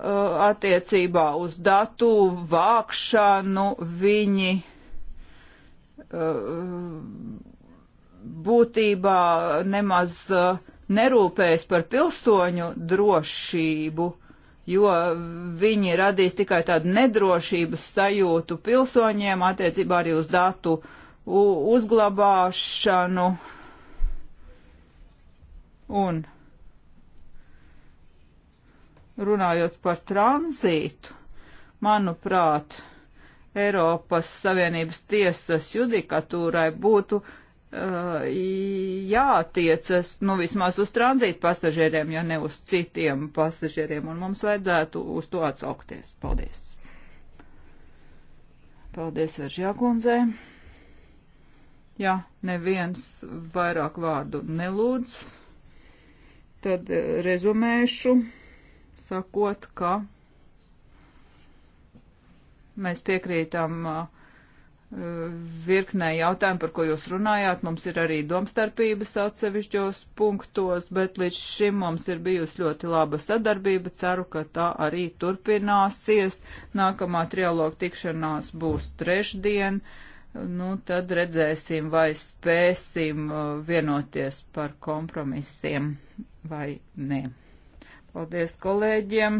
Uh, attiecībā uz datu vākšanu viņi uh, būtībā nemaz uh, nerūpējas par pilsoņu drošību, jo viņi radīs tikai tādu nedrošības sajūtu pilsoņiem attiecībā arī uz datu uzglabāšanu. Un runājot par tranzītu, manuprāt, Eiropas Savienības tiesas judikatūrai būtu uh, jātiecas, nu, vismaz uz tranzītu pasažieriem, ja ne uz citiem pasažieriem, un mums vajadzētu uz to atsaukties. Paldies! Paldies, Veržjā kundzē! Ja neviens vairāk vārdu nelūdz, tad eh, rezumēšu sakot, ka mēs piekrītam uh, virknē jautājumu, par ko jūs runājāt. Mums ir arī domstarpības atsevišķos punktos, bet līdz šim mums ir bijusi ļoti laba sadarbība. Ceru, ka tā arī turpināsies. Nākamā trialoga tikšanās būs trešdien. Nu, tad redzēsim, vai spēsim uh, vienoties par kompromisiem vai nē. Paldies kolēģiem.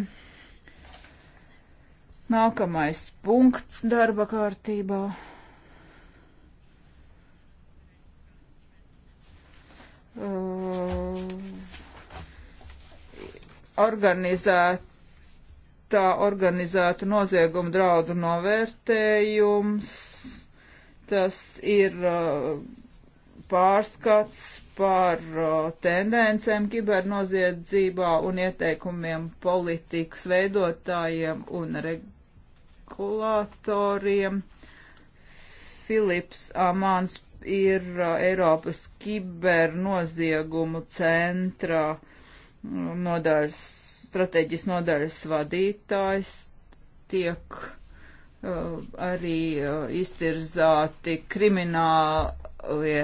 Nākamais punkts darba kārtībā. Uh, organizētā, organizēta nozieguma draudu novērtējums. Tas ir uh, pārskats par uh, tendencēm kibernoziedzībā un ieteikumiem politikas veidotājiem un regulātoriem. Filips Amāns ir uh, Eiropas kibernoziegumu centra mm, nodaļas, strateģis nodaļas vadītājs. Tiek uh, arī uh, iztirzāti kriminālie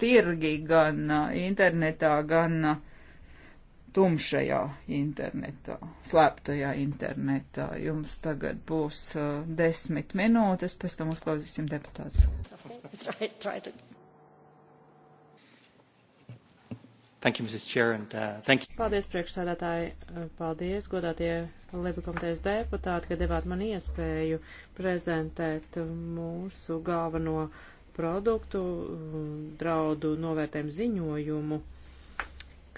tirgi gan internetā, gan tumšajā internetā, slēptajā internetā. Jums tagad būs uh, desmit minūtes, pēc tam uzklausīsim deputātus. Okay. Try, try to... Thank you, Mrs. Chair, and uh, thank you. Paldies, priekšsēdētāji. Paldies, godātie Libakomitejas deputāti, ka devāt man iespēju prezentēt mūsu galveno produktu draudu novērtējumu ziņojumu.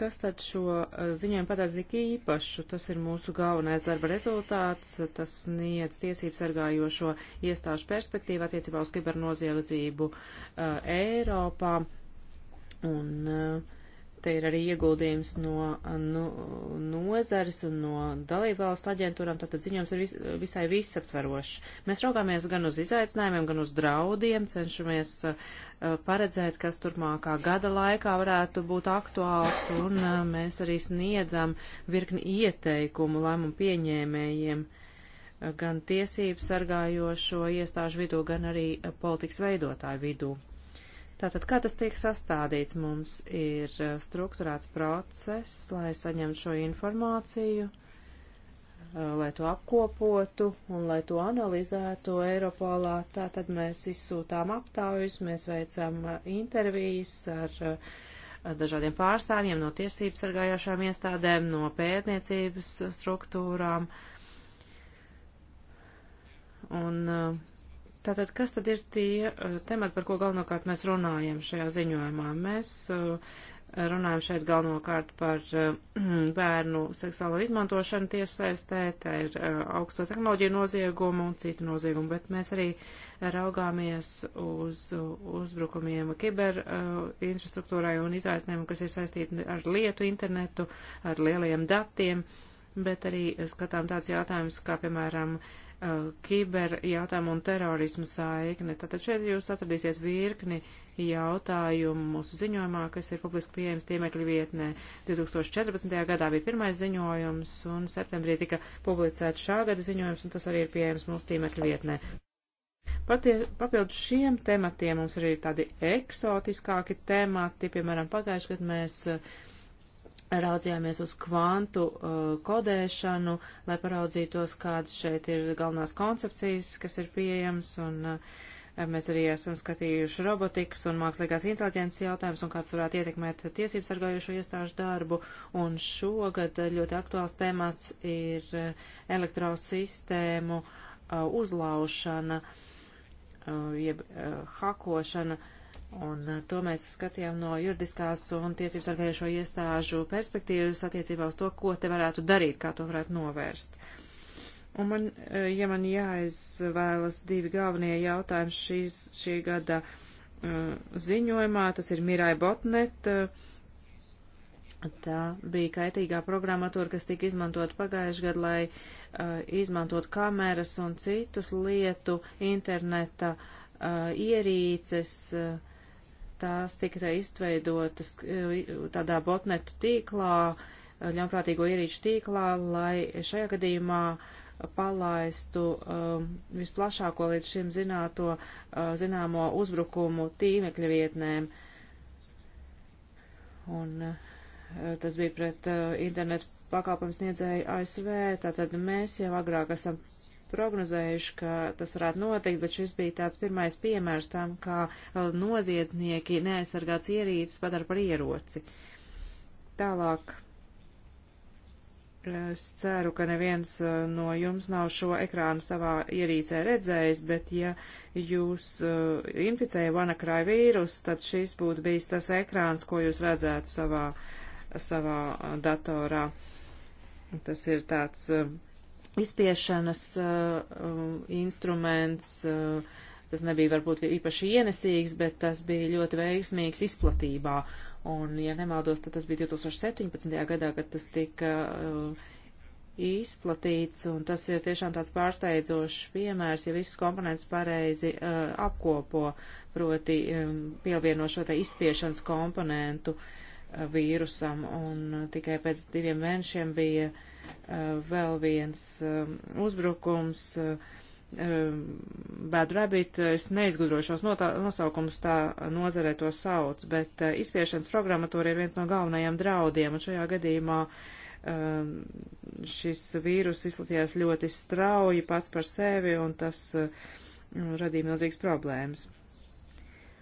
Kas tad šo eh, ziņojumu padara tik īpašu? Tas ir mūsu galvenais darba rezultāts. Tas sniedz tiesību sargājošo iestāžu perspektīvu attiecībā uz kibernoziedzību uh, Eiropā. Un, uh, Te ir arī ieguldījums no nu, nozares un no dalībvalstu aģentūram, tātad ziņojums ir vis, visai visaptverošs. Mēs raugāmies gan uz izaicinājumiem, gan uz draudiem, cenšamies uh, paredzēt, kas turpmākā gada laikā varētu būt aktuāls, un uh, mēs arī sniedzam virkni ieteikumu lēmumu pieņēmējiem gan tiesību sargājošo iestāžu vidū, gan arī politikas veidotāju vidū. Tātad, kā tas tiek sastādīts, mums ir eh, struktūrāts process, lai saņemtu šo informāciju, eh, lai to apkopotu un lai to analizētu Eiropolā. Tātad mēs izsūtām aptāvis, mēs veicam eh, intervijas ar dažādiem pārstāvjiem no tiesības sargājošām iestādēm, no pētniecības struktūrām. Un uh, Tātad, kas tad ir tie uh, temati, par ko galvenokārt mēs runājam šajā ziņojumā? Mēs uh, runājam šeit galvenokārt par uh, bērnu seksuālo izmantošanu tiesaistē, tā ir augsto tehnoloģiju noziegumu un citu noziegumu, bet mēs arī raugāmies uz uzbrukumiem kiber infrastruktūrai un izaicinājumiem, kas ir saistīti ar lietu internetu, ar lieliem datiem, bet arī skatām tāds jautājums, kā piemēram, uh, Uh, kiber jautājumu un terorismu saikni. Tātad šeit jūs atradīsiet virkni jautājumu mūsu ziņojumā, kas ir publiski pieejams tiemekļa vietnē. 2014. gadā bija pirmais ziņojums un septembrī tika publicēts šā gada ziņojums un tas arī ir pieejams mūsu tiemekļa vietnē. Patie, papildus šiem tematiem mums arī ir tādi eksotiskāki temati, piemēram, pagājušajā gadā mēs uh, raudzījāmies uz kvantu uh, kodēšanu, lai paraudzītos, kādas šeit ir galvenās koncepcijas, kas ir pieejams, un uh, mēs arī esam skatījuši robotikas un mākslīgās inteliģences jautājumus, un kāds varētu ietekmēt tiesības sargājušo iestāžu darbu, un šogad ļoti aktuāls temats ir uh, elektrosistēmu uh, uzlaušana, uh, jeb uh, hakošana. Uh, Un eh, to mēs skatījām no juridiskās un tiesības sargājušo iestāžu perspektīvas attiecībā uz to, ko te varētu darīt, kā to varētu novērst. Un man, eh, ja man jāizvēlas divi galvenie jautājumi šīs, šī gada uh, ziņojumā, tas ir Mirai Botnet. Tā bija kaitīgā programmatūra, kas tika izmantot pagājuši gadu, lai uh, izmantot kameras un citus lietu interneta uh, ierīces. Uh, tās tika izveidotas e, tādā botnetu tīklā, ļaunprātīgo ierīču tīklā, lai šajā gadījumā palaistu um, visplašāko līdz šim zināto, uh, zināmo uzbrukumu tīmekļa vietnēm. Un uh, tas bija pret uh, internetu pakalpojums niedzēju ASV, tātad mēs jau agrāk esam prognozējuši, ka tas varētu notikt, bet šis bija tāds pirmais piemērs tam, kā uh, noziedznieki neaizsargāts ierīces padara par ieroci. Tālāk. Es ceru, ka neviens uh, no jums nav šo ekrānu savā ierīcē redzējis, bet ja jūs uh, inficēja vanakrai vīrus, tad šis būtu bijis tas ekrāns, ko jūs redzētu savā, savā uh, datorā. Tas ir tāds uh, izspiešanas uh, instruments, uh, tas nebija varbūt īpaši ienesīgs, bet tas bija ļoti veiksmīgs izplatībā. Un, ja nemaldos, tad tas bija 2017. gadā, kad tas tika uh, izplatīts, un tas ir tiešām tāds pārsteidzošs piemērs, ja visus komponentus pareizi uh, apkopo, proti um, pievieno šo te izspiešanas komponentu uh, vīrusam, un uh, tikai pēc diviem mēnešiem bija uh, Eh, vēl viens eh, uzbrukums. Eh, bad Rabbit, es neizgudrošos nosaukumus tā nozarē to sauc, bet izspiešanas programmatūra ir viens no galvenajiem draudiem, un šajā gadījumā šis vīrus izplatījās ļoti strauji pats par sevi, un tas radīja milzīgas problēmas.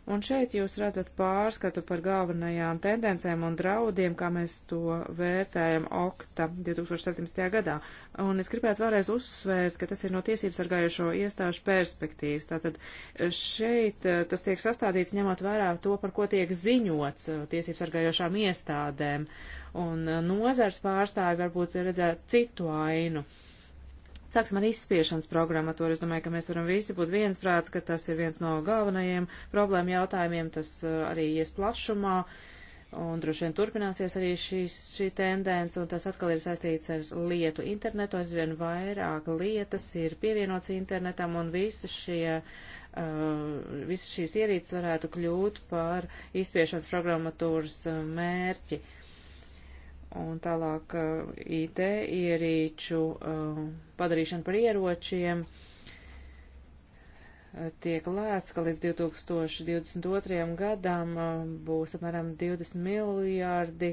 Un šeit jūs redzat pārskatu par galvenajām tendencēm un draudiem, kā mēs to vērtējam okta 2017. gadā. Un es gribētu vēlreiz uzsvērt, ka tas ir no tiesības argājušo iestāžu perspektīvas. Tātad šeit eh, tas tiek sastādīts ņemot vērā to, par ko tiek ziņots eh, tiesības argājušām iestādēm. Un eh, nozars pārstāvi varbūt redzētu citu ainu. Uh, Sāksim ar izspiešanas programmatūru. Es domāju, ka mēs varam visi būt viensprāts, ka tas ir viens no galvenajiem problēma jautājumiem. Tas uh, arī ies plašumā. Un droši vien turpināsies arī šī, šī tendence, un tas atkal ir saistīts ar lietu internetu. Aizvien vairāk lietas ir pievienots internetam, un visi šie uh, Uh, visas šīs ierīces varētu kļūt par izspiešanas programmatūras uh, mērķi un tālāk uh, eh, IT ierīču uh, padarīšana par ieročiem uh, tiek lēts, ka līdz 2022. gadam būs apmēram 20 miljārdi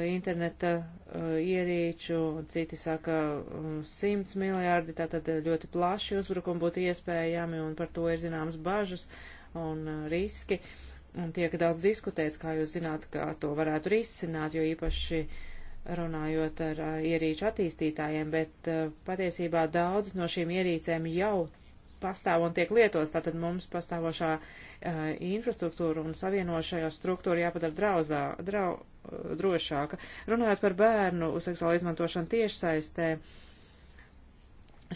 interneta ierīču, citi saka 100 miljārdi, tātad ļoti plaši uzbrukumi būtu iespējami un par to ir zināmas bažas un riski. Un tiek daudz diskutēts, kā jūs zināt, kā to varētu risināt, jo īpaši uh, runājot ar uh, ierīču attīstītājiem, bet uh, patiesībā daudzas no šīm ierīcēm jau pastāv un tiek lietots, tātad mums pastāvošā uh, infrastruktūra un savienošajā struktūra jāpadara drauzā, drau, uh, drošāka. Runājot par bērnu seksuālu izmantošanu tiešsaistē,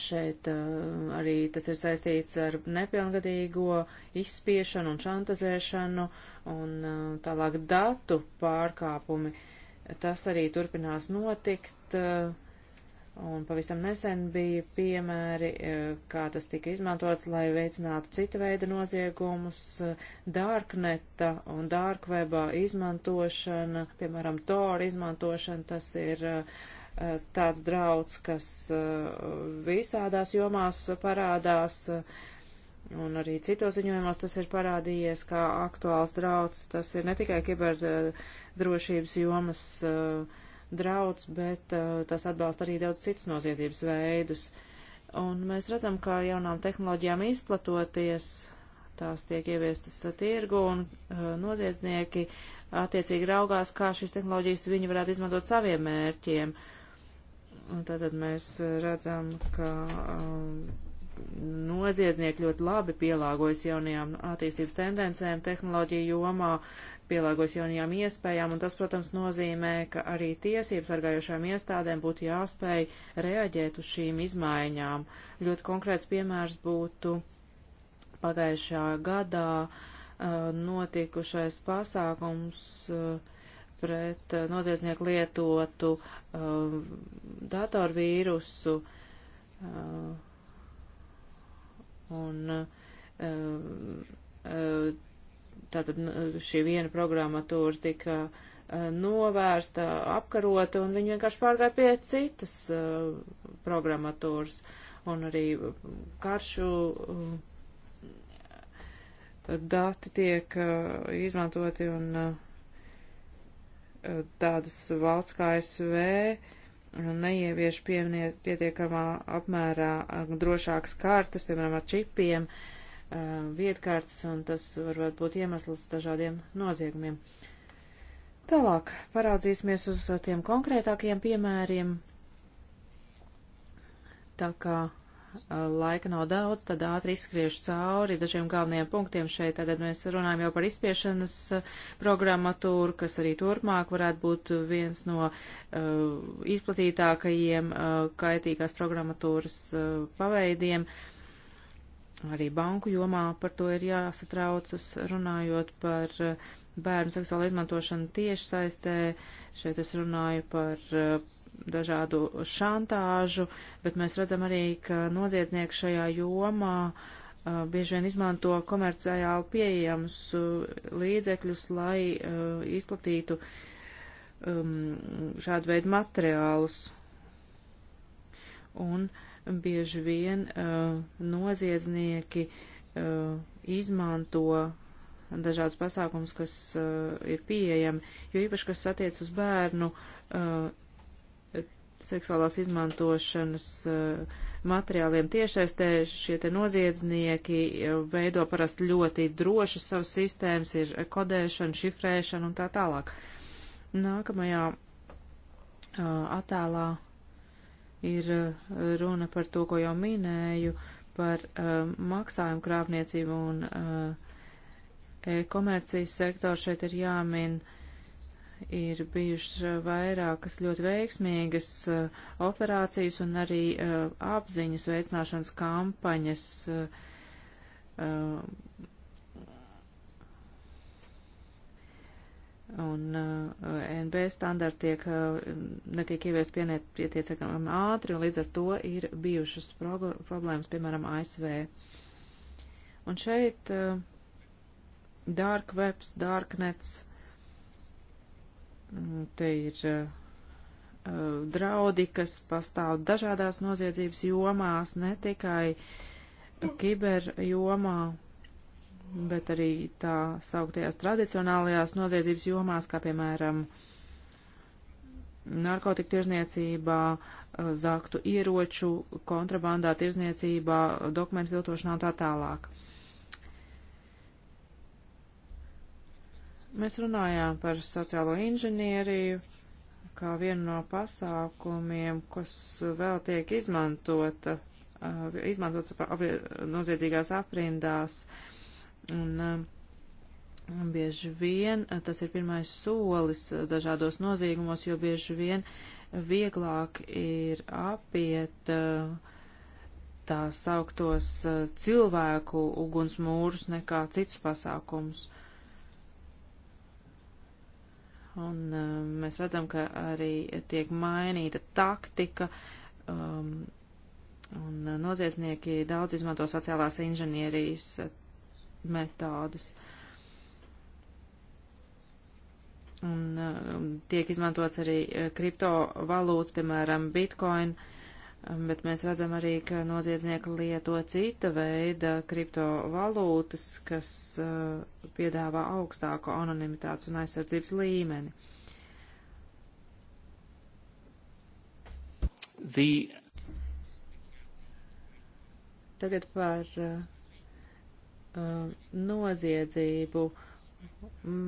šeit uh, arī tas ir saistīts ar nepilngadīgo izspiešanu un šantazēšanu un uh, tālāk datu pārkāpumi. Uh, tas arī turpinās notikt. Eh, un pavisam nesen bija piemēri, eh, kā tas tika izmantots, lai veicinātu cita veida noziegumus, eh, dārkneta un dārkvebā izmantošana, piemēram, tora izmantošana, tas ir tāds drauds, kas visādās jomās parādās Un arī citos ziņojumos tas ir parādījies kā aktuāls drauds. Tas ir ne tikai kiberdrošības jomas uh, drauds, bet uh, tas atbalsta arī daudz citus noziedzības veidus. Un mēs redzam, ka jaunām tehnoloģijām izplatoties, tās tiek ieviestas uh, tirgu un uh, noziedznieki attiecīgi raugās, kā šīs tehnoloģijas viņi varētu izmantot saviem mērķiem. Un tātad mēs uh, redzam, ka. Um, noziedznieki ļoti labi pielāgojas jaunajām attīstības tendencēm tehnoloģiju jomā, pielāgojas jaunajām iespējām, un tas, protams, nozīmē, ka arī tiesības sargājošām iestādēm būtu jāspēj reaģēt uz šīm izmaiņām. Ļoti konkrēts piemērs būtu pagājušā gadā uh, notikušais pasākums uh, pret uh, noziedznieku lietotu datorvīrusu. Uh, Un eh, eh, tātad šī viena programmatūra tika eh, novērsta, apkarota, un viņi vienkārši pārgāja pie citas programmatūras. Un arī karšu dati tiek izmantoti un tādas valsts kā SV neievieš piemniek, pietiekamā apmērā drošākas kartas, piemēram, ar čipiem, vietkārtas, un tas varētu būt iemesls dažādiem noziegumiem. Tālāk parādzīsimies uz tiem konkrētākiem piemēriem, tā kā laika nav daudz, tad ātri izskriešu cauri dažiem galvenajiem punktiem šeit. Tad mēs runājam jau par izspiešanas eh, programmatūru, kas arī turpmāk varētu būt viens no uh, izplatītākajiem uh, kaitīgās programmatūras uh, paveidiem. Arī banku jomā par to ir jāsatraucas, runājot par uh, bērnu seksuālu izmantošanu tieši saistē. Šeit es runāju par uh, dažādu šantāžu, bet mēs redzam arī, ka noziedznieki šajā jomā uh, bieži vien izmanto komerciāli pieejamus uh, līdzekļus, lai uh, izplatītu um, šādu veidu materiālus. Un bieži vien uh, noziedznieki uh, izmanto dažādas pasākums, kas uh, ir pieejami, jo īpaši, kas attiec uz bērnu uh, seksuālās izmantošanas eh, materiāliem tiešaistē šie te noziedznieki eh, veido parasti ļoti droši savas sistēmas, ir kodēšana, šifrēšana un tā tālāk. Nākamajā eh, attēlā ir runa par to, ko jau minēju, par maksājumu krāpniecību un komercijas sektoru šeit ir jāmin. Uh, ir bijušas eh, vairākas ļoti veiksmīgas uh, operācijas un arī uh, apziņas veicināšanas kampaņas. Uh, un NB standarti tiek, netiek ieviest pietiekami ātri, un līdz ar to ir bijušas problēmas, piemēram, ASV. Un šeit dark webs, darknets Te ir eh, eh, draudi, kas pastāv dažādās noziedzības jomās, ne tikai kiber jomā, bet arī tā sauktajās tradicionālajās noziedzības jomās, kā piemēram narkotiku tirzniecībā, eh, zaktu ieroču, kontrabandā tirzniecībā, dokumentu viltošanā un tā tālāk. Mēs runājām par sociālo inženieriju kā vienu no pasākumiem, kas vēl tiek izmantota, uh, izmantots noziedzīgās aprindās. Un, um, Bieži vien uh, tas ir pirmais solis uh, dažādos noziegumos, jo bieži vien vieglāk ir apiet tā sauktos cilvēku ugunsmūrus nekā citus pasākumus. Un uh, mēs redzam, ka arī tiek mainīta taktika, um, un uh, noziedznieki daudz izmanto sociālās inženierijas uh, metodas. Un um, tiek izmantots arī kriptovalūtas, piemēram, bitcoin. Uh, bet mēs redzam arī, ka noziedznieki lieto cita veida kriptovalūtas, kas uh, piedāvā augstāko anonimitātes un aizsardzības līmeni. The... Tagad par uh, uh noziedzību. Uh,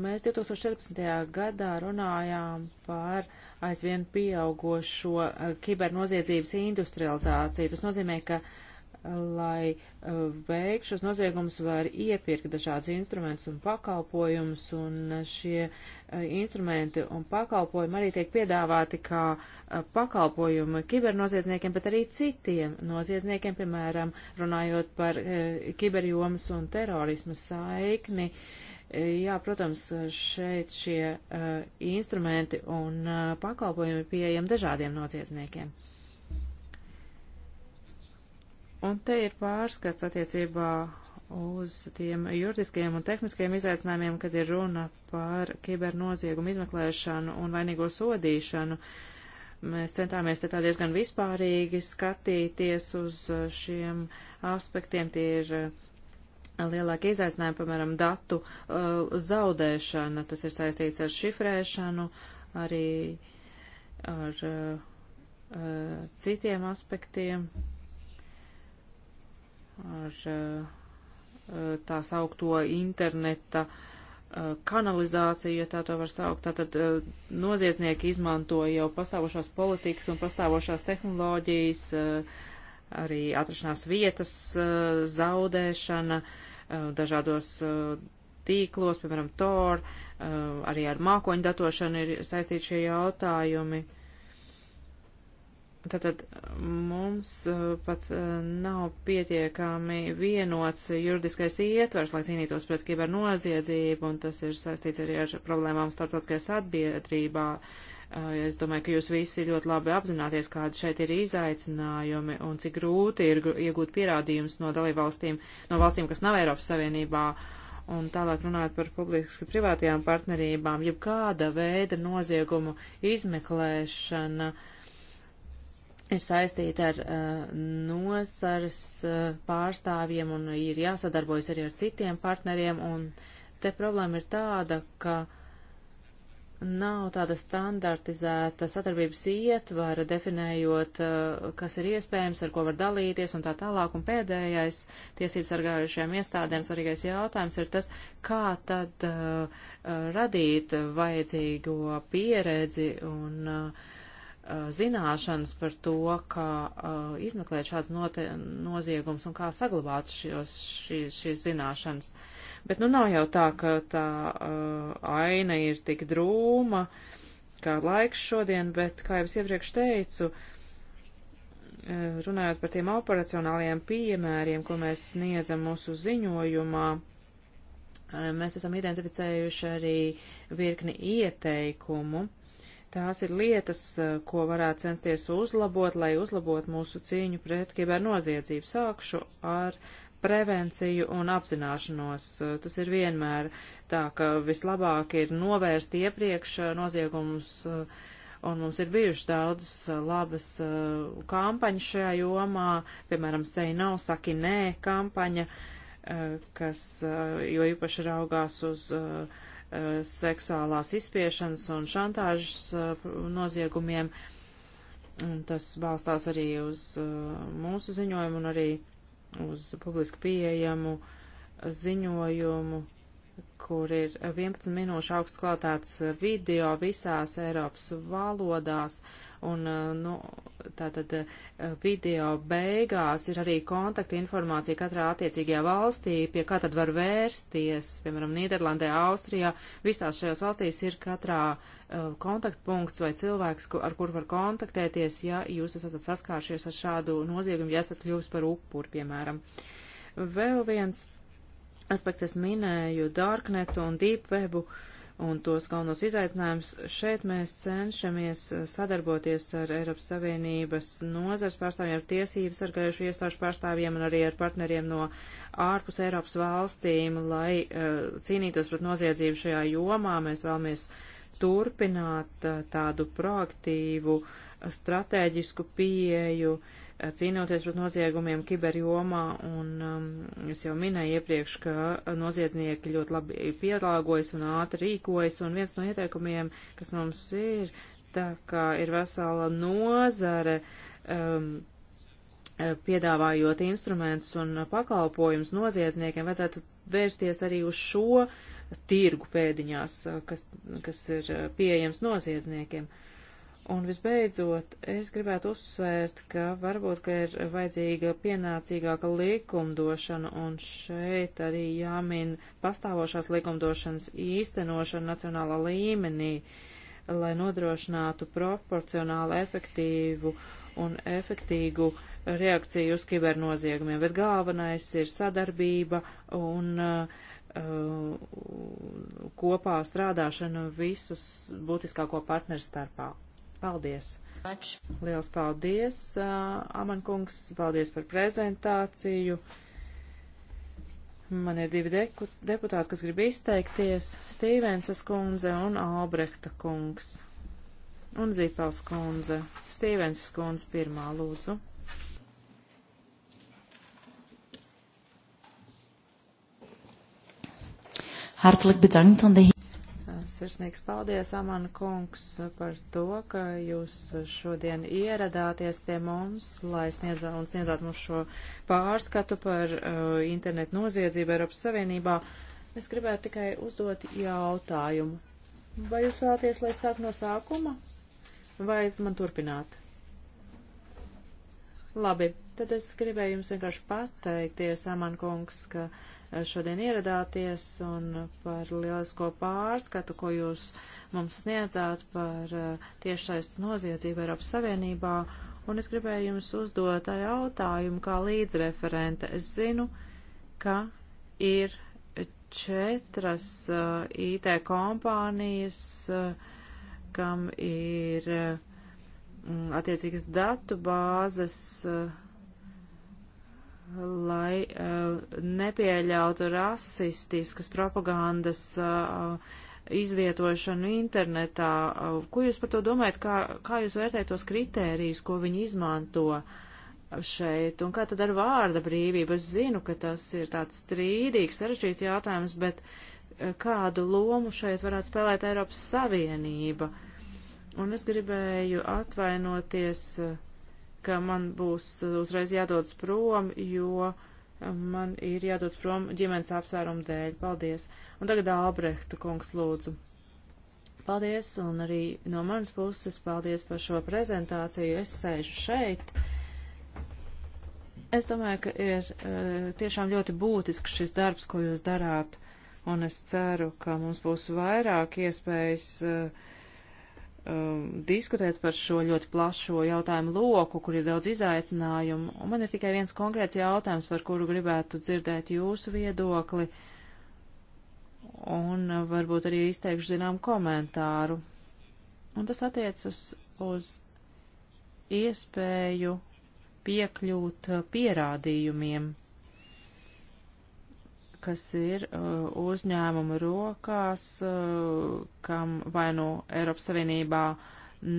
Mēs 2014. gadā runājām par aizvien pieaugošo eh, kibernoziedzības industrializāciju. Tas nozīmē, ka, eh, lai eh, veiktu šos noziegumus, var iepirkt dažādus instrumentus un pakalpojumus, un šie instrumenti un pakalpojumi arī tiek piedāvāti kā pakalpojumi kibernoziedzniekiem, bet arī citiem noziedzniekiem, piemēram, runājot par kiberjomas un terorisma saikni. Uh, Jā, protams, šeit šie uh, instrumenti un uh, pakalpojumi ir pieejami dažādiem noziedzniekiem. Un te ir pārskats attiecībā uz tiem juridiskiem un tehniskiem izaicinājumiem, kad ir runa par kibernoziegumu izmeklēšanu un vainīgo sodīšanu. Mēs centāmies te tā diezgan vispārīgi skatīties uz eh, šiem aspektiem. Tie ir uh, lielākie izaicinājumi, piemēram, datu uh, zaudēšana, tas ir saistīts ar šifrēšanu, arī ar uh, uh, citiem aspektiem, ar uh, uh, tā saukto interneta uh, kanalizāciju, ja tā to var saukt. Tātad noziedznieki izmanto jau pastāvošās politikas un pastāvošās tehnoloģijas, arī atrašanās vietas zaudēšana, uh, Uh, dažādos uh, tīklos, piemēram, TOR, uh, arī ar mākoņu datošanu ir saistīti šie jautājumi. Tātad mums pat nav pietiekami vienots juridiskais ietvers, lai cīnītos pret kibernoziedzību, un tas ir saistīts arī ar problēmām starptautiskajā sabiedrībā. Uh, Eh, es domāju, ka jūs visi ļoti labi apzināties, kādi šeit ir izaicinājumi un cik grūti ir iegūt pierādījumus no dalībvalstīm, no valstīm, kas nav Eiropas Savienībā. Un tālāk runājot par publiski privātajām partnerībām, jeb kāda veida noziegumu izmeklēšana ir saistīta ar uh, eh, nosaras uh, eh, pārstāvjiem un ir jāsadarbojas arī ar citiem partneriem. Un te problēma ir tāda, ka uh, nav tāda standartizēta sadarbības ietvara, definējot, eh, kas ir iespējams, ar ko var dalīties un tā tālāk. Un pēdējais tiesības sargājušajām iestādēm svarīgais jautājums ir tas, kā tad uh, radīt vajadzīgo pieredzi un uh, zināšanas par to, kā uh, izmeklēt šāds noziegums un kā saglabāt šos, šīs, šīs zināšanas. Bet nu nav jau tā, ka tā uh, aina ir tik drūma, kā laiks šodien, bet, kā jau es iepriekš teicu, uh, runājot par tiem operacionālajiem piemēriem, ko mēs sniedzam mūsu ziņojumā, mēs esam identificējuši arī virkni ieteikumu Tās ir lietas, eh, ko varētu censties uzlabot, lai uzlabotu mūsu cīņu pret kibernoziedzību. Sākšu ar prevenciju un apzināšanos. Eh, tas ir vienmēr tā, ka vislabāk ir novērst iepriekš eh, noziegumus, un mums ir bijušas daudzas labas kampaņas šajā jomā, piemēram, Sei nav, no, saki nē kampaņa, kas jo īpaši raugās uz uh, Uh, seksuālās izspiešanas un šantāžas uh, noziegumiem. Un tas balstās arī uz uh, mūsu ziņojumu un arī uz publiski pieejamu ziņojumu, kur ir 11 minūšu augsts kvalitātes video visās Eiropas valodās. Uh, Un, uh, nu, tātad uh, video beigās ir arī kontakta informācija katrā attiecīgajā valstī, pie kā tad var vērsties, piemēram, Nīderlandē, Austrijā. Visās šajās valstīs ir katrā uh, kontaktpunkts vai cilvēks, ku, ar kur var kontaktēties, ja jūs esat saskāršies ar šādu noziegumu, ja esat kļuvis par upuru, piemēram. Vēl viens aspekts es minēju Darknetu un Deepwebu. Uh, un tos galvenos izaicinājumus. Šeit mēs cenšamies eh, sadarboties ar Eiropas Savienības nozars pārstāvjiem, ar tiesības sargājušu iestāžu pārstāvjiem un arī ar partneriem no ārpus Eiropas valstīm, lai uh, cīnītos pret noziedzību šajā jomā. Mēs vēlamies turpināt uh, tādu proaktīvu, stratēģisku pieju. Uh, cīnoties pret noziegumiem kiberjomā, un um, es jau minēju iepriekš, ka noziedznieki ļoti labi pielāgojas un ātri rīkojas, un viens no ieteikumiem, kas mums ir, tā kā ir vesela nozare, um, piedāvājot instrumentus un pakalpojumus noziedzniekiem, vajadzētu vērsties arī uz šo tirgu pēdiņās, kas, kas ir pieejams noziedzniekiem. Uh, Un visbeidzot, es gribētu uzsvērt, ka varbūt, ka ir vajadzīga pienācīgāka likumdošana, un šeit arī jāmin pastāvošās likumdošanas īstenošana nacionālā līmenī, lai nodrošinātu proporcionāli efektīvu un efektīgu reakciju uz kibernoziegumiem. Bet galvenais ir sadarbība un uh, kopā strādāšana visus būtiskāko partneru starpā. Paldies! Liels paldies, uh, Amankungs, paldies par prezentāciju. Man ir divi deputāti, kas grib izteikties - Stīvensas kundze un Albrehta kungs. Un Zīpels kundze. Stīvensas kundze pirmā lūdzu. Hartelijk bedankt aan de heer. Sirsnīgs paldies, Aman kungs, par to, ka jūs šodien ieradāties pie mums, lai sniedzāt, un sniedzāt mums šo pārskatu par uh, internetu noziedzību Eiropas Savienībā. Es gribētu tikai uzdot jautājumu. Vai jūs vēlaties, lai sāk no sākuma, vai man turpināt? Labi, tad es gribēju jums vienkārši pateikties, Aman kungs, ka. Uh, šodien ieradāties un par lielisko pārskatu, ko jūs mums sniedzāt par eh, tiešais noziedzību Eiropas Savienībā. Un es gribēju jums uzdot jautājumu kā līdzreferente. Es zinu, ka ir četras uh, eh, IT kompānijas, uh, kam ir uh, attiecīgas datu bāzes. Uh, lai uh, nepieļautu rasistiskas propagandas uh, izvietošanu internetā. Uh, ko jūs par to domājat? Kā, kā jūs vērtējat tos kritērijus, ko viņi izmanto? šeit, un kā tad ar vārda brīvību? Es zinu, ka tas ir tāds strīdīgs, sarežģīts jautājums, bet kādu lomu šeit varētu spēlēt Eiropas Savienība? Un es gribēju atvainoties uh, ka man būs uh, uzreiz jādodas prom, jo uh, man ir jādodas prom ģimenes apsvērumu dēļ. Paldies. Un tagad Ābrehta kungs lūdzu. Paldies, un arī no manas puses paldies par šo prezentāciju. Es sēžu šeit. Es domāju, ka ir uh, tiešām ļoti būtisks šis darbs, ko jūs darāt, un es ceru, ka mums būs vairāk iespējas uh, um, diskutēt par šo ļoti plašo jautājumu loku, kur ir daudz izaicinājumu. Un man ir tikai viens konkrēts jautājums, par kuru gribētu dzirdēt jūsu viedokli. Un uh, varbūt arī izteikšu zinām komentāru. Un tas attiecas uz iespēju piekļūt uh, pierādījumiem kas ir uh, uzņēmumu rokās, uh, kam vai nu no Eiropas Savienībā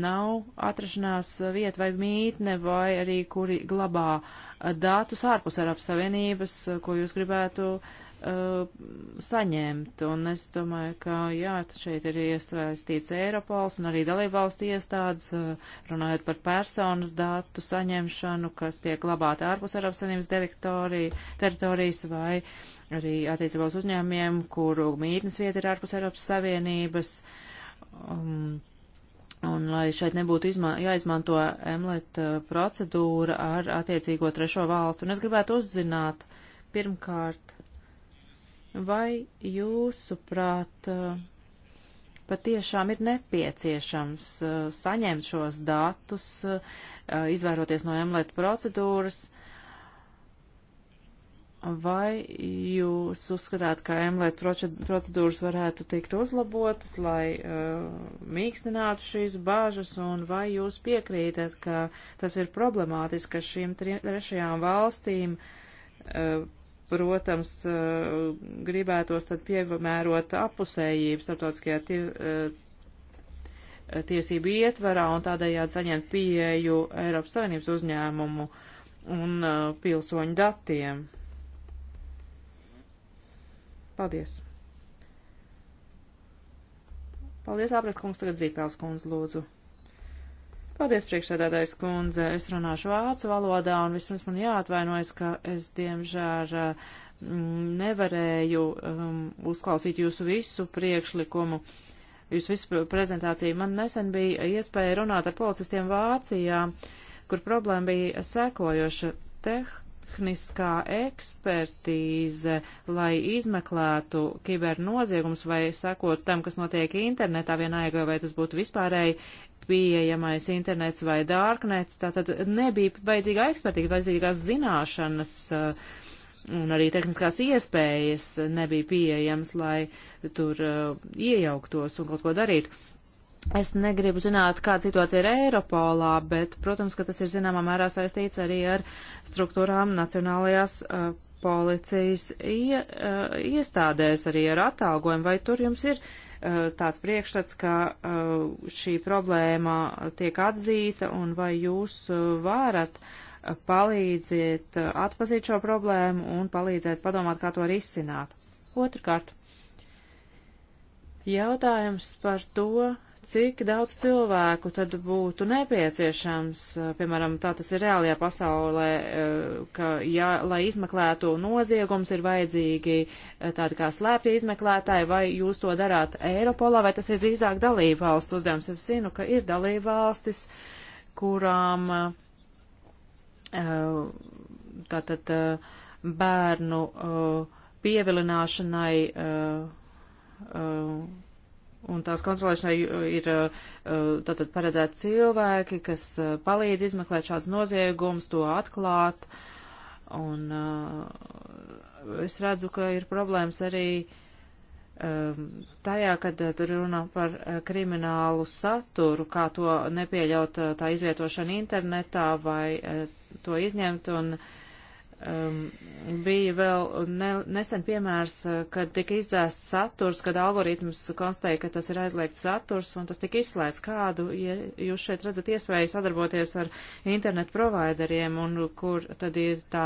nav atrašanās vieta vai mītne, vai arī kuri glabā uh, datus ārpus Eiropas Savienības, uh, ko jūs gribētu uh, saņemt. Un es domāju, ka jā, šeit ir iesaistīts Eiropols un arī dalībvalstu iestādes, uh, runājot par personas datu saņemšanu, kas tiek glabāti ārpus Eiropas Savienības teritorijas vai uh, arī attiecībā uz uzņēmiem, kuru mītnes vieta ir ārpus Eiropas Savienības. Um, Un lai šeit nebūtu izma jāizmanto emlet uh, procedūra ar attiecīgo trešo valstu. Un es gribētu uzzināt, pirmkārt, vai jūsuprāt uh, patiešām ir nepieciešams uh, saņemt šos datus, izvairoties no emlet procedūras, Vai jūs uzskatāt, ka MLET procedūras varētu tikt uzlabotas, lai uh, mīkstinātu šīs bāžas, un vai jūs piekrītat, ka tas ir problemātiski, ka šīm trešajām valstīm, uh, protams, uh, gribētos tad piemērot apusējību starptautiskajā tie, uh, tiesību ietverā un tādējādi saņemt pieeju Eiropas Savienības uzņēmumu un uh, pilsoņu datiem? Paldies! Paldies, Ābret kungs, tagad Zīpēls kundze, lūdzu. Paldies, priekšsēdētājs kundze. Es runāšu vācu valodā, un vispirms man jāatvainojas, ka es, diemžēr, mm, nevarēju um, uzklausīt jūsu visu priekšlikumu. Jūsu visu prezentāciju man nesen bija iespēja runāt ar policistiem Vācijā, kur problēma bija sekojoša. Teh tehniskā ekspertīze, lai izmeklētu kibernoziegums vai sakot tam, kas notiek internetā, vienalga, vai tas būtu vispārēji pieejamais internets vai dārknets, tātad nebija vajadzīgā ekspertīga, vajadzīgās zināšanas uh, un arī tehniskās iespējas nebija pieejams, lai tur uh, iejauktos un kaut ko darītu. Es negribu zināt, kāda situācija ir Eiropolā, bet, protams, ka tas ir zināmā mērā saistīts arī ar struktūrām nacionālajās uh, policijas ie, uh, iestādēs, arī ar atalgojumu. Vai tur jums ir uh, tāds priekšstats, ka uh, šī problēma tiek atzīta un vai jūs uh, varat uh, palīdziet uh, atpazīt šo problēmu un palīdzēt padomāt, kā to risināt? Otrkārt. Jautājums par to, cik daudz cilvēku tad būtu nepieciešams, piemēram, tā tas ir reālajā pasaulē, ka, ja, lai izmeklētu noziegums, ir vajadzīgi tādi kā slēpti izmeklētāji, vai jūs to darāt Eiropolā, vai tas ir drīzāk dalību valstu uzdevums. Es zinu, ka ir dalību valstis, kurām tātad bērnu pievilināšanai Un tās kontrolēšanai uh, ir uh, uh, tātad paredzēti cilvēki, kas palīdz izmeklēt šāds noziegums, to atklāt. Un es redzu, ka ir problēmas arī um, tajā, kad tur runā par kriminālu saturu, kā to nepieļaut tā izvietošana internetā vai to izņemt. Un, uh, Um, bija vēl ne, nesen piemērs, uh, kad tika izdzēsts saturs, kad algoritms konstatēja, ka tas ir aizliegts saturs, un tas tika izslēgts. Kādu ja jūs šeit redzat iespēju sadarboties ar internetu provideriem, un kur tad ir tā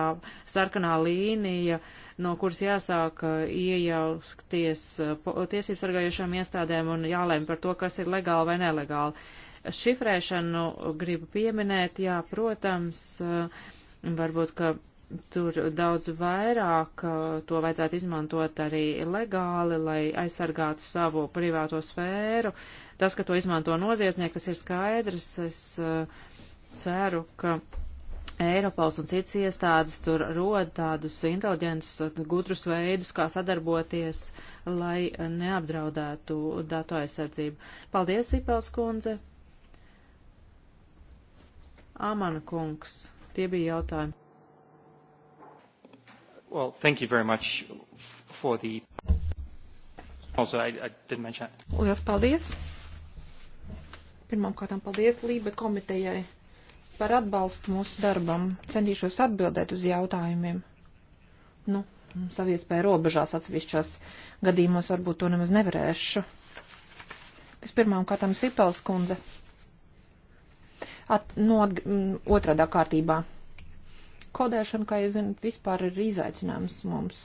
sarkanā līnija, no kuras jāsāk uh, iejaukties uh, tiesību sargājušām iestādēm un jālēm par to, kas ir legāli vai nelegāli. Šifrēšanu gribu pieminēt, jā, protams, varbūt, ka tur daudz vairāk uh, to vajadzētu izmantot arī legāli, lai aizsargātu savu privāto sfēru. Tas, ka to izmanto noziedznieki, tas ir skaidrs. Es uh, ceru, ka Eiropols un citas iestādes tur rod tādus inteliģentus, gudrus veidus, kā sadarboties, lai neapdraudētu datu aizsardzību. Paldies, Sipels kundze! Amana kungs, tie bija jautājumi. Well, thank you very much for the... Also, I, I didn't mention it. Lielas paldies. Pirmām kārtām paldies Lība komitejai par atbalstu mūsu darbam. Centīšos atbildēt uz jautājumiem. Nu, savu iespēju robežās atsevišķās gadījumos varbūt to nemaz nevarēšu. Vispirmām kārtām Sipels kundze. At, no, nu, at, otradā kārtībā kodēšana, kā jūs zinat, vispār ir izaicinājums mums.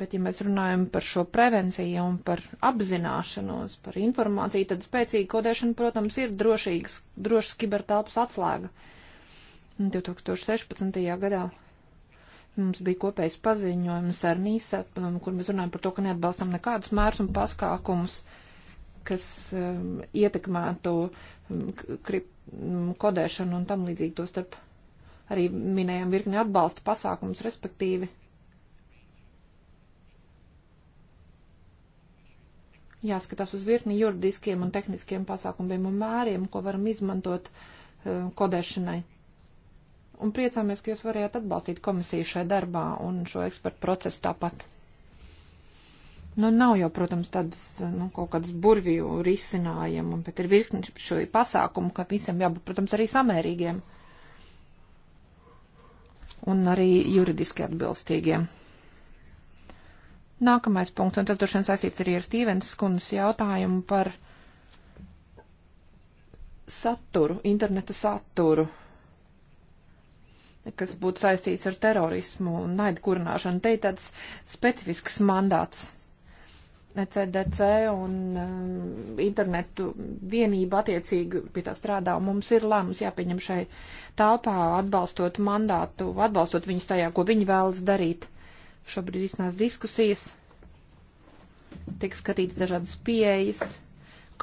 Bet, ja mēs runājam par šo prevenciju un par apzināšanos, par informāciju, tad spēcīga kodēšana, protams, ir drošīgs, drošs kibertelpas atslēga. 2016. gadā mums bija kopējs paziņojums ar Nīsa, um, kur mēs runājam par to, ka neatbalstam nekādus mērus un paskākumus, kas um, ietekmētu um, kodēšanu un tam līdzīgi to starp Arī minējām virkni atbalsta pasākums, respektīvi. Jāskatās uz virkni juridiskiem un tehniskiem pasākumiem un mēriem, ko varam izmantot uh, kodēšanai. Un priecāmies, ka jūs varējāt atbalstīt komisiju šai darbā un šo ekspertu procesu tāpat. Nu, nav jau, protams, tādas, nu, kaut kādas burvju risinājumu, bet ir virkni šo pasākumu, ka visiem jābūt, protams, arī samērīgiem. Uh, un arī juridiski atbilstīgiem. Nākamais punkts, un tas droši vien saistīts arī ar Stīvens skundas jautājumu par saturu, interneta saturu, kas būtu saistīts ar terorismu un naidu kurināšanu. Te ir tāds specifisks mandāts CDC un um, internetu vienība attiecīgi pie tā strādā, un mums ir lēmums jāpieņem šai telpā atbalstot mandātu, atbalstot viņus tajā, ko viņi vēlas darīt. Šobrīd iznās diskusijas, tiek skatīts dažādas pieejas,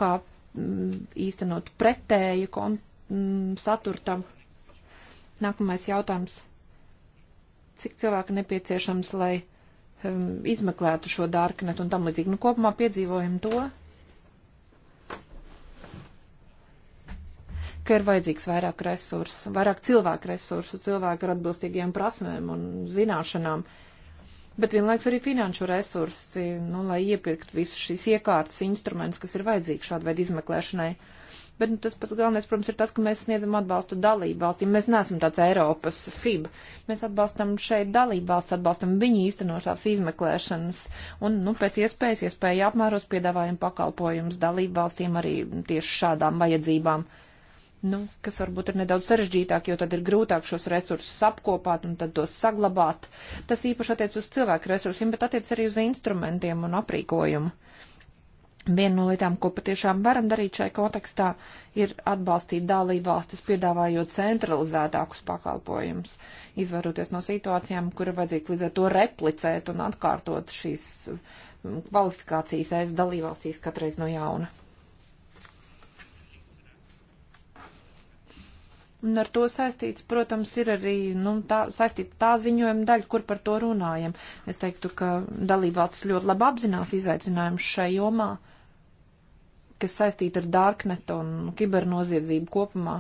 kā m, mm, īstenot pretēju kon, m, mm, saturtam. Nākamais jautājums. Cik cilvēku nepieciešams, lai um, izmeklētu šo darknetu un tam līdzīgi. Nu, kopumā piedzīvojam to, ka ir vajadzīgs vairāk resursu, vairāk cilvēku resursu, cilvēku ar atbilstīgiem prasmēm un zināšanām, bet vienlaiks arī finanšu resursi, nu, lai iepirkt visus šīs iekārtas, instrumentus, kas ir vajadzīgi šāda veida izmeklēšanai. Bet nu, tas pats galvenais, protams, ir tas, ka mēs sniedzam atbalstu dalību valstīm. Mēs neesam tāds Eiropas FIB. Mēs atbalstam šeit dalību valsts, atbalstam viņu īstenošās izmeklēšanas un, nu, pēc iespējas, iespēja apmēros piedāvājam pakalpojumus dalību valstīm arī tieši šādām vajadzībām. Nu, kas varbūt ir nedaudz sarežģītāk, jo tad ir grūtāk šos resursus apkopāt un tad tos saglabāt. Tas īpaši attiec uz cilvēku resursiem, bet attiec arī uz instrumentiem un aprīkojumu Viena no lietām, ko patiešām varam darīt šai kontekstā, ir atbalstīt dalību valstis, piedāvājot centralizētākus pakalpojumus, izvaroties no situācijām, kura vajadzīgs līdz ar to replicēt un atkārtot šīs mm, kvalifikācijas aiz dalībvalstīs katreiz no jauna. Un ar to saistīts, protams, ir arī nu, tā, saistīta tā ziņojuma daļa, kur par to runājam. Es teiktu, ka dalībvalstis ļoti labi apzinās izaicinājumus šai jomā. Uh, kas saistīti ar darknetu un kibernoziedzību kopumā,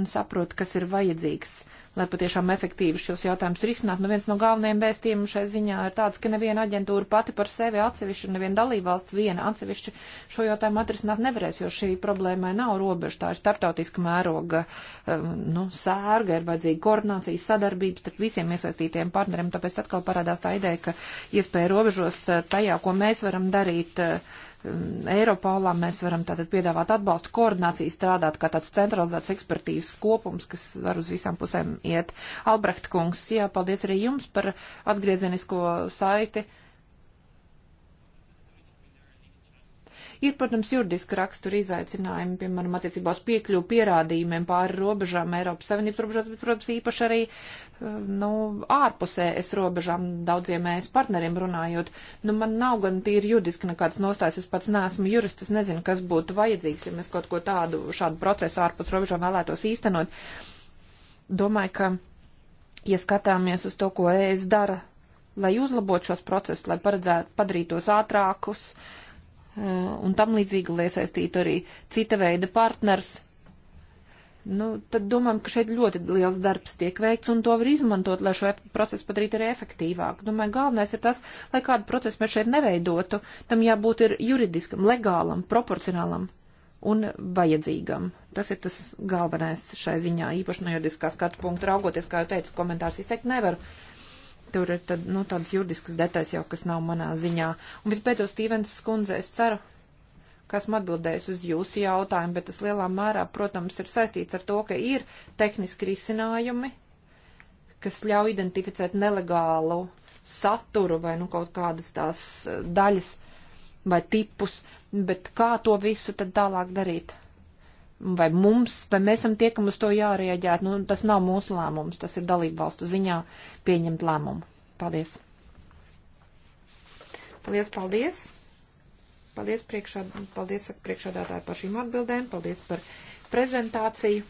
un saprotu, kas ir vajadzīgs, lai patiešām efektīvi šos jautājumus risinātu. Nu, viens no galvenajiem vēstījumiem šai ziņā ir tāds, ka neviena aģentūra pati par sevi atsevišķi, neviena dalībvalsts viena atsevišķi šo jautājumu atrisināt nevarēs, jo šī problēmai nav robeža. Tā ir starptautiska mēroga, um, nu, sērga, ir vajadzīga koordinācija, sadarbības starp visiem iesaistītiem partneriem. Tāpēc atkal parādās tā ideja, ka iespēja robežos uh, tajā, ko mēs varam darīt. Uh, Mm, Eiropolā mēs varam tātad piedāvāt atbalstu koordināciju, strādāt kā tāds centralizēts ekspertīzes kopums, kas var uz visām pusēm iet. Albrecht kungs, jā, paldies arī jums par atgriezenisko saiti Ir, protams, juridiska rakstura izaicinājumi, piemēram, attiecībā uz piekļuvu pierādījumiem pāri robežām Eiropas Savienības robežās, bet, protams, īpaši arī eh, nu, ārpusē es robežām daudziem mēs partneriem runājot. Nu, man nav gan tīri juridiski nekāds nostājs, es pats neesmu jurists, es nezinu, kas būtu vajadzīgs, ja mēs kaut ko tādu, šādu procesu ārpus robežām vēlētos īstenot. Domāju, ka ja skatāmies uz to, ko ES dara, lai uzlabotu šos procesus, lai paredzētu, padarītos ātrākus, uh, Eh, un tam līdzīgi, lai iesaistītu arī cita veida partners. Nu, tad domājam, ka šeit ļoti liels darbs tiek veikts, un to var izmantot, lai šo procesu padarītu arī efektīvāku. Domāju, galvenais ir tas, lai kādu procesu mēs šeit neveidotu, tam jābūt ir juridiskam, legālam, proporcionālam un vajadzīgam. Tas ir tas galvenais šai ziņā, īpaši no juridiskā skatu punktu raugoties, kā jau teicu, komentārs izteikt nevaru. Uh, Tur ir tad, nu, tādas juridiskas detaļas jau, kas nav manā ziņā. Un visbeidzot, Stīvens skundze, es ceru, ka esmu atbildējis uz jūsu jautājumu, bet tas lielā mērā, protams, ir saistīts ar to, ka ir tehniski risinājumi, kas ļauj identificēt nelegālu saturu vai, nu, kaut kādas tās eh, daļas vai tipus, bet kā to visu tad tālāk darīt? vai mums, vai mēs esam tie, kam uz to jārieģēt. Nu, tas nav mūsu lēmums, tas ir dalību valstu ziņā pieņemt lēmumu. Paldies! Paldies, paldies! Paldies, priekšā, paldies priekšādātāji par šīm atbildēm, paldies par prezentāciju.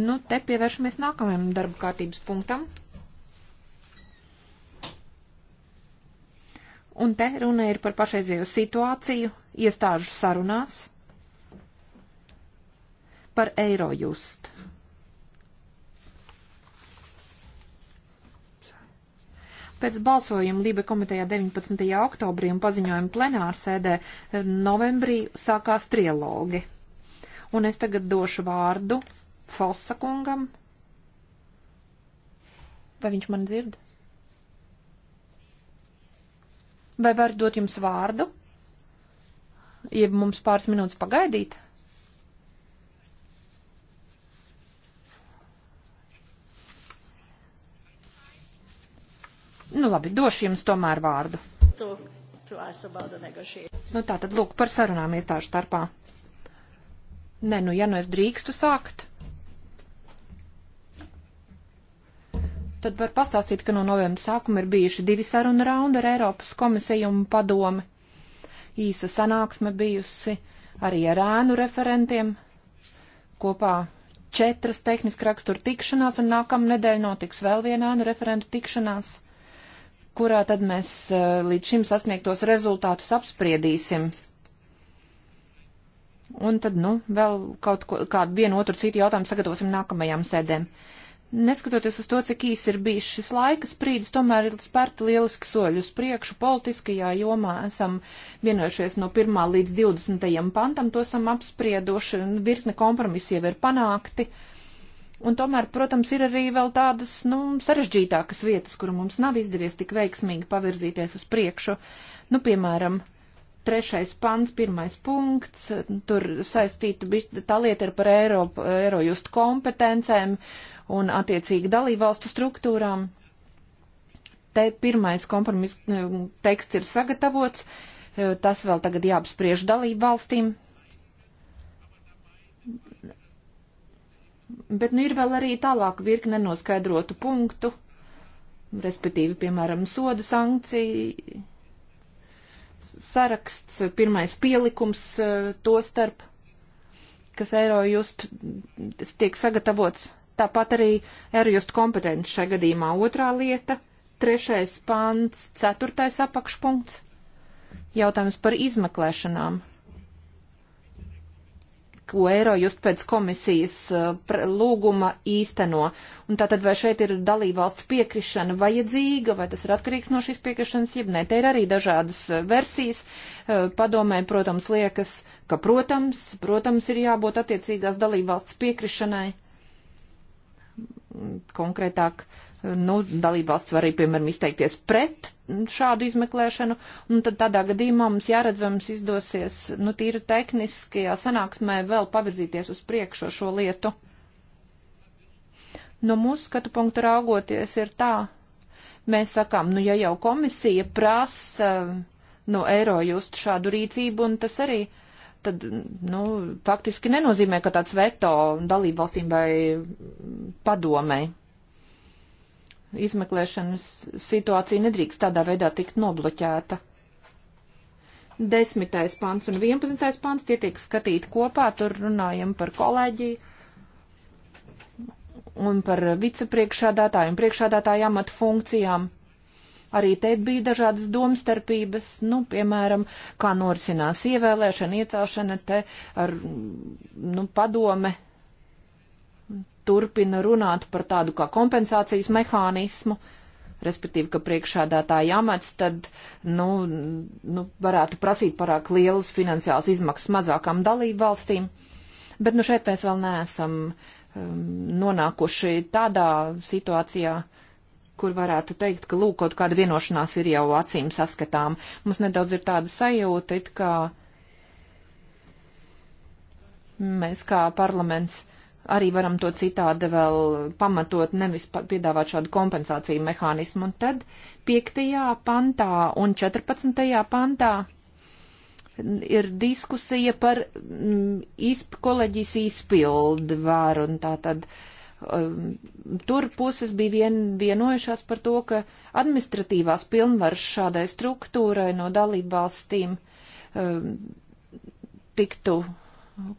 Nu, te pievēršamies nākamajam darba kārtības punktam. Un te runa ir par pašreizējo situāciju iestāžu sarunās par Eirojust. Pēc balsojuma Lībe komitejā 19. oktobrī un paziņojuma plenārsēdē eh, novembrī sākās trilogi. Un es tagad došu vārdu Fossa kungam. Vai viņš man dzird? Vai var dot jums vārdu? Jeb mums pāris minūtes pagaidīt? Nu labi, došu jums tomēr vārdu. Nu tā tad lūk par sarunām iestāžu starpā. Nē, nu ja nu es drīkstu sākt. Tad var pastāstīt, ka no novembra sākuma ir bijuši divi saruna raunda ar Eiropas komisiju un padomi. Īsa sanāksme bijusi arī ar ēnu referentiem. Kopā četras tehniski rakstura tikšanās un nākamā nedēļa notiks vēl viena ēnu referentu tikšanās kurā tad mēs eh, līdz šim sasniegtos rezultātus apspriedīsim. Un tad, nu, vēl kaut ko, kādu vienu otru citu jautājumu sagatavosim nākamajām sēdēm. Neskatoties uz to, cik īs ir bijis šis laika sprīdis, tomēr ir spērta lieliski soļi uz priekšu. Politiskajā jomā esam vienojušies no 1 līdz 20. pantam, to esam apsprieduši, virkne kompromisu jau ir panākti. Uh, Un tomēr, protams, ir arī vēl tādas, nu, sarežģītākas vietas, kur mums nav izdevies tik veiksmīgi pavirzīties uz priekšu. Nu, piemēram, trešais pants, pirmais punkts, tur saistīta, tā lieta ir par Eiropu, Eiro just kompetencēm un attiecīgi dalībvalstu struktūrām. Te pirmais kompromis eh, teksts ir sagatavots, eh, tas vēl tagad jāapspriež dalībvalstīm, Bet nu ir vēl arī tālāk virkne noskaidrotu punktu, respektīvi, piemēram, soda sankcija saraksts, pirmais pielikums e, to starp, kas eiro just tiek sagatavots. Tāpat arī eiro just kompetenci šajā gadījumā otrā lieta, trešais pants, ceturtais apakšpunkts. Jautājums par izmeklēšanām ko Eirojust pēc komisijas uh, lūguma īsteno. Un tātad vai šeit ir dalībvalsts piekrišana vajadzīga, vai tas ir atkarīgs no šīs piekrišanas, jeb nē, te ir arī dažādas uh, versijas. Uh, padomē, protams, liekas, ka, protams, protams, ir jābūt attiecīgās dalībvalsts piekrišanai konkrētāk, nu, dalībvalsts var arī, piemēram, izteikties pret šādu izmeklēšanu, un tad tādā gadījumā mums jāredz, vai mums izdosies, nu, tīri tehniskajā sanāksmē vēl pavirzīties uz priekšu šo lietu. No nu, mūsu skatu punktu raugoties ir tā, mēs sakām, nu, ja jau komisija prasa no eiro just šādu rīcību, un tas arī. Uh, tad, nu, faktiski nenozīmē, ka tāds veto dalību valstīm vai padomei. Izmeklēšanas situācija nedrīkst tādā veidā tikt nobloķēta. Desmitais pants un vienpadsmitais pants tie tiek skatīti kopā, tur runājam par kolēģiju un par vicepriekšādātāju un priekšādātāju amatu funkcijām. Arī te bija dažādas domstarpības, nu, piemēram, kā norisinās ievēlēšana, iecelšana te ar, nu, padome turpina runāt par tādu kā kompensācijas mehānismu, respektīvi, ka priekšādātāja amats tad, nu, nu, varētu prasīt parāk lielus finansiāls izmaksas mazākām dalību valstīm. Bet, nu, šeit mēs vēl neesam um, nonākuši tādā situācijā, uh, kur varētu teikt, ka lūk, kaut kāda vienošanās ir jau acīm saskatām. Mums nedaudz ir tāda sajūta, it kā mēs kā parlaments arī varam to citādi vēl pamatot, nevis piedāvāt šādu kompensāciju mehānismu. Un tad 5. pantā un 14. pantā ir diskusija par mm, izp, koleģis izpildvaru un tā tad. Uh, Um, tur puses bija vien, vienojušās par to, ka administratīvās pilnvaras šādai struktūrai no dalību valstīm um, tiktu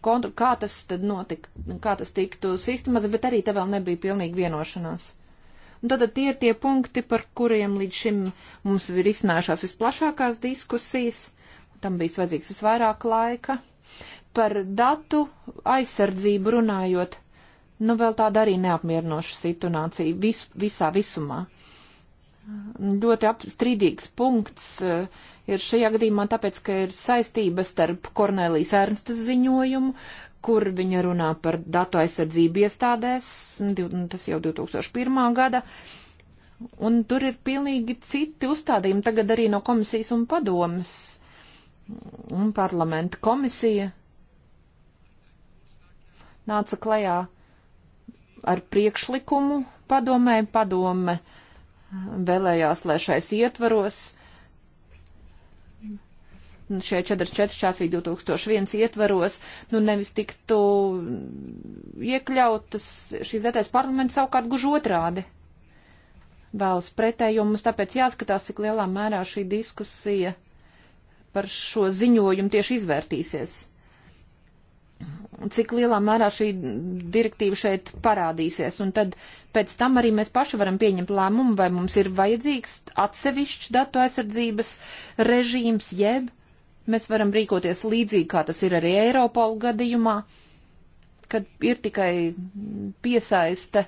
kontro, kā tas tad notika, kā tas tiktu sistemāts, bet arī te vēl nebija pilnīgi vienošanās. Un tad tie ir tie punkti, par kuriem līdz šim mums ir izcinājušās visplašākās diskusijas. Tam bija vajadzīgs visvairāk laika. Par datu aizsardzību runājot, nu vēl tāda arī neapmierinoša situācija vis, visā visumā. Ļoti apstrīdīgs punkts eh, ir šajā gadījumā tāpēc, ka ir saistība starp Kornelijas Ernstas ziņojumu, kur viņa runā par datu aizsardzību iestādēs, nu, tas jau 2001. gada, un tur ir pilnīgi citi uzstādījumi tagad arī no komisijas un padomas un parlamenta komisija nāca klajā ar priekšlikumu padomē. Padome vēlējās, lai šais ietvaros nu, šie 44 šāsvīgi 2001 ietvaros, nu nevis tiktu iekļautas šīs detaļas parlaments savukārt guž otrādi. Vēlas pretējumus, tāpēc jāskatās, cik lielā mērā šī diskusija par šo ziņojumu tieši izvērtīsies cik lielā mērā šī direktīva šeit parādīsies. Un tad pēc tam arī mēs paši varam pieņemt lēmumu, vai mums ir vajadzīgs atsevišķs datu aizsardzības režīms, jeb mēs varam rīkoties līdzīgi, kā tas ir arī Eiropolu gadījumā, kad ir tikai piesaiste.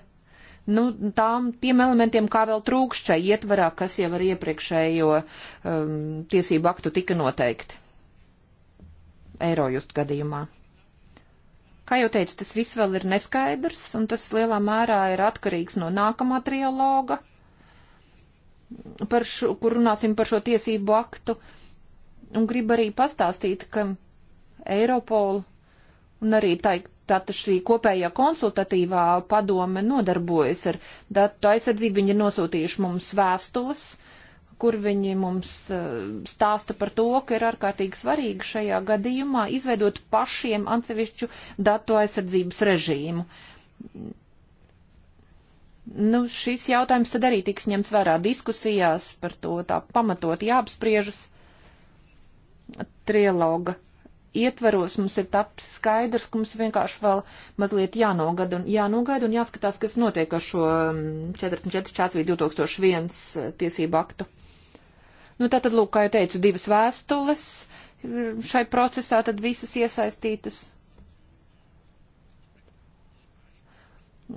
Nu, tām, tiem elementiem, kā vēl trūkšķai ietvarā, kas jau ar iepriekšējo um, tiesību aktu tika noteikti. Eirojust gadījumā. Kā jau teicu, tas viss vēl ir neskaidrs, un tas lielā mērā ir atkarīgs no nākamā trialoga, par šo, kur runāsim par šo tiesību aktu. Un gribu arī pastāstīt, ka Eiropola un arī tā, tāda šī kopējā konsultatīvā padome nodarbojas ar datu aizsardzību. Viņi ir nosūtījuši mums vēstules, uh, kur viņi mums eh, stāsta par to, ka ir ārkārtīgi svarīgi šajā gadījumā izveidot pašiem atsevišķu datu aizsardzības režīmu. Nu, šis jautājums tad arī tiks ņemts vērā diskusijās, par to tā pamatot jāapspriežas triloga ietveros mums ir tapis skaidrs, ka mums vienkārši vēl mazliet jānogada un jānogaida un jāskatās, kas notiek ar šo mm, 44.4.2001 eh, tiesību aktu. Nu, tātad, lūk, kā jau teicu, divas vēstules šai procesā, tad visas iesaistītas.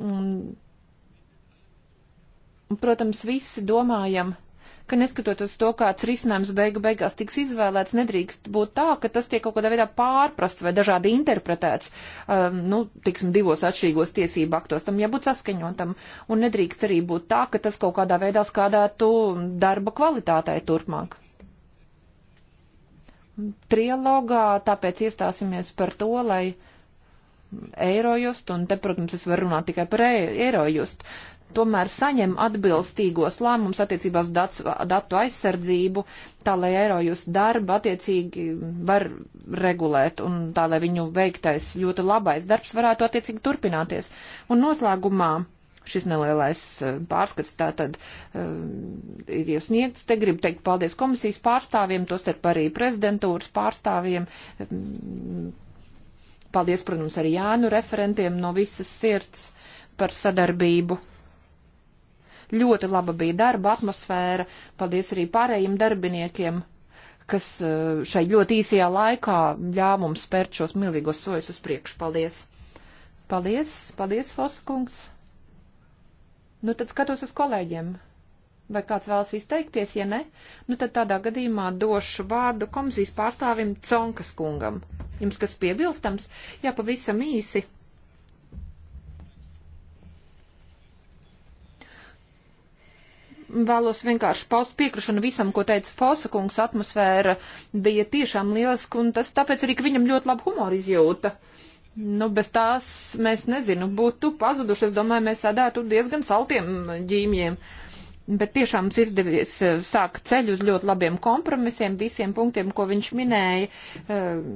Un, protams, visi domājam ka neskatot uz to, kāds risinājums beigu beigās tiks izvēlēts, nedrīkst būt tā, ka tas tiek kaut kādā veidā pārprasts vai dažādi interpretēts, um, nu, tiksim, divos atšķirīgos tiesību aktos. Tam jābūt saskaņotam un nedrīkst arī būt tā, ka tas kaut kādā veidā skādētu darba kvalitātei turpmāk trilogā, tāpēc iestāsimies par to, lai Eirojust, un te, protams, es varu runāt tikai par e-, Eirojust, tomēr saņem atbilstīgos lēmumus attiecībās dats, datu aizsardzību, tā lai eiro jūs darba attiecīgi var regulēt un tā lai viņu veiktais ļoti labais darbs varētu attiecīgi turpināties. Un noslēgumā šis nelielais eh, pārskats tātad um, ir jau sniegts. Te gribu teikt paldies komisijas pārstāvjiem, tostarp arī prezidentūras pārstāvjiem. Paldies, protams, arī Jānu referentiem no visas sirds par sadarbību Ļoti laba bija darba atmosfēra. Paldies arī pārējiem darbiniekiem, kas eh, šai ļoti īsajā laikā ļāva mums spērt šos milzīgos soļus uz priekšu. Paldies! Paldies! Paldies, Foskungs! Nu, tad skatos uz kolēģiem. Vai kāds vēlas izteikties, ja ne, nu tad tādā gadījumā došu vārdu komisijas pārstāvim Conkas kungam. Jums kas piebilstams? Jā, pavisam īsi. vēlos vienkārši paust piekrišanu visam, ko teica Fosakungs. Atmosfēra bija tiešām lieliska, un tas tāpēc arī, ka viņam ļoti labi humora izjūta. Nu, bez tās mēs nezinu, būtu pazuduši. Es domāju, mēs sēdētu diezgan saltiem ģīmjiem. Bet tiešām mums izdevies eh, sākt ceļu uz ļoti labiem kompromisiem, visiem punktiem, ko viņš minēja. Eh,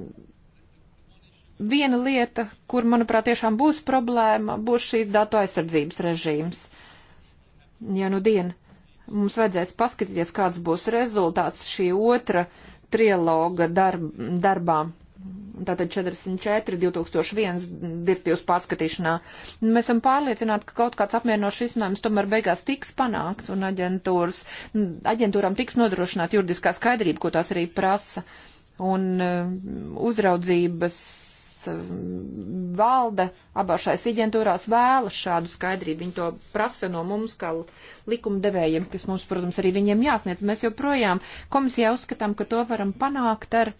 viena lieta, kur, manuprāt, tiešām būs problēma, būs šī datu aizsardzības režīms. Ja nu diena Mums vajadzēs paskatīties, kāds būs rezultāts šī otra trialoga darb, darbā. Tātad 44, 2001 direktīvas pārskatīšanā. Mēs esam pārliecināti, ka kaut kāds apmierinošs risinājums tomēr beigās tiks panākts un aģentūras, aģentūram tiks nodrošināta juridiskā skaidrība, ko tās arī prasa. Un eh, uzraudzības valde abās šais iģentūrās vēlas šādu skaidrību. Viņi to prasa no mums, kā likumdevējiem, kas mums, protams, arī viņiem jāsniedz. Mēs joprojām komisijā uzskatām, ka to varam panākt ar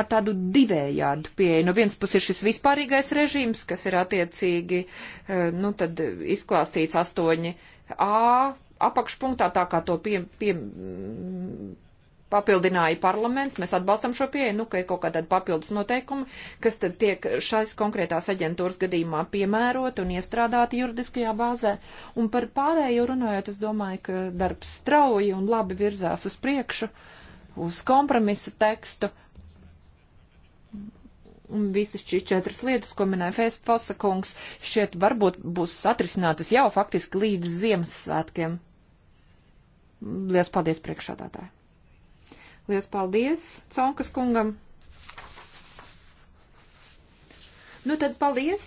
ar tādu divējādu pieeju. No vienas puses ir šis vispārīgais režīms, kas ir attiecīgi, eh, nu tad izklāstīts 8a apakšpunktā, tā kā to pie, pie, papildināja parlaments, mēs atbalstam šo pieeju, nu, ka ir kaut kāda papildus noteikuma, kas tad tiek šais konkrētās aģentūras gadījumā piemērot un iestrādāti juridiskajā bāzē. Un par pārējo runājot, es domāju, ka darbs strauji un labi virzās uz priekšu, uz kompromisa tekstu. Un visas šīs četras lietas, ko minēja Fosa kungs, šķiet varbūt būs atrisinātas jau faktiski līdz Ziemassvētkiem. Lielas paldies priekšādātāji! Lielas paldies Caunkas kungam. Nu tad paldies.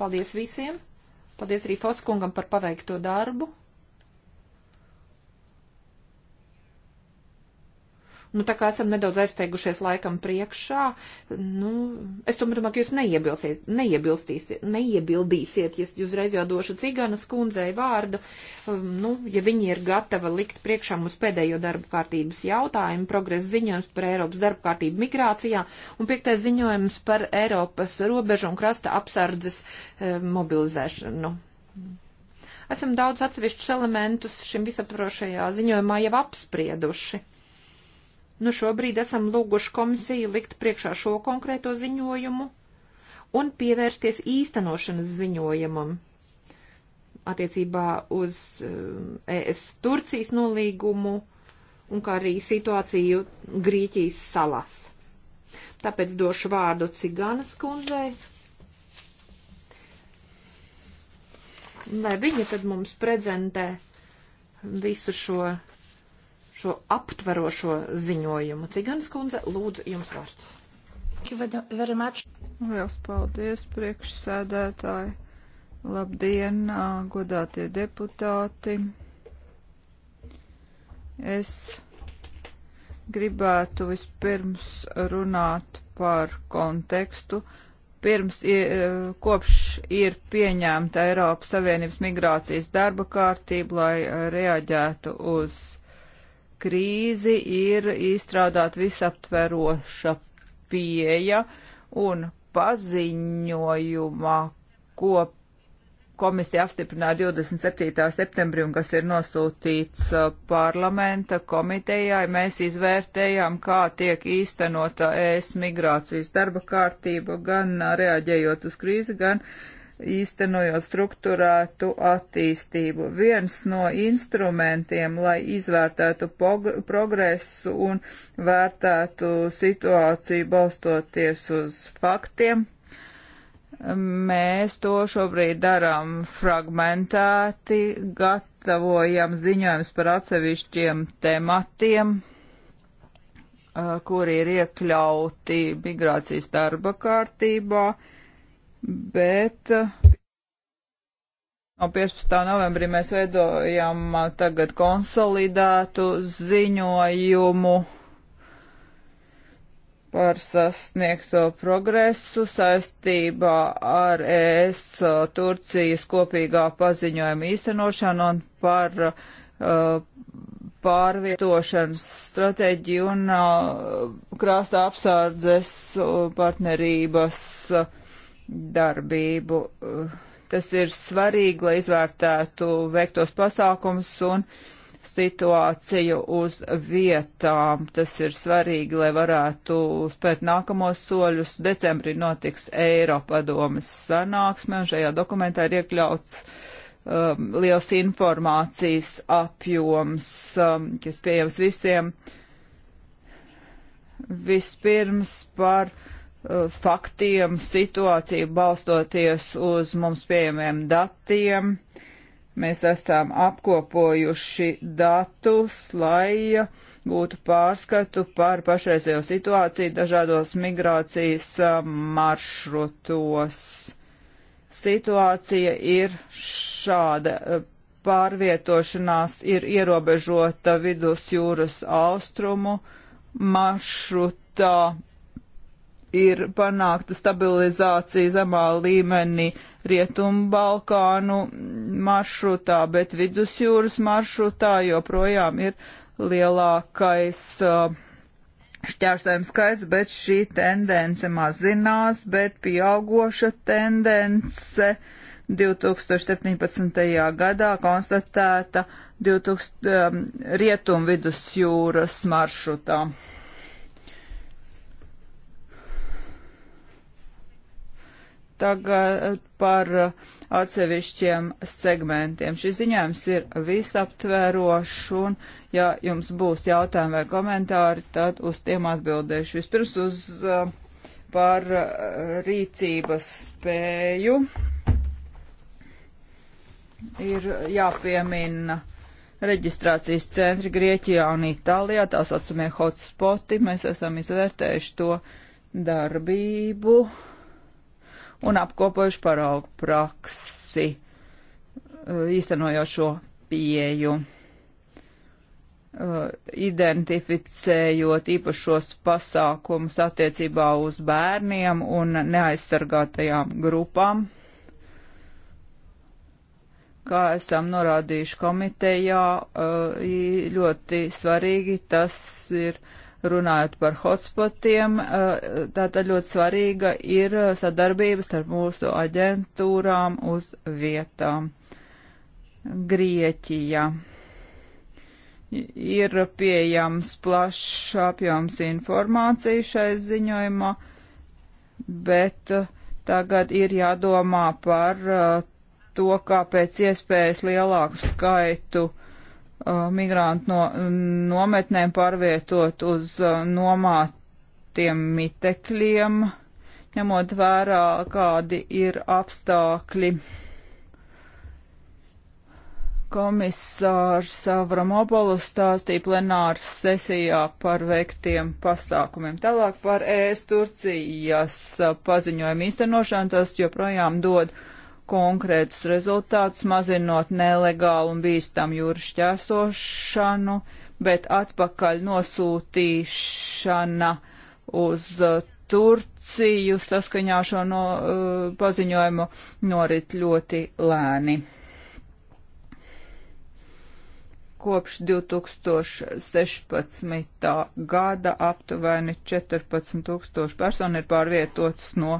Paldies visiem. Paldies arī Foskungam par paveikto darbu. Nu, tā kā esam nedaudz aizsteigušies laikam priekšā, nu, es tomēr domāju, ka jūs neiebilsiet, neiebilstīsiet, neiebildīsiet, ja uzreiz jau došu ciganas kundzei vārdu, um, nu, ja viņi ir gatava likt priekšā mums pēdējo darba kārtības jautājumu, progresa ziņojums par Eiropas darba kārtību migrācijā un piektais ziņojums par Eiropas robežu un krasta apsardzes e, mobilizēšanu esam daudz atsevišķus elementus šim visaptvarošajā ziņojumā jau apsprieduši. Nu, šobrīd esam lūguši komisiju likt priekšā šo konkrēto ziņojumu un pievērsties īstenošanas ziņojumam attiecībā uz um, ES Turcijas nolīgumu un kā arī situāciju Grīķijas salās. Tāpēc došu vārdu Cigānas kundzei. Lai viņa tad mums prezentē visu šo šo aptverošo ziņojumu. Cigans kundze, lūdzu, jums vārds. Lielas paldies, priekšsēdētāji. Labdien, godātie deputāti. Es gribētu vispirms runāt par kontekstu. Pirms kopš ir pieņemta Eiropas Savienības migrācijas darba kārtība, lai reaģētu uz krīzi ir izstrādāt visaptveroša pieeja un paziņojumā, ko komisija apstiprināja 27. septembrī un kas ir nosūtīts uh, parlamenta komitejai, mēs izvērtējām, kā tiek īstenota ES migrācijas darba kārtība, gan uh, reaģējot uz krīzi, gan īstenojot struktūrētu attīstību. Viens no instrumentiem, lai izvērtētu progresu un vērtētu situāciju balstoties uz faktiem, mēs to šobrīd darām fragmentēti, gatavojam ziņojums par atsevišķiem tematiem kuri ir iekļauti migrācijas darba kārtībā, uh, bet eh, no 15. novembrī mēs veidojam eh, tagad konsolidētu ziņojumu par sasniegto progresu saistībā ar ES eh, Turcijas kopīgā paziņojuma īstenošanu un par uh, pārvietošanas stratēģiju un uh, krāsta apsārdzes partnerības uh, darbību. Tas ir svarīgi, lai izvērtētu veiktos pasākums un situāciju uz vietām. Tas ir svarīgi, lai varētu spēt nākamos soļus. Decembrī notiks Eiropadomes sanāksme, un šajā dokumentā ir iekļauts um, liels informācijas apjoms, um, kas pieejams visiem. Vispirms par uh, Uh, faktiem, situāciju balstoties uz mums pieejamiem datiem. Mēs esam apkopojuši datus, lai gūtu pārskatu par pašreizējo situāciju dažādos migrācijas uh, maršrutos. Situācija ir šāda. Uh, pārvietošanās ir ierobežota vidus jūras austrumu maršrutā ir panākta stabilizācija zemā līmenī Rietumbalkānu maršrutā, bet vidusjūras maršrutā joprojām ir lielākais uh, šķērsējums skaits, bet šī tendence mazinās, bet pieaugoša tendence 2017. gadā konstatēta 2000, um, Rietumvidus jūras maršrutā. tagad eh, par eh, atsevišķiem segmentiem. Šis ziņojums ir visaptvērošs, un ja jums būs jautājumi vai komentāri, tad uz tiem atbildēšu. Vispirms uz eh, par rīcības spēju ir jāpiemina reģistrācijas centri Grieķijā un Itālijā, tā saucamie hotspoti. Mēs esam izvērtējuši to darbību. Uh, un apkopojuši paraugu praksi, uh, īstenojot šo pieju, uh, identificējot īpašos pasākumus attiecībā uz bērniem un neaizsargātajām grupām kā esam norādījuši komitejā, uh, ļoti svarīgi tas ir runājot par hotspotiem, eh, tātad ļoti svarīga ir eh, sadarbība starp mūsu aģentūrām uz vietām. Grieķija. Ir pieejams plašs apjoms informācija šai ziņojumā, bet eh, tagad ir jādomā par to, kā pēc iespējas lielāku skaitu uh, Uh, migrantu no nometnēm pārvietot uz uh, nomātiem mitekļiem, ņemot vērā, kādi ir apstākļi. Komisārs Avramopoulos stāstīja plenāras sesijā par veiktiem pasākumiem. Tālāk par ēst Turcijas paziņojumu īstenošanu tas joprojām dod uh, konkrētus rezultātus, mazinot nelegālu un bīstamu jūras šķērsošanu, bet atpakaļ nosūtīšana uz uh, Turciju saskaņā šo no, uh, paziņojumu norit ļoti lēni. Kopš 2016. gada aptuveni 14 tūkstoši personu ir pārvietotas no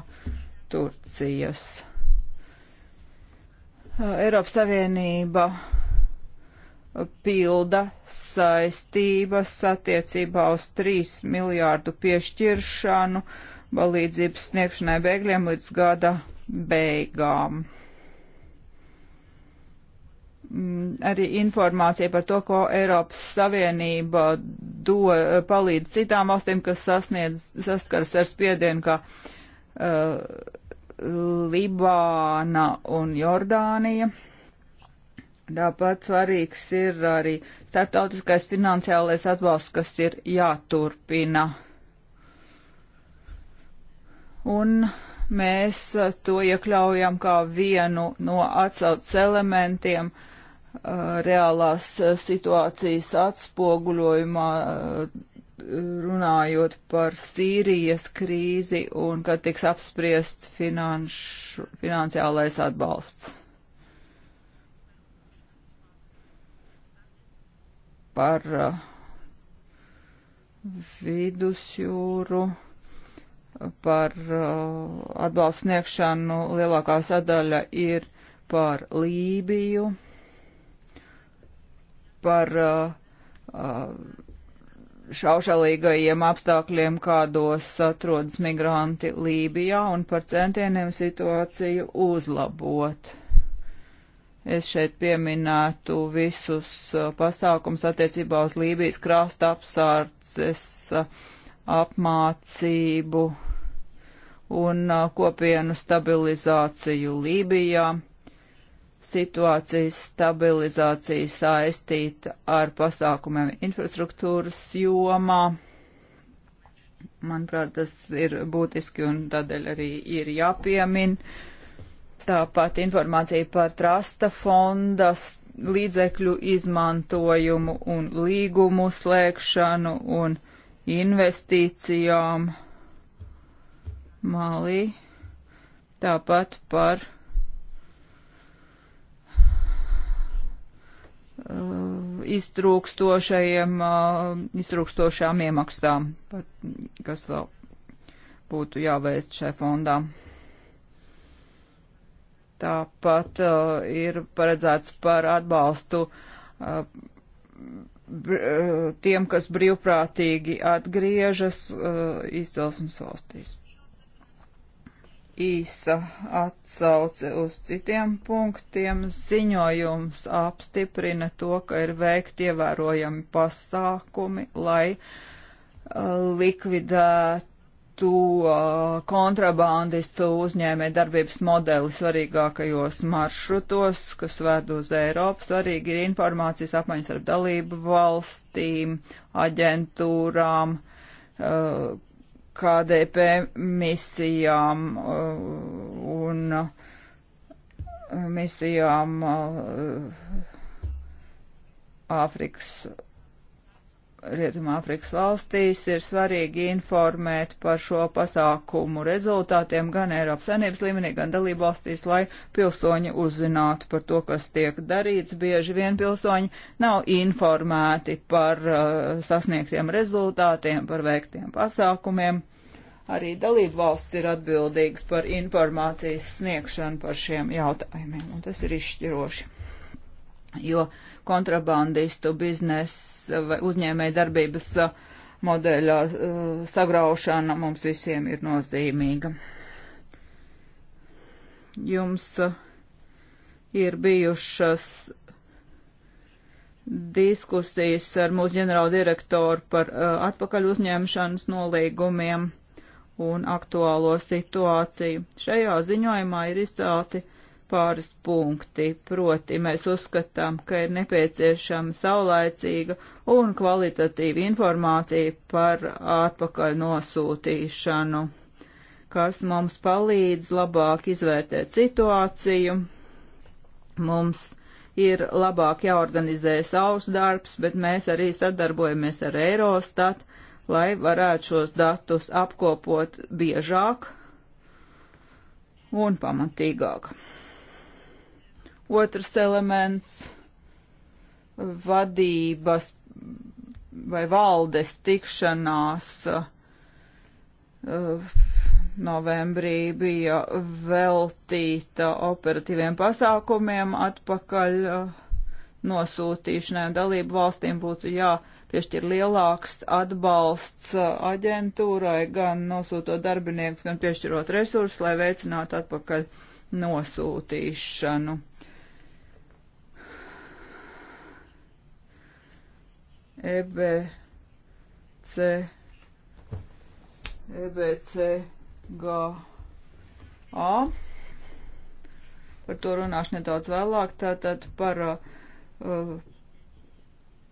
Turcijas Uh, Eiropas Savienība pilda saistības attiecībā uz 3 miljārdu piešķiršanu palīdzības sniegšanai bēgļiem līdz gada beigām. Mm, arī informācija par to, ko Eiropas Savienība do, palīdz citām valstīm, kas sasniedz, saskars ar spiedienu, kā uh, Libāna un Jordānija. Tāpat svarīgs ir arī starptautiskais finansiālais atbalsts, kas ir jāturpina. Un mēs to iekļaujam kā vienu no atsaucas elementiem uh, reālās uh, situācijas atspoguļojumā uh, runājot par Sīrijas krīzi un kad tiks apspriests finanšu, finansiālais atbalsts. Par uh, vidusjūru, par uh, atbalstu sniegšanu lielākā sadaļa ir par Lībiju, par uh, uh šaušalīgajiem apstākļiem, kādos atrodas migranti Lībijā un par centieniem situāciju uzlabot. Es šeit pieminētu visus uh, pasākums attiecībā uz Lībijas krāsta apsārces uh, apmācību un uh, kopienu stabilizāciju Lībijā situācijas stabilizācija saistīta ar pasākumiem infrastruktūras jomā. Manuprāt, tas ir būtiski un tādēļ arī ir jāpiemin. Tāpat informācija par trasta fondas līdzekļu izmantojumu un līgumu slēgšanu un investīcijām Malī, tāpat par Uh, iztrūkstošajiem, uh, iztrūkstošām iemaksām, kas vēl būtu jāveic šai fondā. Tāpat uh, ir paredzēts par atbalstu uh, uh tiem, kas brīvprātīgi atgriežas uh, izcelsmes valstīs īsa atsauce uz citiem punktiem. Ziņojums apstiprina to, ka ir veikti ievērojami pasākumi, lai uh, likvidētu uh, kontrabandistu uzņēmē darbības modeli svarīgākajos maršrutos, kas ved uz Eiropu. Svarīgi ir informācijas apmaiņas ar dalību valstīm, aģentūrām, uh, KDP misijām uh, un uh, misijām uh, Āfrikas Rietumāfrikas valstīs ir svarīgi informēt par šo pasākumu rezultātiem gan Eiropas Savienības līmenī, gan dalību valstīs, lai pilsoņi uzzinātu par to, kas tiek darīts. Bieži vien pilsoņi nav informēti par uh, sasniegtiem rezultātiem, par veiktiem pasākumiem. Arī dalību valsts ir atbildīgas par informācijas sniegšanu par šiem jautājumiem, un tas ir izšķiroši jo kontrabandistu biznesa vai uzņēmēja darbības uh, modeļa uh, sagraušana mums visiem ir nozīmīga. Jums uh, ir bijušas diskusijas ar mūsu ģenerālu direktoru par atpakaļ uzņemšanas nolīgumiem un aktuālo situāciju. Šajā ziņojumā ir izcelti pāris punkti, proti mēs uzskatām, ka ir nepieciešama saulaicīga un kvalitatīva informācija par atpakaļ nosūtīšanu, kas mums palīdz labāk izvērtēt situāciju. Mums ir labāk jāorganizē savs darbs, bet mēs arī sadarbojamies ar Eirostat, lai varētu šos datus apkopot biežāk un pamatīgāk. Otrs elements - vadības vai valdes tikšanās uh, novembrī bija veltīta operatīviem pasākumiem atpakaļ uh, nosūtīšanai. Dalību valstīm būtu jāpiešķir lielāks atbalsts uh, aģentūrai, gan nosūtot darbiniekus, gan piešķirot resursus, lai veicinātu atpakaļ nosūtīšanu. EBC, EBCGA. Par to runāšu nedaudz vēlāk. Tātad par uh,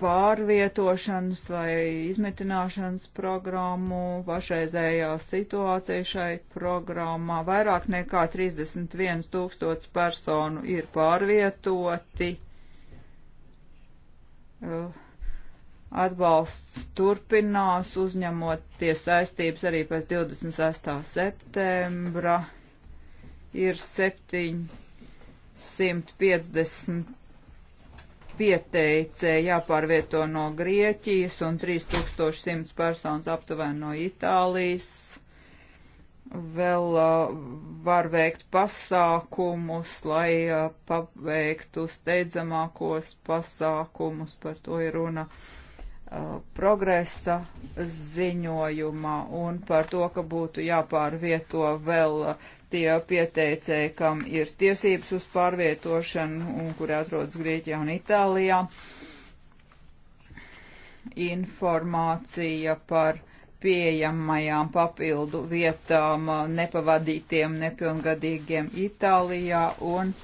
pārvietošanas vai izmitināšanas programmu, pašreizējā situācija šai programmā. Vairāk nekā 31 tūkstots personu ir pārvietoti. Uh, Atbalsts turpinās, uzņemoties saistības arī pēc 26. septembra. Ir 750 pieteicēji jāpārvieto no Grieķijas un 3100 personas aptuveni no Itālijas. Vēl uh, var veikt pasākumus, lai uh, paveiktu steidzamākos pasākumus, par to ir runa. Uh, Uh, progresa ziņojumā un par to, ka būtu jāpārvieto vēl uh, tie pieteicēji, kam ir tiesības uz pārvietošanu un kuri atrodas Grieķijā un Itālijā. Informācija par pieejamajām papildu vietām uh, nepavadītiem nepilngadīgiem Itālijā un uh,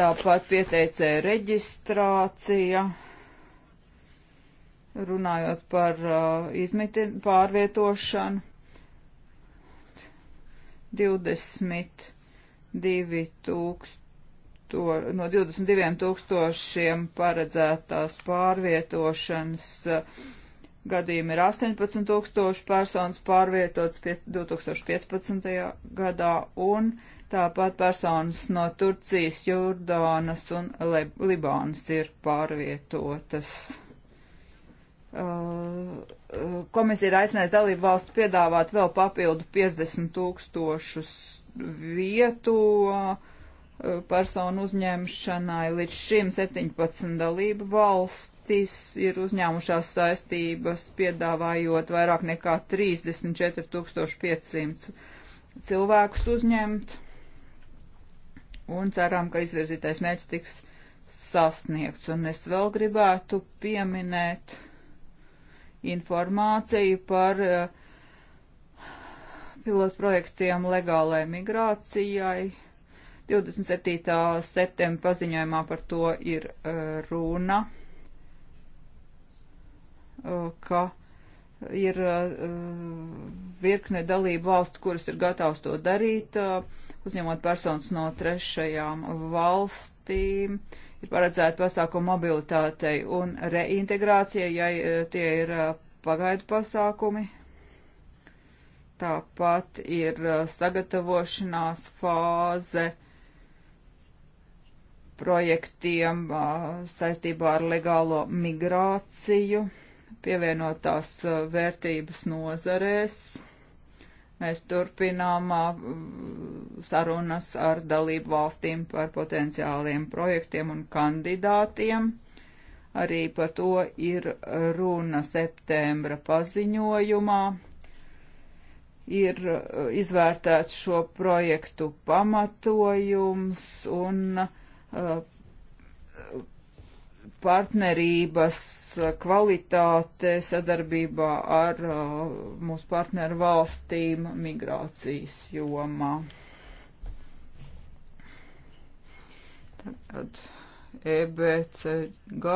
tāpat pieteicēja reģistrācija. Uh, runājot par uh, izmitin, pārvietošanu. 22 tūksto, no 22 tūkstošiem paredzētās pārvietošanas uh, gadījumi ir 18 tūkstoši personas pārvietotas 2015. gadā un tāpat personas no Turcijas, Jordānas un Lib Libānas ir pārvietotas. Uh, uh, komisija ir aicinājusi dalību valstu piedāvāt vēl papildu 50 tūkstošus vietu uh, personu uzņemšanai. Līdz šim 17 dalību valstis ir uzņēmušās saistības, piedāvājot vairāk nekā 34,500 cilvēkus uzņemt. Un ceram, ka izvirzītais mērķis tiks sasniegts. Un es vēl gribētu pieminēt informāciju par eh, pilotprojektiem legālai migrācijai. 27. septembra paziņojumā par to ir eh, runa, eh, ka ir virkne dalību valstu, kuras ir gatavs to darīt, uzņemot personas no trešajām valstīm ir paredzēti pasākumi mobilitātei un reintegrācijai, ja e, tie ir e, pagaidu pasākumi. Tāpat ir e, sagatavošanās fāze projektiem saistībā ar legālo migrāciju, pievienotās vērtības nozarēs. Mēs turpinām sarunas ar dalību valstīm par potenciāliem projektiem un kandidātiem. Arī par to ir runa septembra paziņojumā, ir izvērtēts šo projektu pamatojums un uh, partnerības kvalitāte sadarbībā ar uh, mūsu partneru valstīm migrācijas jomā. Tad EBCG.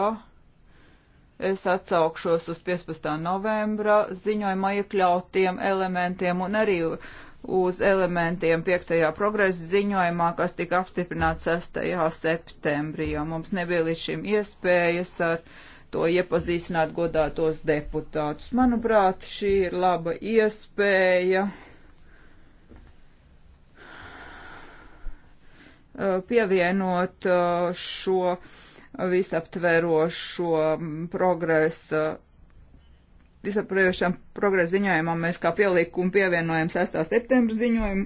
Es atsaukšos uz 15. novembra ziņojumā iekļautiem elementiem un arī uh, uz elementiem 5. progresa ziņojumā, kas tika apstiprināts 6. septembrī, jo mums nebija līdz šim iespējas ar to iepazīstināt godātos deputātus. Manuprāt, šī ir laba iespēja uh, pievienot uh, šo visaptverošo mm, progresa visaptvarojošam progresa ziņojumam mēs kā pielikumu pievienojam 6. septembra ziņojumu,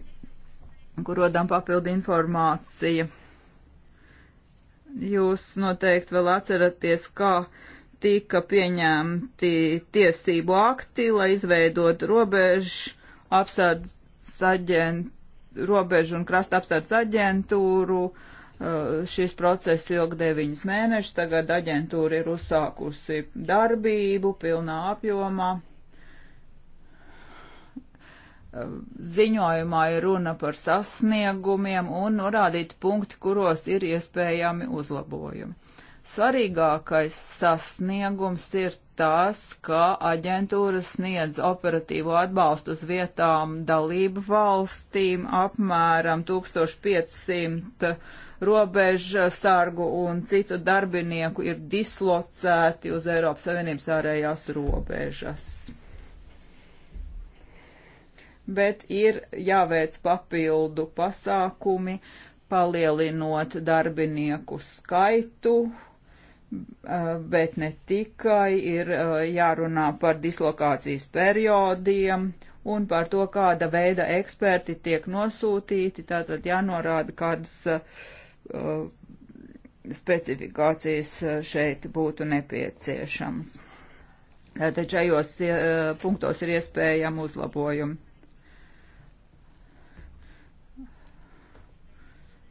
kur rodam papildu informāciju. Jūs noteikti vēl atceraties, kā tika pieņemti tiesību akti, lai izveidot robežu apsardzes aģentu, robežu un krasta apsardzes aģentūru, uh, Eh, šis process ilg deviņus mēnešus, tagad aģentūra ir uzsākusi darbību pilnā apjomā. Eh, ziņojumā ir runa par sasniegumiem un norādīti punkti, kuros ir iespējami uzlabojumi. Svarīgākais sasniegums ir tas, ka aģentūra sniedz operatīvo atbalstu uz vietām dalību valstīm apmēram 1500 robežsargu un citu darbinieku ir dislocēti uz Eiropas Savienības ārējās robežas. Bet ir jāveic papildu pasākumi, palielinot darbinieku skaitu, bet ne tikai ir jārunā par dislokācijas periodiem un par to, kāda veida eksperti tiek nosūtīti, tātad jānorāda, kādas uh, uh, specifikācijas uh, šeit būtu nepieciešamas. Tātad šajos uh, punktos ir iespējama uzlabojuma.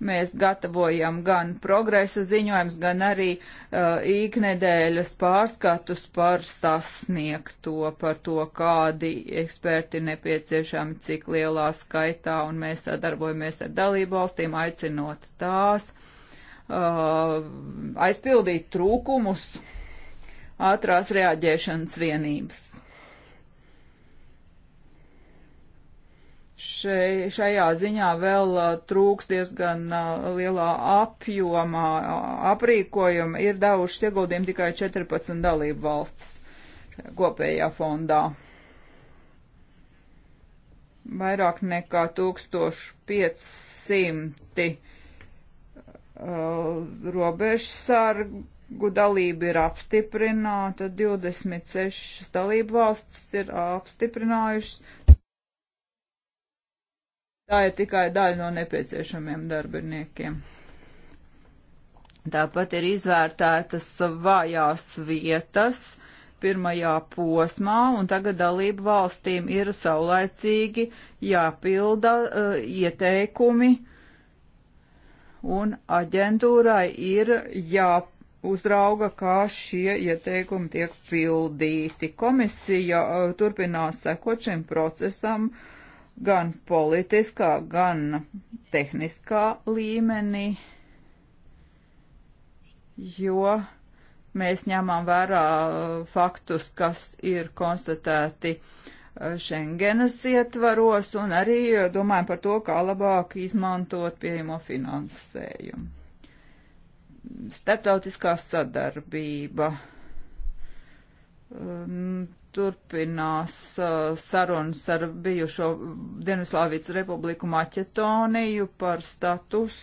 Mēs gatavojam gan progresa ziņojums, gan arī uh, īknedēļas pārskatus par sasniegto, par to, kādi eksperti nepieciešami, cik lielā skaitā, un mēs sadarbojamies ar dalību valstīm, aicinot tās uh, aizpildīt trūkumus ātrās reaģēšanas vienības. Šai, šajā ziņā vēl uh, trūks diezgan uh, lielā apjomā aprīkojuma. Ir devušas ieguldījumi tikai 14 dalību valsts kopējā fondā. Vairāk nekā 1500 uh, robežsargu dalība ir apstiprināta, 26 dalību valstis ir apstiprinājušas Tā ir tikai daļa no nepieciešamiem darbiniekiem. Tāpat ir izvērtētas vājās vietas pirmajā posmā, un tagad dalību valstīm ir saulaicīgi jāpilda uh, ieteikumi, un aģentūrai ir jāuzrauga, kā šie ieteikumi tiek pildīti. Komisija uh, turpinās sekot šim procesam. Uh, gan politiskā, gan tehniskā līmenī, jo mēs ņemam vērā uh, faktus, kas ir konstatēti uh, Schengenas ietvaros, un arī uh, domājam par to, kā labāk izmantot pieejamo finansējumu. Starptautiskā sadarbība turpinās uh, sarunas ar bijušo Dienvidslāvijas republiku Maķetoniju par status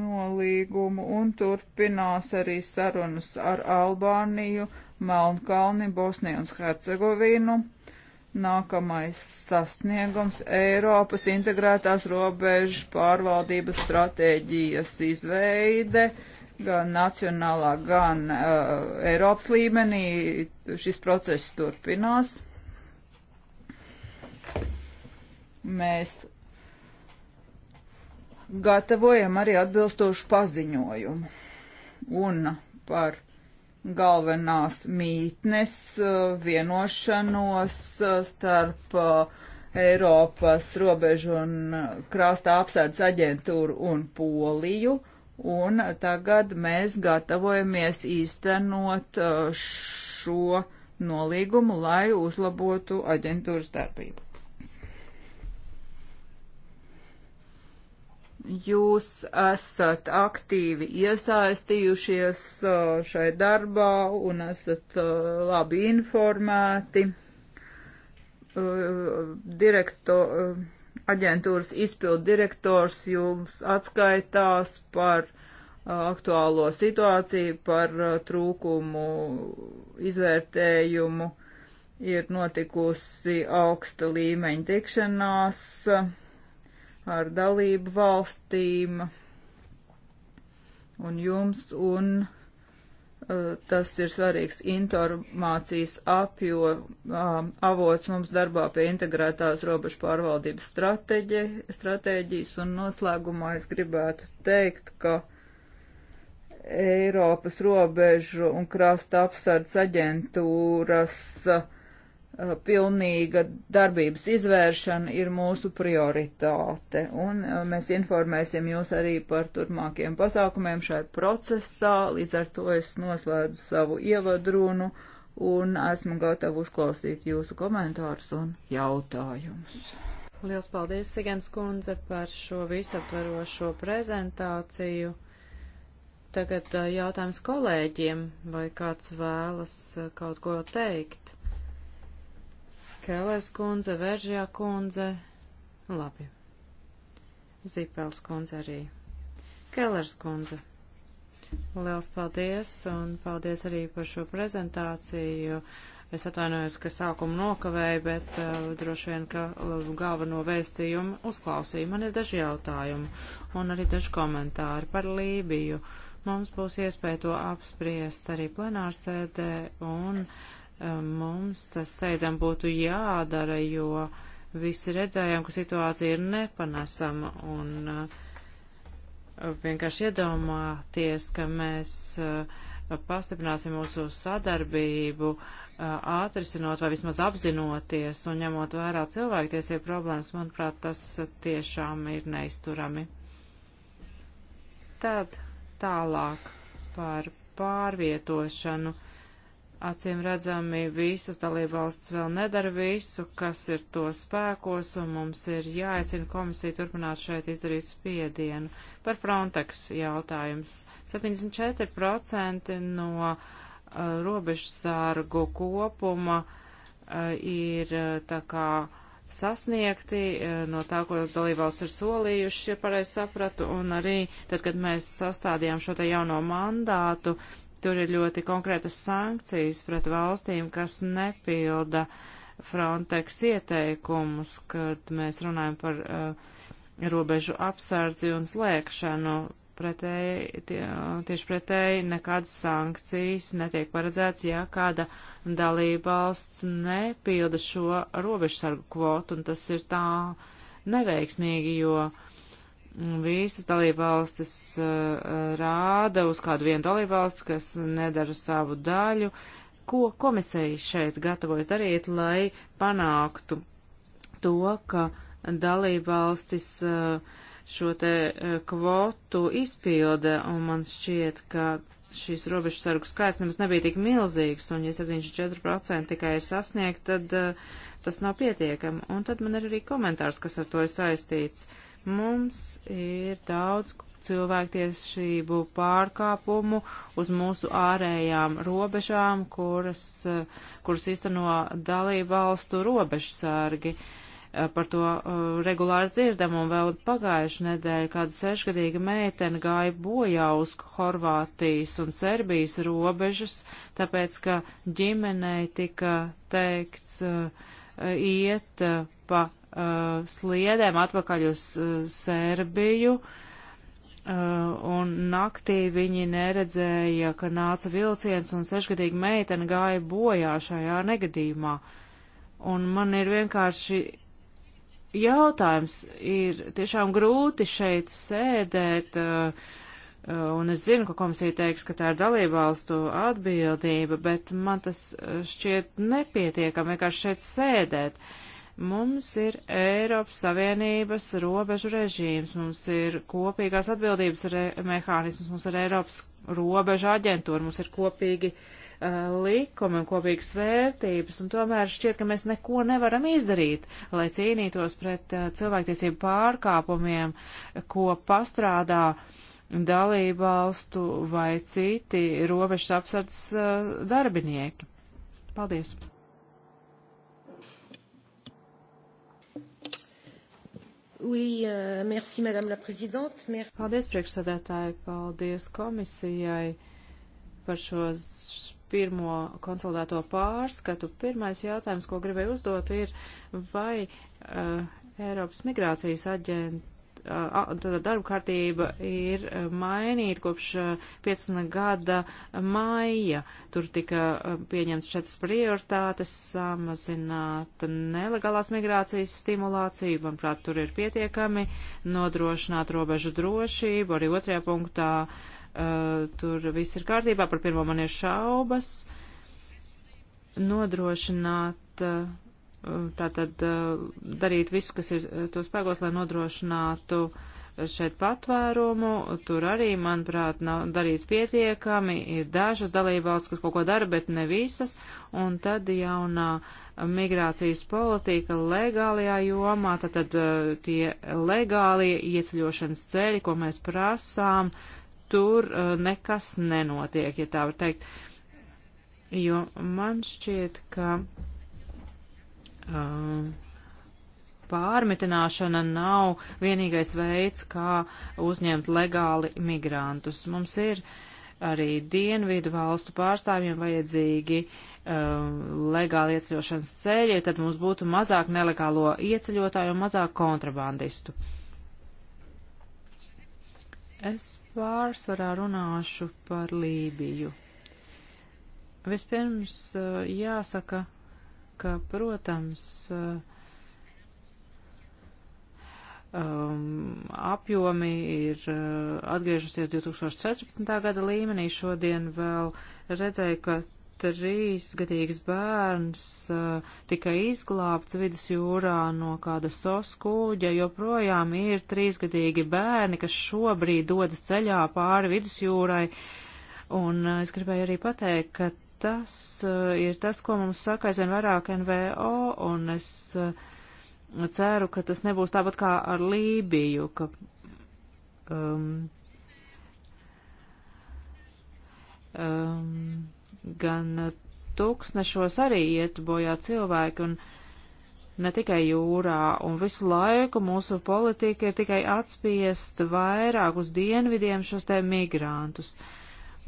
nolīgumu un turpinās arī sarunas ar Albāniju, Melnkalni, Bosniju un Hercegovinu. Nākamais sasniegums - Eiropas integrētās robežu pārvaldības stratēģijas izveide. Uh, gan nacionālā, gan uh, Eiropas līmenī šis process turpinās. Mēs gatavojam arī atbilstošu paziņojumu. Un par galvenās mītnes uh, vienošanos uh, starp uh, Eiropas robežu un krāstā apsardz aģentūru un Poliju un tagad mēs gatavojamies īstenot uh, šo nolīgumu, lai uzlabotu aģentūras darbību. Jūs esat aktīvi iesaistījušies uh, šai darbā un esat uh, labi informēti. Direktor, aģentūras izpildu direktors jums atskaitās par uh, aktuālo situāciju, par uh, trūkumu izvērtējumu. Ir notikusi augsta līmeņa tikšanās uh, ar dalību valstīm un jums un Eh, tas ir svarīgs informācijas apjo um, avots mums darbā pie integrētās robežu pārvaldības strateģi, stratēģijas, un noslēgumā es gribētu teikt, ka Eiropas robežu un krasta apsardz aģentūras uh, Eh, pilnīga darbības izvēršana ir mūsu prioritāte, un eh, mēs informēsim jūs arī par turpmākiem pasākumiem šai procesā, līdz ar to es noslēdzu savu ievadrunu, un esmu gatava uzklausīt jūsu komentārus un jautājumus. Liels paldies, Sigens kundze, par šo visaptvarošo prezentāciju. Tagad eh, jautājums kolēģiem, vai kāds vēlas kaut ko teikt? Kēlēs kundze, Veržjā kundze. Labi. Zīpels kundze arī. Kēlērs kundze. Liels paldies un paldies arī par šo prezentāciju. Es atvainojos, ka sākumu nokavēju, bet uh, droši vien, ka uh, galveno vēstījumu uzklausīju. Man ir daži jautājumi un arī daži komentāri par Lībiju. Mums būs iespēja to apspriest arī plenārsēdē un uh, mums tas steidzam būtu jādara, jo visi redzējām, ka situācija ir nepanesama un uh, vienkārši iedomāties, ka mēs uh, pastiprināsim mūsu sadarbību, ātrisinot uh, vai vismaz apzinoties un ņemot vērā cilvēktiesību problēmas, manuprāt, tas tiešām ir neizturami. Tad tālāk par pārvietošanu. Uh, Acīm redzami, visas dalībvalsts vēl nedara visu, kas ir to spēkos, un mums ir jāaicina komisija turpināt šeit izdarīt spiedienu. Par Frontex jautājums. 74% no uh, robežsārgu kopuma uh, ir uh, tā kā sasniegti uh, no tā, ko dalībvalsts ir solījuši, ja pareizi sapratu, un arī tad, kad mēs sastādījām šo te jauno mandātu, Tur ir ļoti konkrētas sankcijas pret valstīm, kas nepilda Frontex ieteikumus, kad mēs runājam par uh, robežu apsardzi un slēgšanu. Pretēji, tie, uh, tieši pretēji nekādas sankcijas netiek paredzēts, ja kāda dalībvalsts nepilda šo robežsargu kvotu, un tas ir tā neveiksmīgi, jo uh, visas dalībvalstis uh, rāda uz kādu vienu dalībvalsts, kas nedara savu daļu. Ko komisija šeit gatavojas darīt, lai panāktu to, ka dalībvalstis uh, šo te uh, kvotu izpilda, un man šķiet, ka šīs robežsargu skaits nemaz nebija tik milzīgs, un ja 74% tikai ir sasniegt, tad tas nav pietiekami. Un tad man ir arī komentārs, kas ar to ir saistīts. Uh, Mums ir daudz cilvēktiesību pārkāpumu uz mūsu ārējām robežām, kuras, kuras izteno dalību valstu robežsārgi. Par to uh, regulāri dzirdam, un vēl pagājuši nedēļa kāda sešgadīga meitene gāja bojā uz Horvātijas un Serbijas robežas, tāpēc, ka ģimenei tika teikts uh, iet uh, pa Uh, sliedēm atpakaļ uz uh, Serbiju, uh, un naktī viņi neredzēja, ka nāca vilciens un sešgadīga meitene gāja bojā šajā negadījumā. Un man ir vienkārši jautājums, ir tiešām grūti šeit sēdēt, un es zinu, ka komisija teiks, ka tā ir dalībvalstu atbildība, bet man tas šķiet nepietiekami vienkārši šeit sēdēt. Uh, Mums ir Eiropas Savienības robežu režīms, mums ir kopīgās atbildības mehānisms, mums ir Eiropas robežu aģentūra, mums ir kopīgi uh, likumi un kopīgas vērtības, un tomēr šķiet, ka mēs neko nevaram izdarīt, lai cīnītos pret uh, cilvēktiesību pārkāpumiem, ko pastrādā uh, dalībvalstu vai citi robežas apsardzes uh, darbinieki. Paldies! Oui, uh, merci, Madame la Présidente. Merci. Paldies, priekšsēdētāji, paldies komisijai par šo pirmo konsolidēto pārskatu. Pirmais jautājums, ko gribēju uzdot, ir, vai uh, Eiropas migrācijas aģentūra darba kārtība ir eh, mainīta kopš 15. Eh, gada maija. Tur tika eh, pieņemts četras prioritātes - samazināt nelegālās migrācijas stimulāciju, manuprāt, tur ir pietiekami, nodrošināt robežu drošību, arī otrajā punktā uh, tur viss ir kārtībā, par pirmo man ir šaubas, nodrošināt uh, Um, tātad uh, darīt visu, kas ir uh, to spēkos, lai nodrošinātu šeit patvērumu. Tur arī, manuprāt, nav darīts pietiekami. Ir dažas dalībvalsts, kas kaut ko dara, bet ne visas. Un tad jaunā migrācijas politika legālajā jomā, tātad uh, tie legālie ieceļošanas ceļi, ko mēs prasām, tur nekas nenotiek, ja tā var teikt. Jo man šķiet, ka Um, pārmitināšana nav vienīgais veids, kā uzņemt legāli migrantus. Mums ir arī dienvidu valstu pārstāvjiem vajadzīgi um, legāli ieceļošanas ceļi, tad mums būtu mazāk nelegālo ieceļotāju un mazāk kontrabandistu. Es pārsvarā runāšu par Lībiju. Vispirms uh, jāsaka, ka, protams, um, apjomi ir uh, atgriežusies 2014. gada līmenī. Šodien vēl redzēju, ka trīsgadīgs bērns uh, tika izglābts vidusjūrā no kāda sos kūģa, joprojām ir trīsgadīgi bērni, kas šobrīd dodas ceļā pāri vidusjūrai. Un uh, es gribēju arī pateikt, ka tas eh, ir tas, ko mums saka aizvien vairāk NVO, un es eh, ceru, ka tas nebūs tāpat kā ar Lībiju, ka. Um, um, gan tūkstnešos arī iet bojā cilvēki, un ne tikai jūrā, un visu laiku mūsu politika ir tikai atspiest vairāk uz dienvidiem šos te migrantus. Uh,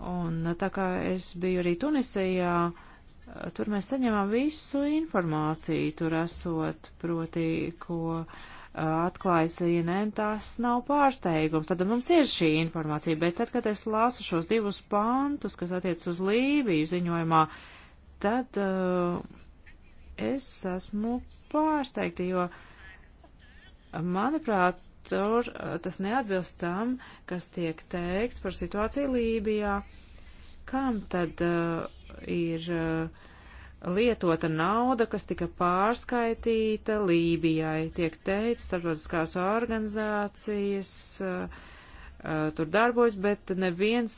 Un eh, tā kā es biju arī Tunisijā, eh, tur mēs saņemam visu informāciju, tur esot, proti, ko eh, atklājas CNN, tas nav pārsteigums. Tad mums ir šī informācija, bet tad, kad es lasu šos divus pantus, kas attiec uz Lībiju ziņojumā, tad uh, es esmu pārsteigta, jo, manuprāt, tur tas neatbilst tam, kas tiek teikts par situāciju Lībijā. Kam tad uh, ir uh, lietota nauda, kas tika pārskaitīta Lībijai? Tiek teikts starptautiskās organizācijas. Uh, Uh, tur darbojas, bet neviens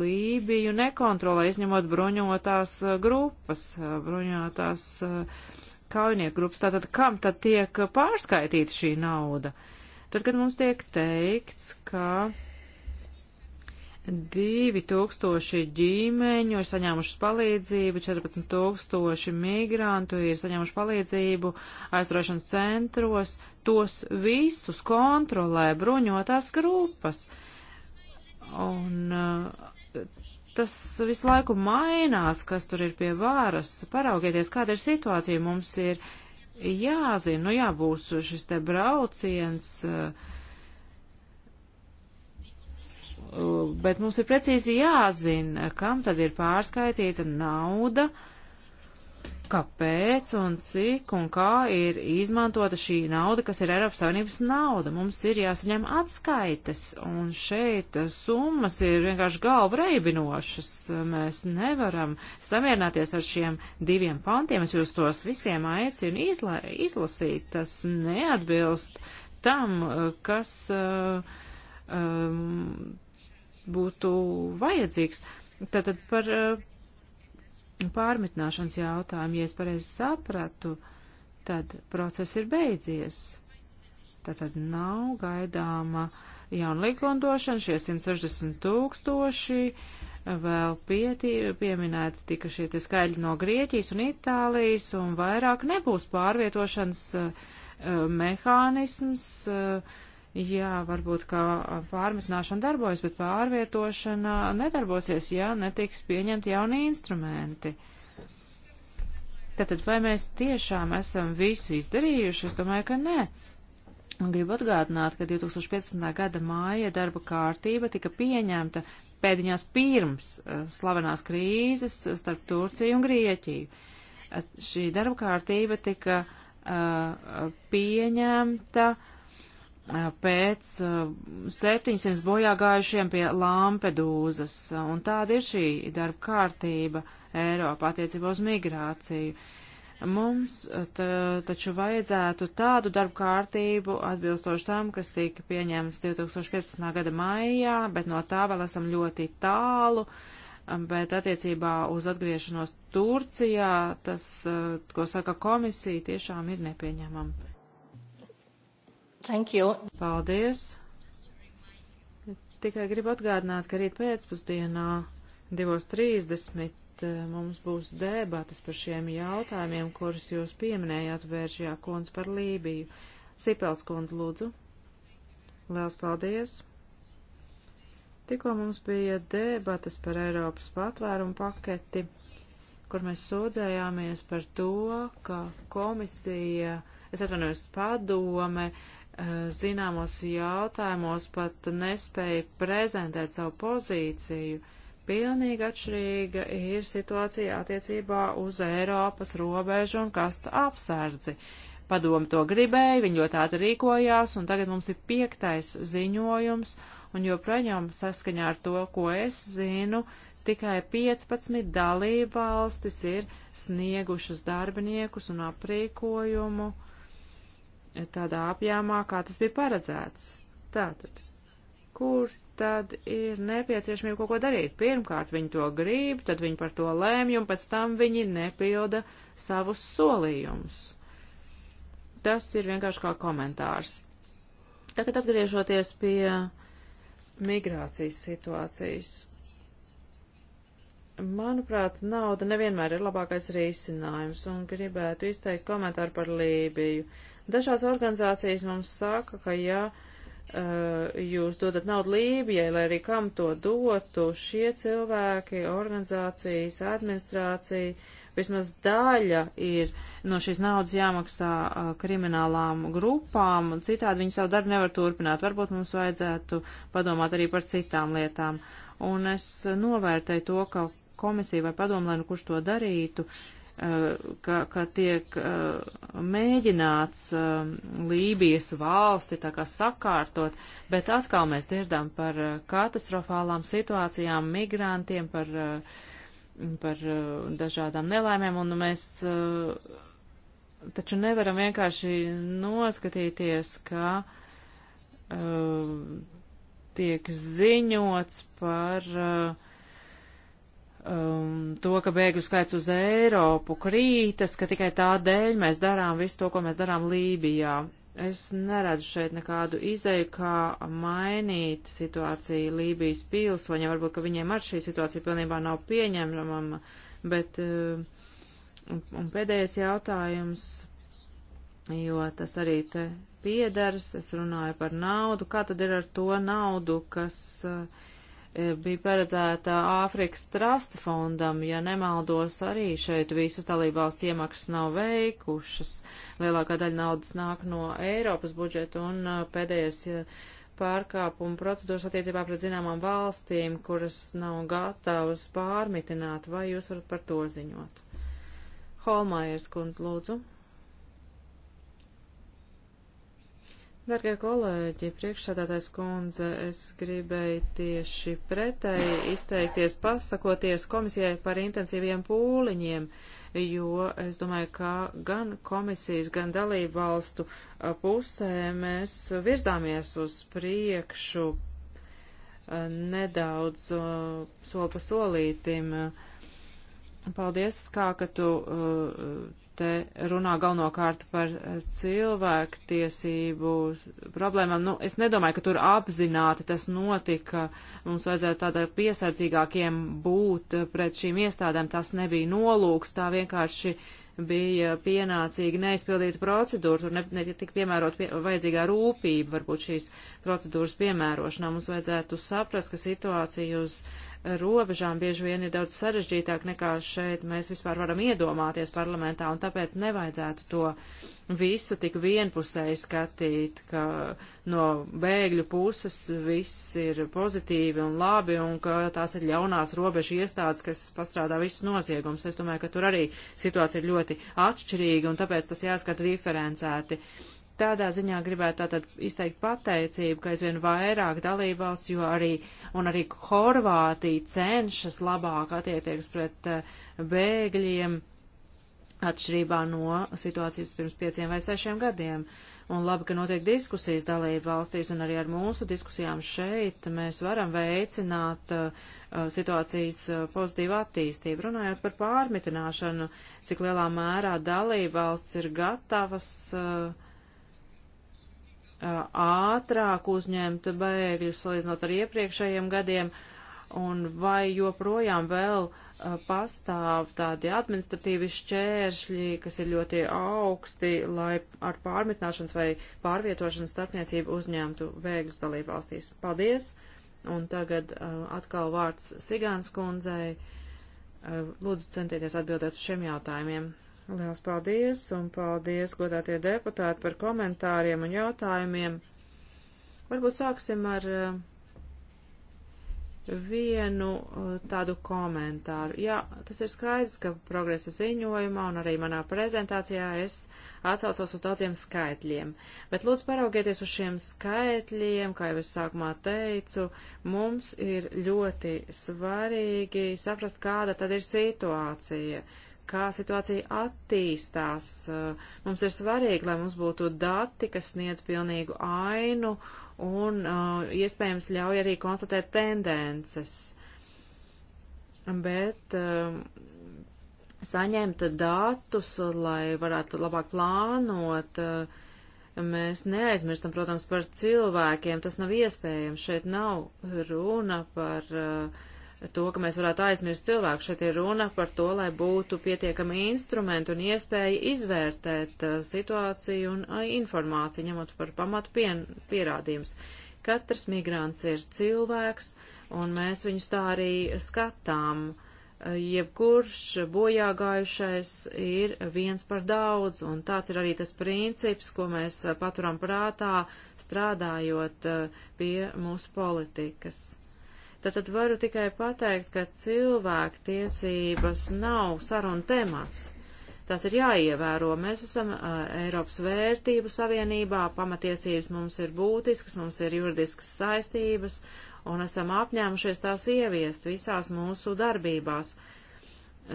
Lībiju nekontrolē, izņemot bruņotās grupas, bruņotās uh, kaujinieku grupas. Tātad, kam tad tiek pārskaitīta šī nauda? Uh, Tad, kad mums tiek teikts, ka 2000 ģimeņu ir saņēmušas palīdzību, 14 tūkstoši migrantu ir saņēmuši palīdzību aizturēšanas centros, tos visus kontrolē bruņotās grupas. Un uh, tas visu laiku mainās, kas tur ir pie vāras. Paraugieties, kāda ir situācija. Mums ir jāzina, nu jā, būs šis te brauciens, eh, bet mums ir precīzi jāzina, kam tad ir pārskaitīta nauda, uh, kāpēc un cik un kā ir izmantota šī nauda, kas ir Eiropas Savienības nauda. Mums ir jāsaņem atskaites, un šeit summas ir vienkārši galva reibinošas. Mēs nevaram samierināties ar šiem diviem pantiem. Es jūs tos visiem aicinu izla izlasīt. Tas neatbilst tam, kas uh, um, būtu vajadzīgs. Tātad par uh, Nu, pārmitināšanas jautājumu. Ja es pareizi sapratu, tad process ir beidzies. Tātad nav gaidāma jauna likumdošana, šie 160 tūkstoši, eh, vēl pietī, pieminēts tika šie tie skaļi no Grieķijas un Itālijas, un vairāk nebūs pārvietošanas uh, mehānisms. Uh, Jā, varbūt kā pārmetināšana darbojas, bet pārvietošana nedarbosies, ja netiks pieņemti jauni instrumenti. Tātad, vai mēs tiešām esam visu izdarījuši? Es domāju, ka nē. Un gribu atgādināt, ka 2015. gada māja darba kārtība tika pieņemta pēdiņās pirms uh, slavenās krīzes starp Turciju un Grieķiju. Uh, šī darba kārtība tika uh, pieņemta uh, Eh, pēc 700 eh, bojā gājušiem pie Lampedūzas, un tāda ir šī darba kārtība Eiropā attiecībā uz migrāciju. Mums eh, taču vajadzētu tādu darbu kārtību atbilstoši tam, kas tika pieņemts 2015. gada maijā, bet no tā vēl esam ļoti tālu, bet attiecībā uz atgriešanos Turcijā tas, ko saka komisija, tiešām ir nepieņemama. Thank you. Paldies. Tikai gribu atgādināt, ka rīt pēcpusdienā 2.30 eh, mums būs debatas par šiem jautājumiem, kurus jūs pieminējāt vēršajā kundz par Lībiju. Sipels kundz, lūdzu. Liels paldies. Tikko mums bija debatas par Eiropas patvērumu paketi, kur mēs sūdzējāmies par to, ka komisija, es atvainojos, padome, uh, Eh, zināmos jautājumos pat nespēja prezentēt savu pozīciju. Pilnīgi atšķirīga ir situācija attiecībā uz Eiropas robežu un kasta apsardzi. Padomu to gribēja, viņi ļoti ātri rīkojās, un tagad mums ir piektais ziņojums, un joprojām saskaņā ar to, ko es zinu, tikai 15 dalība valstis ir sniegušas darbiniekus un aprīkojumu uh, tādā apjāmā, kā tas bija paredzēts. Tātad, kur tad ir nepieciešamība kaut ko darīt? Pirmkārt, viņi to grib, tad viņi par to lēmj, un pēc tam viņi nepilda savus solījumus. Tas ir vienkārši kā komentārs. Tagad atgriežoties pie migrācijas situācijas. Manuprāt, nauda nevienmēr ir labākais risinājums, un gribētu izteikt komentāru par Lībiju. Uh, Dažās organizācijas mums saka, ka ja eh, jūs dodat naudu Lībijai, lai arī kam to dotu, šie cilvēki, organizācijas, administrācija, vismaz daļa ir no šīs naudas jāmaksā eh, kriminālām grupām, un citādi viņi savu darbu nevar turpināt. Varbūt mums vajadzētu padomāt arī par citām lietām. Un es novērtēju to, ka komisija vai padomlēnu, kurš to darītu, uh, Eh, ka, ka tiek eh, mēģināts eh, Lībijas valsti tā kā sakārtot, bet atkal mēs dzirdam par katastrofālām situācijām, migrantiem, par, par dažādām nelaimēm, un mēs taču nevaram vienkārši noskatīties, ka tiek ziņots par uh, um, to, ka bēgļu skaits uz Eiropu krītas, ka tikai tā dēļ mēs darām visu to, ko mēs darām Lībijā. Es neredzu šeit nekādu izeju, kā mainīt situāciju Lībijas pilsoņiem. Varbūt, ka viņiem ar šī situācija pilnībā nav pieņemama, bet um, un pēdējais jautājums, jo tas arī te piedars, es runāju par naudu. Kā tad ir ar to naudu, kas. Uh, E, bija paredzēta Āfrikas trasta fondam, ja nemaldos arī šeit visas dalībvalsts iemaksas nav veikušas. Lielākā daļa naudas nāk no Eiropas budžeta un e, pēdējais e, pārkāpuma procedūras attiecībā pret zināmām valstīm, kuras nav gatavas pārmitināt, vai jūs varat par to ziņot? Holmājers kundz, lūdzu. Dargie kolēģi, priekšsādātais kundze, es gribēju tieši pretēji izteikties, pasakoties komisijai par intensīviem pūliņiem, jo es domāju, ka gan komisijas, gan dalību valstu pusē mēs virzāmies uz priekšu nedaudz soli pa solītim. Paldies, kā, ka tu te runā galvenokārt par eh, cilvēku tiesību problēmām. Nu, es nedomāju, ka tur apzināti tas notika. Mums vajadzētu tādā piesardzīgākiem būt eh, pret šīm iestādēm. Tas nebija nolūks, tā vienkārši bija pienācīgi neizpildīta procedūra, tur netika ne piemērot pie, vajadzīgā rūpība varbūt šīs procedūras piemērošanā. Mums vajadzētu saprast, ka situācija uz robežām bieži vien ir daudz sarežģītāk nekā šeit mēs vispār varam iedomāties parlamentā, un tāpēc nevajadzētu to visu tik vienpusēji skatīt, ka no bēgļu puses viss ir pozitīvi un labi, un ka tās ir ļaunās robežu iestādes, kas pastrādā visus noziegums. Es domāju, ka tur arī situācija ir ļoti atšķirīga, un tāpēc tas jāskata diferencēti. Tādā ziņā gribētu tātad izteikt pateicību, ka aizvien vairāk dalībvalsts, jo arī, un arī Horvātija cenšas labāk attiekties pret eh, bēgļiem atšķirībā no situācijas pirms pieciem vai sešiem gadiem. Un labi, ka notiek diskusijas dalību valstīs, un arī ar mūsu diskusijām šeit mēs varam veicināt uh, situācijas eh, pozitīvu attīstību. Runājot par pārmitināšanu, cik lielā mērā dalību valsts ir gatavas uh, ātrāk uzņemt bēgļus salīdzinot ar iepriekšējiem gadiem, un vai joprojām vēl pastāv tādi administratīvi šķēršļi, kas ir ļoti augsti, lai ar pārmitināšanas vai pārvietošanas starpniecību uzņemtu bēgļus dalībvalstīs. Paldies! Un tagad uh, atkal vārds Sigāns kundzei. Uh, lūdzu centieties atbildēt uz šiem jautājumiem. Liels paldies un paldies, godātie deputāti, par komentāriem un jautājumiem. Varbūt sāksim ar eh, vienu eh, tādu komentāru. Jā, tas ir skaidrs, ka progresa ziņojumā un arī manā prezentācijā es atsaucos uz daudziem skaitļiem. Bet lūdzu paraugieties uz šiem skaitļiem, kā jau es sākumā teicu, mums ir ļoti svarīgi saprast, kāda tad ir situācija. Uh, kā situācija attīstās. Mums ir svarīgi, lai mums būtu dati, kas sniedz pilnīgu ainu un uh, iespējams ļauj arī konstatēt tendences. Bet um, saņemt datus, lai varētu labāk plānot, uh, mēs neaizmirstam, protams, par cilvēkiem. Tas nav iespējams. Šeit nav runa par uh, to, ka mēs varētu aizmirst cilvēku. Šeit ir runa par to, lai būtu pietiekami instrumenti un iespēja izvērtēt uh, situāciju un uh, informāciju, ņemot par pamatu pien, pierādījumus. Katrs migrants ir cilvēks, un mēs viņus tā arī skatām. Uh, jebkurš bojāgājušais ir viens par daudz, un tāds ir arī tas princips, ko mēs uh, paturam prātā, strādājot uh, pie mūsu politikas tad, tad varu tikai pateikt, ka cilvēku tiesības nav saruna temats. Tas ir jāievēro. Mēs esam uh, Eiropas vērtību savienībā, pamatiesības mums ir būtiskas, mums ir juridiskas saistības un esam apņēmušies tās ieviest visās mūsu darbībās.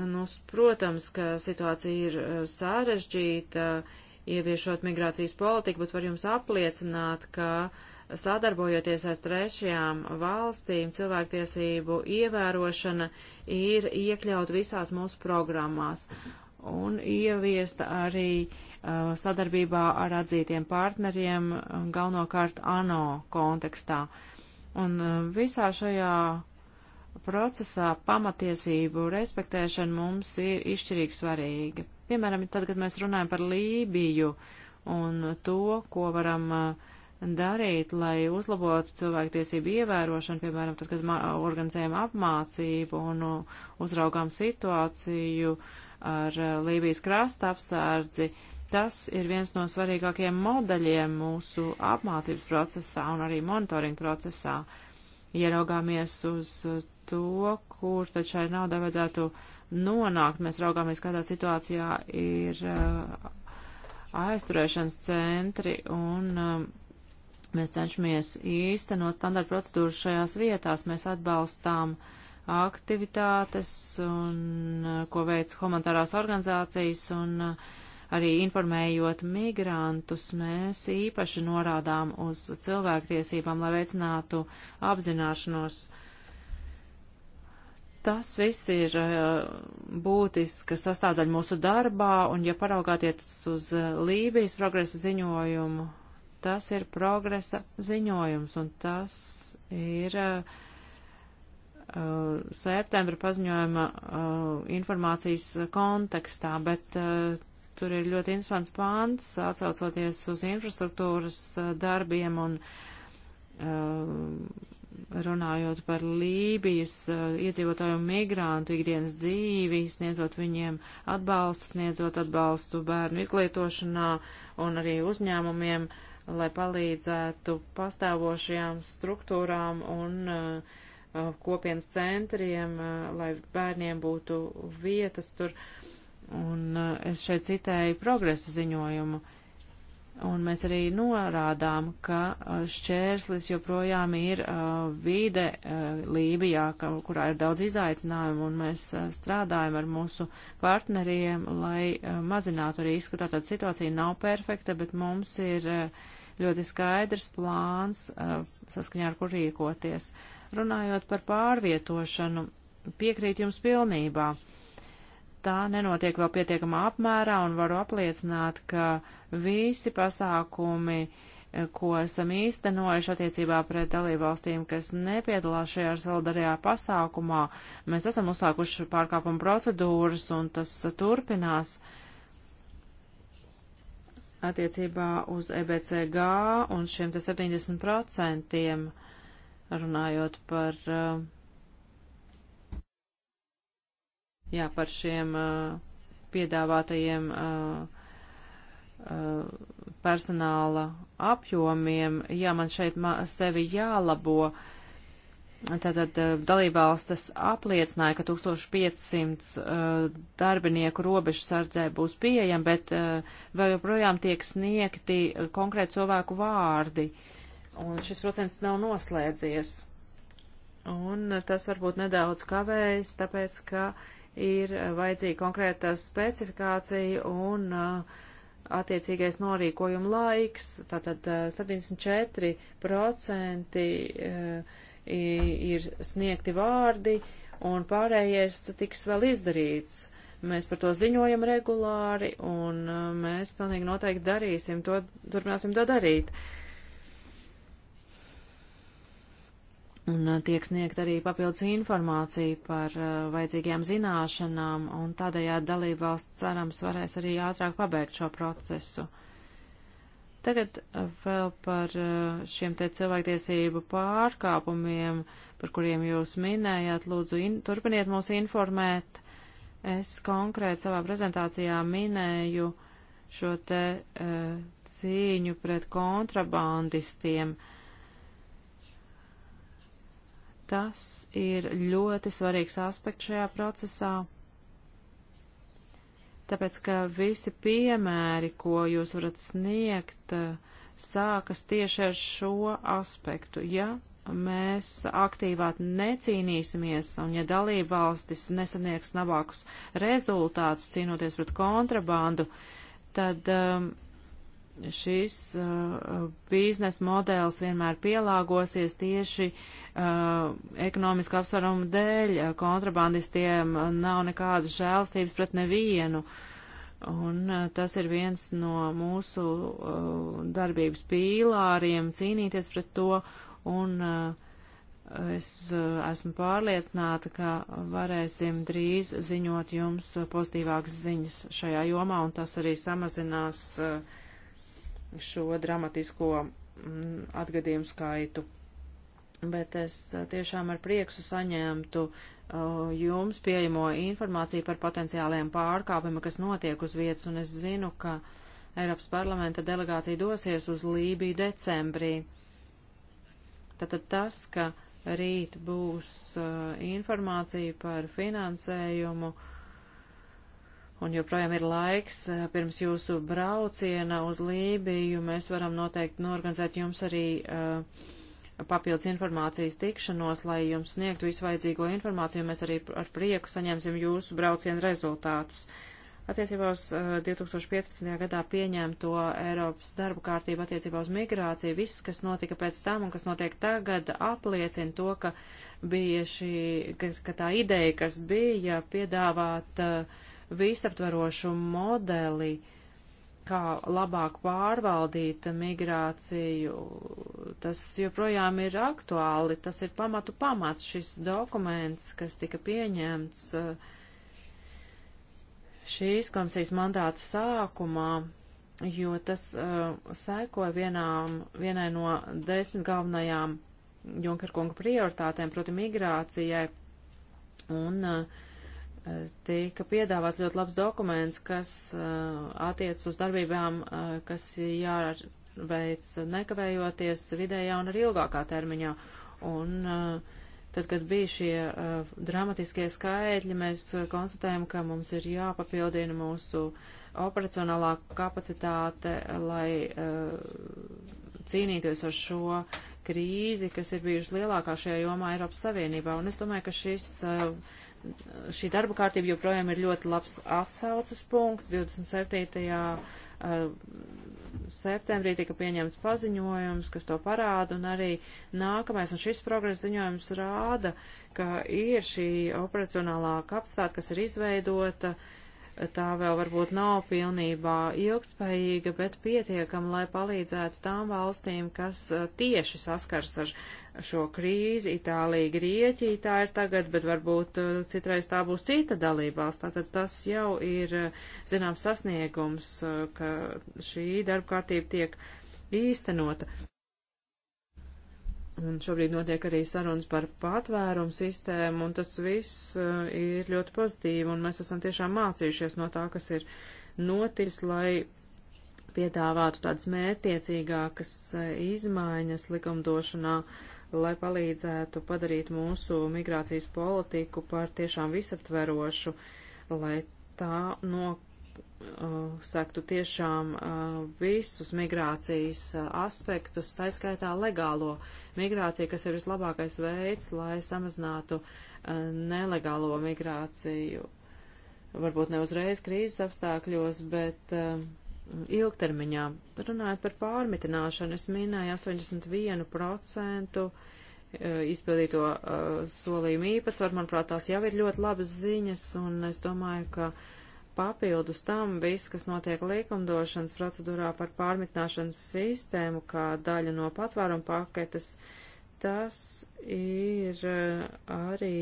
Nu, protams, ka situācija ir uh, sarežģīta, ieviešot migrācijas politiku, bet var jums apliecināt, ka uh, sadarbojoties ar trešajām valstīm, cilvēktiesību ievērošana ir iekļaut visās mūsu programmās un ieviesta arī uh, sadarbībā ar atzītiem partneriem, uh, galvenokārt ANO kontekstā. Un uh, visā šajā procesā pamatiesību respektēšana mums ir izšķirīgi svarīga. Piemēram, tad, kad mēs runājam par Lībiju un to, ko varam uh, darīt, lai uzlabotu cilvēktiesību ievērošanu, piemēram, tad, kad organizējam apmācību un uh, uzraugām situāciju ar uh, Lībijas krasta apsārdzi. Tas ir viens no svarīgākajiem modeļiem mūsu apmācības procesā un arī monitoringa procesā. Ieraugāmies uz uh, to, kur tad šai naudai vajadzētu nonākt. Mēs raugāmies, kādā situācijā ir aizturēšanas centri un uh, Mēs cenšamies īstenot standarta procedūras šajās vietās. Mēs atbalstām aktivitātes, un, ko veic humanitārās organizācijas, un uh, arī informējot migrantus, mēs īpaši norādām uz cilvēktiesībām, lai veicinātu apzināšanos tas viss ir uh, būtiska sastāvdaļa mūsu darbā, un ja paraugāties uz uh, Lībijas progresa ziņojumu, Tas ir progresa ziņojums, un tas ir uh, uh, septembra paziņojuma uh, informācijas kontekstā, bet uh, tur ir ļoti interesants pāns, atsaucoties uz infrastruktūras uh, darbiem un uh, runājot par Lībijas uh, iedzīvotāju un migrantu ikdienas dzīvi, sniedzot viņiem atbalstu, sniedzot atbalstu bērnu izglītošanā un arī uzņēmumiem. Uh, lai palīdzētu pastāvošajām struktūrām un uh, kopienas centriem, uh, lai bērniem būtu vietas tur. Un uh, es šeit citēju progresa ziņojumu. Un mēs arī norādām, ka uh, šķērslis joprojām ir vīde Lībijā, kurā ir daudz izaicinājumu, un mēs strādājam ar mūsu partneriem, lai mazinātu risku. Tātad situācija nav perfekta, bet mums ir uh, ļoti skaidrs plāns, uh, saskaņā ar kur rīkoties. Runājot par pārvietošanu, piekrīt jums pilnībā. Tā nenotiek vēl pietiekamā apmērā un varu apliecināt, ka visi pasākumi, uh, ko esam īstenojuši attiecībā pret dalībvalstīm, kas nepiedalās šajā solidarajā pasākumā, mēs esam uzsākuši pārkāpumu procedūras un tas turpinās. Uh, attiecībā uz EBCG un šiem te 70% runājot par, uh, jā, par šiem uh, piedāvātajiem uh, personāla apjomiem. Jā, man šeit sevi jālabo Tātad eh, dalībvalstis apliecināja, ka 1500 uh, eh, darbinieku robežu sardzē būs pieejami, bet uh, vēl joprojām tiek sniegti uh, konkrēti cilvēku vārdi, un šis procents nav noslēdzies. Un tas varbūt nedaudz kavējas, tāpēc, ka ir vajadzīga konkrēta specifikācija un attiecīgais norīkojuma laiks, tātad 74% ir sniegti vārdi, un pārējais tiks vēl izdarīts. Mēs par to ziņojam regulāri, un uh, mēs pilnīgi noteikti darīsim to, turpināsim to darīt. Un uh, tiek sniegt arī papildus informācija par uh, vajadzīgajām zināšanām, un tādējādi dalībvalsts cerams varēs arī ātrāk pabeigt šo procesu. Uh, Tagad eh, vēl par eh, šiem te cilvēktiesību pārkāpumiem, par kuriem jūs minējāt, lūdzu, in, turpiniet mūs informēt. Es konkrēti savā prezentācijā minēju šo te uh, cīņu pret kontrabandistiem. Tas ir ļoti svarīgs aspekts šajā procesā tāpēc ka visi piemēri, ko jūs varat sniegt, sākas tieši ar šo aspektu. Ja mēs aktīvāk necīnīsimies, un ja dalība valstis nesanieks labākus rezultātus cīnoties pret kontrabandu, tad um, šis uh, biznesa modelis vienmēr pielāgosies tieši uh, ekonomiska apsvaruma dēļ. Uh, kontrabandistiem uh, nav nekādas žēlstības pret nevienu. Un uh, tas ir viens no mūsu uh, darbības pīlāriem cīnīties pret to. Un es esmu pārliecināta, ka varēsim drīz ziņot jums pozitīvākas ziņas šajā jomā, un tas arī samazinās uh, šo dramatisko mm, atgadījumu skaitu. Bet es eh, tiešām ar prieku saņemtu uh, jums pieejamo informāciju par potenciāliem pārkāpumiem, kas notiek uz vietas, un es zinu, ka Eiropas parlamenta delegācija dosies uz Lībiju decembrī. Tātad tas, ka rīt būs uh, informācija par finansējumu uh, un joprojām ir laiks eh, pirms jūsu brauciena uz Lībiju. Mēs varam noteikti norganizēt jums arī uh, papildus informācijas tikšanos, lai jums sniegtu visu vajadzīgo informāciju. Mēs arī ar prieku saņemsim jūsu brauciena rezultātus. Attiecībā uz uh, eh, 2015. gadā pieņemto Eiropas darbu kārtību attiecībā uz migrāciju, viss, kas notika pēc tam un kas notiek tagad, apliecina to, ka bija šī, ka, ka tā ideja, kas bija piedāvāt uh, visaptverošu modeli, kā labāk pārvaldīt migrāciju, tas joprojām ir aktuāli, tas ir pamatu pamats šis dokuments, kas tika pieņemts eh, šīs komisijas mandāta sākumā, jo tas uh, eh, sēkoja vienām, vienai no desmit galvenajām Junkerkunga prioritātēm, proti migrācijai. Un uh, tika piedāvāts ļoti labs dokuments, kas uh, attiec uz darbībām, uh, kas jāveic nekavējoties vidējā un arī ilgākā termiņā. Un uh, tad, kad bija šie dramatiskie skaitļi, mēs konstatējam, ka mums ir jāpapildina mūsu operacionālā kapacitāte, lai cīnīties ar šo krīzi, kas ir bijusi lielākā šajā jomā Eiropas Savienībā. Un es domāju, ka šis uh, šī darba kārtība joprojām ir ļoti labs atsaucas punkts. 27. Eh, septembrī tika pieņemts paziņojums, kas to parāda, un arī nākamais, un šis progresa ziņojums rāda, ka ir šī operacionālā kapacitāte, kas ir izveidota, tā vēl varbūt nav pilnībā ilgtspējīga, bet pietiekama, lai palīdzētu tām valstīm, kas eh, tieši saskars ar uh, šo krīzi, Itālija, Grieķija tā ir tagad, bet varbūt uh, citreiz tā būs cita dalībās. Tātad tas jau ir, uh, zinām, sasniegums, uh, ka šī darba kārtība tiek īstenota. Un šobrīd notiek arī sarunas par patvērumu sistēmu, un tas viss ir ļoti pozitīvi, un mēs esam tiešām mācījušies no tā, kas ir noticis, lai piedāvātu tādas mērtiecīgākas izmaiņas likumdošanā, uh, lai palīdzētu padarīt mūsu migrācijas politiku par tiešām visaptverošu, lai tā no uh, sektu tiešām uh, visus migrācijas uh, aspektus, tā skaitā legālo migrāciju, kas ir vislabākais veids, lai samazinātu nelegālo migrāciju. Varbūt ne uzreiz krīzes apstākļos, bet ilgtermiņā. Runājot par pārmitināšanu, es minēju 81% eh, izpildīto eh, solījumu īpatsvaru. Manuprāt, tās jau ir ļoti labas ziņas, un es domāju, ka papildus tam viss, kas notiek likumdošanas procedūrā par pārmitināšanas sistēmu, kā daļa no patvērumu paketes, tas ir eh, arī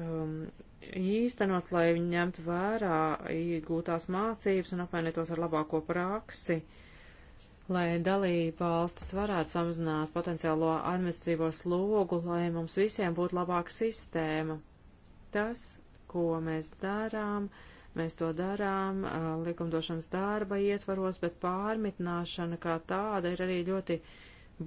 um, īstenots, lai viņi ņemtu vērā iegūtās mācības un apmainītos ar labāko praksi, lai dalība valstis varētu samazināt potenciālo administratīvo slogu, lai mums visiem būtu labāka sistēma. Tas, ko mēs darām, mēs to darām likumdošanas darba ietvaros, bet pārmitināšana kā tāda ir arī ļoti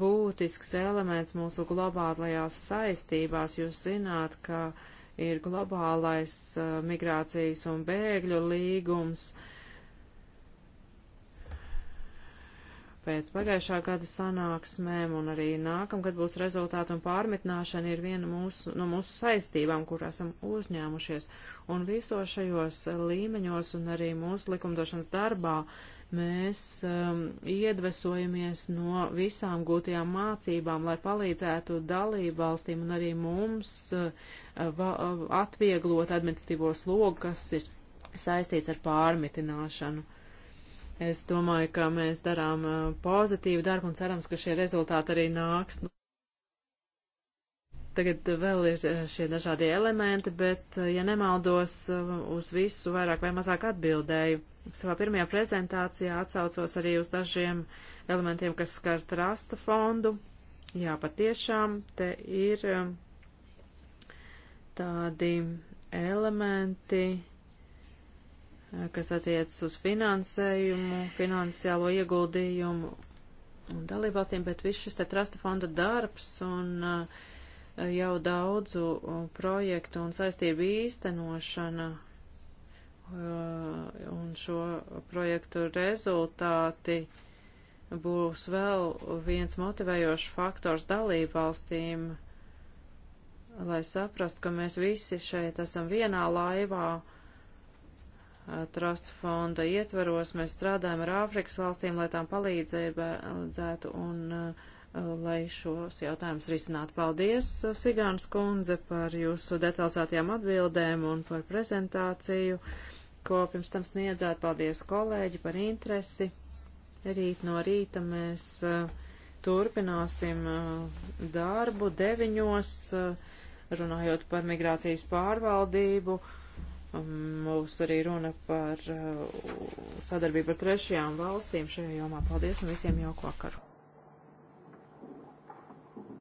būtisks elements mūsu globālajās saistībās. Jūs zināt, ka uh, ir globālais uh, migrācijas un bēgļu līgums. Pēc pagājušā gada sanāksmēm un arī nākamgad būs rezultāti un pārmitināšana ir viena mūsu, no mūsu saistībām, kur esam uzņēmušies. Un visos šajos līmeņos un arī mūsu likumdošanas darbā uh, mēs um, iedvesojamies no visām gūtajām mācībām, lai palīdzētu dalību valstīm un arī mums uh, va, uh, atvieglot administratīvo slogu, kas ir saistīts ar pārmitināšanu. Es domāju, ka mēs darām uh, pozitīvu darbu un cerams, ka šie rezultāti arī nāks. Tagad vēl ir uh, šie dažādie elementi, bet, uh, ja nemaldos, uz visu vairāk vai mazāk atbildēju savā pirmajā prezentācijā atsaucos arī uz dažiem elementiem, kas skar trasta fondu. Jā, patiešām te ir um, tādi elementi, uh, kas attiecas uz finansējumu, finansiālo ieguldījumu un dalībvalstīm, bet viss šis te trasta fonda darbs un uh, jau daudzu uh, projektu un saistību īstenošana Uh, un šo projektu rezultāti būs vēl viens motivējošs faktors dalību valstīm, lai saprastu, ka mēs visi šeit esam vienā laivā. Uh, Trust fonda ietvaros mēs strādājam ar Āfrikas valstīm, lai tām palīdzētu uh, un uh, lai šos jautājumus risinātu. Paldies, Sigāns kundze, par jūsu detalizētajām atbildēm un par prezentāciju, ko pirms tam sniedzāt. Paldies, kolēģi, par interesi. Rīt no rīta mēs uh, turpināsim uh, darbu deviņos, uh, runājot par migrācijas pārvaldību. Um, mums arī runa par sadarbību ar trešajām valstīm šajā jomā. Paldies un visiem jauku vakaru!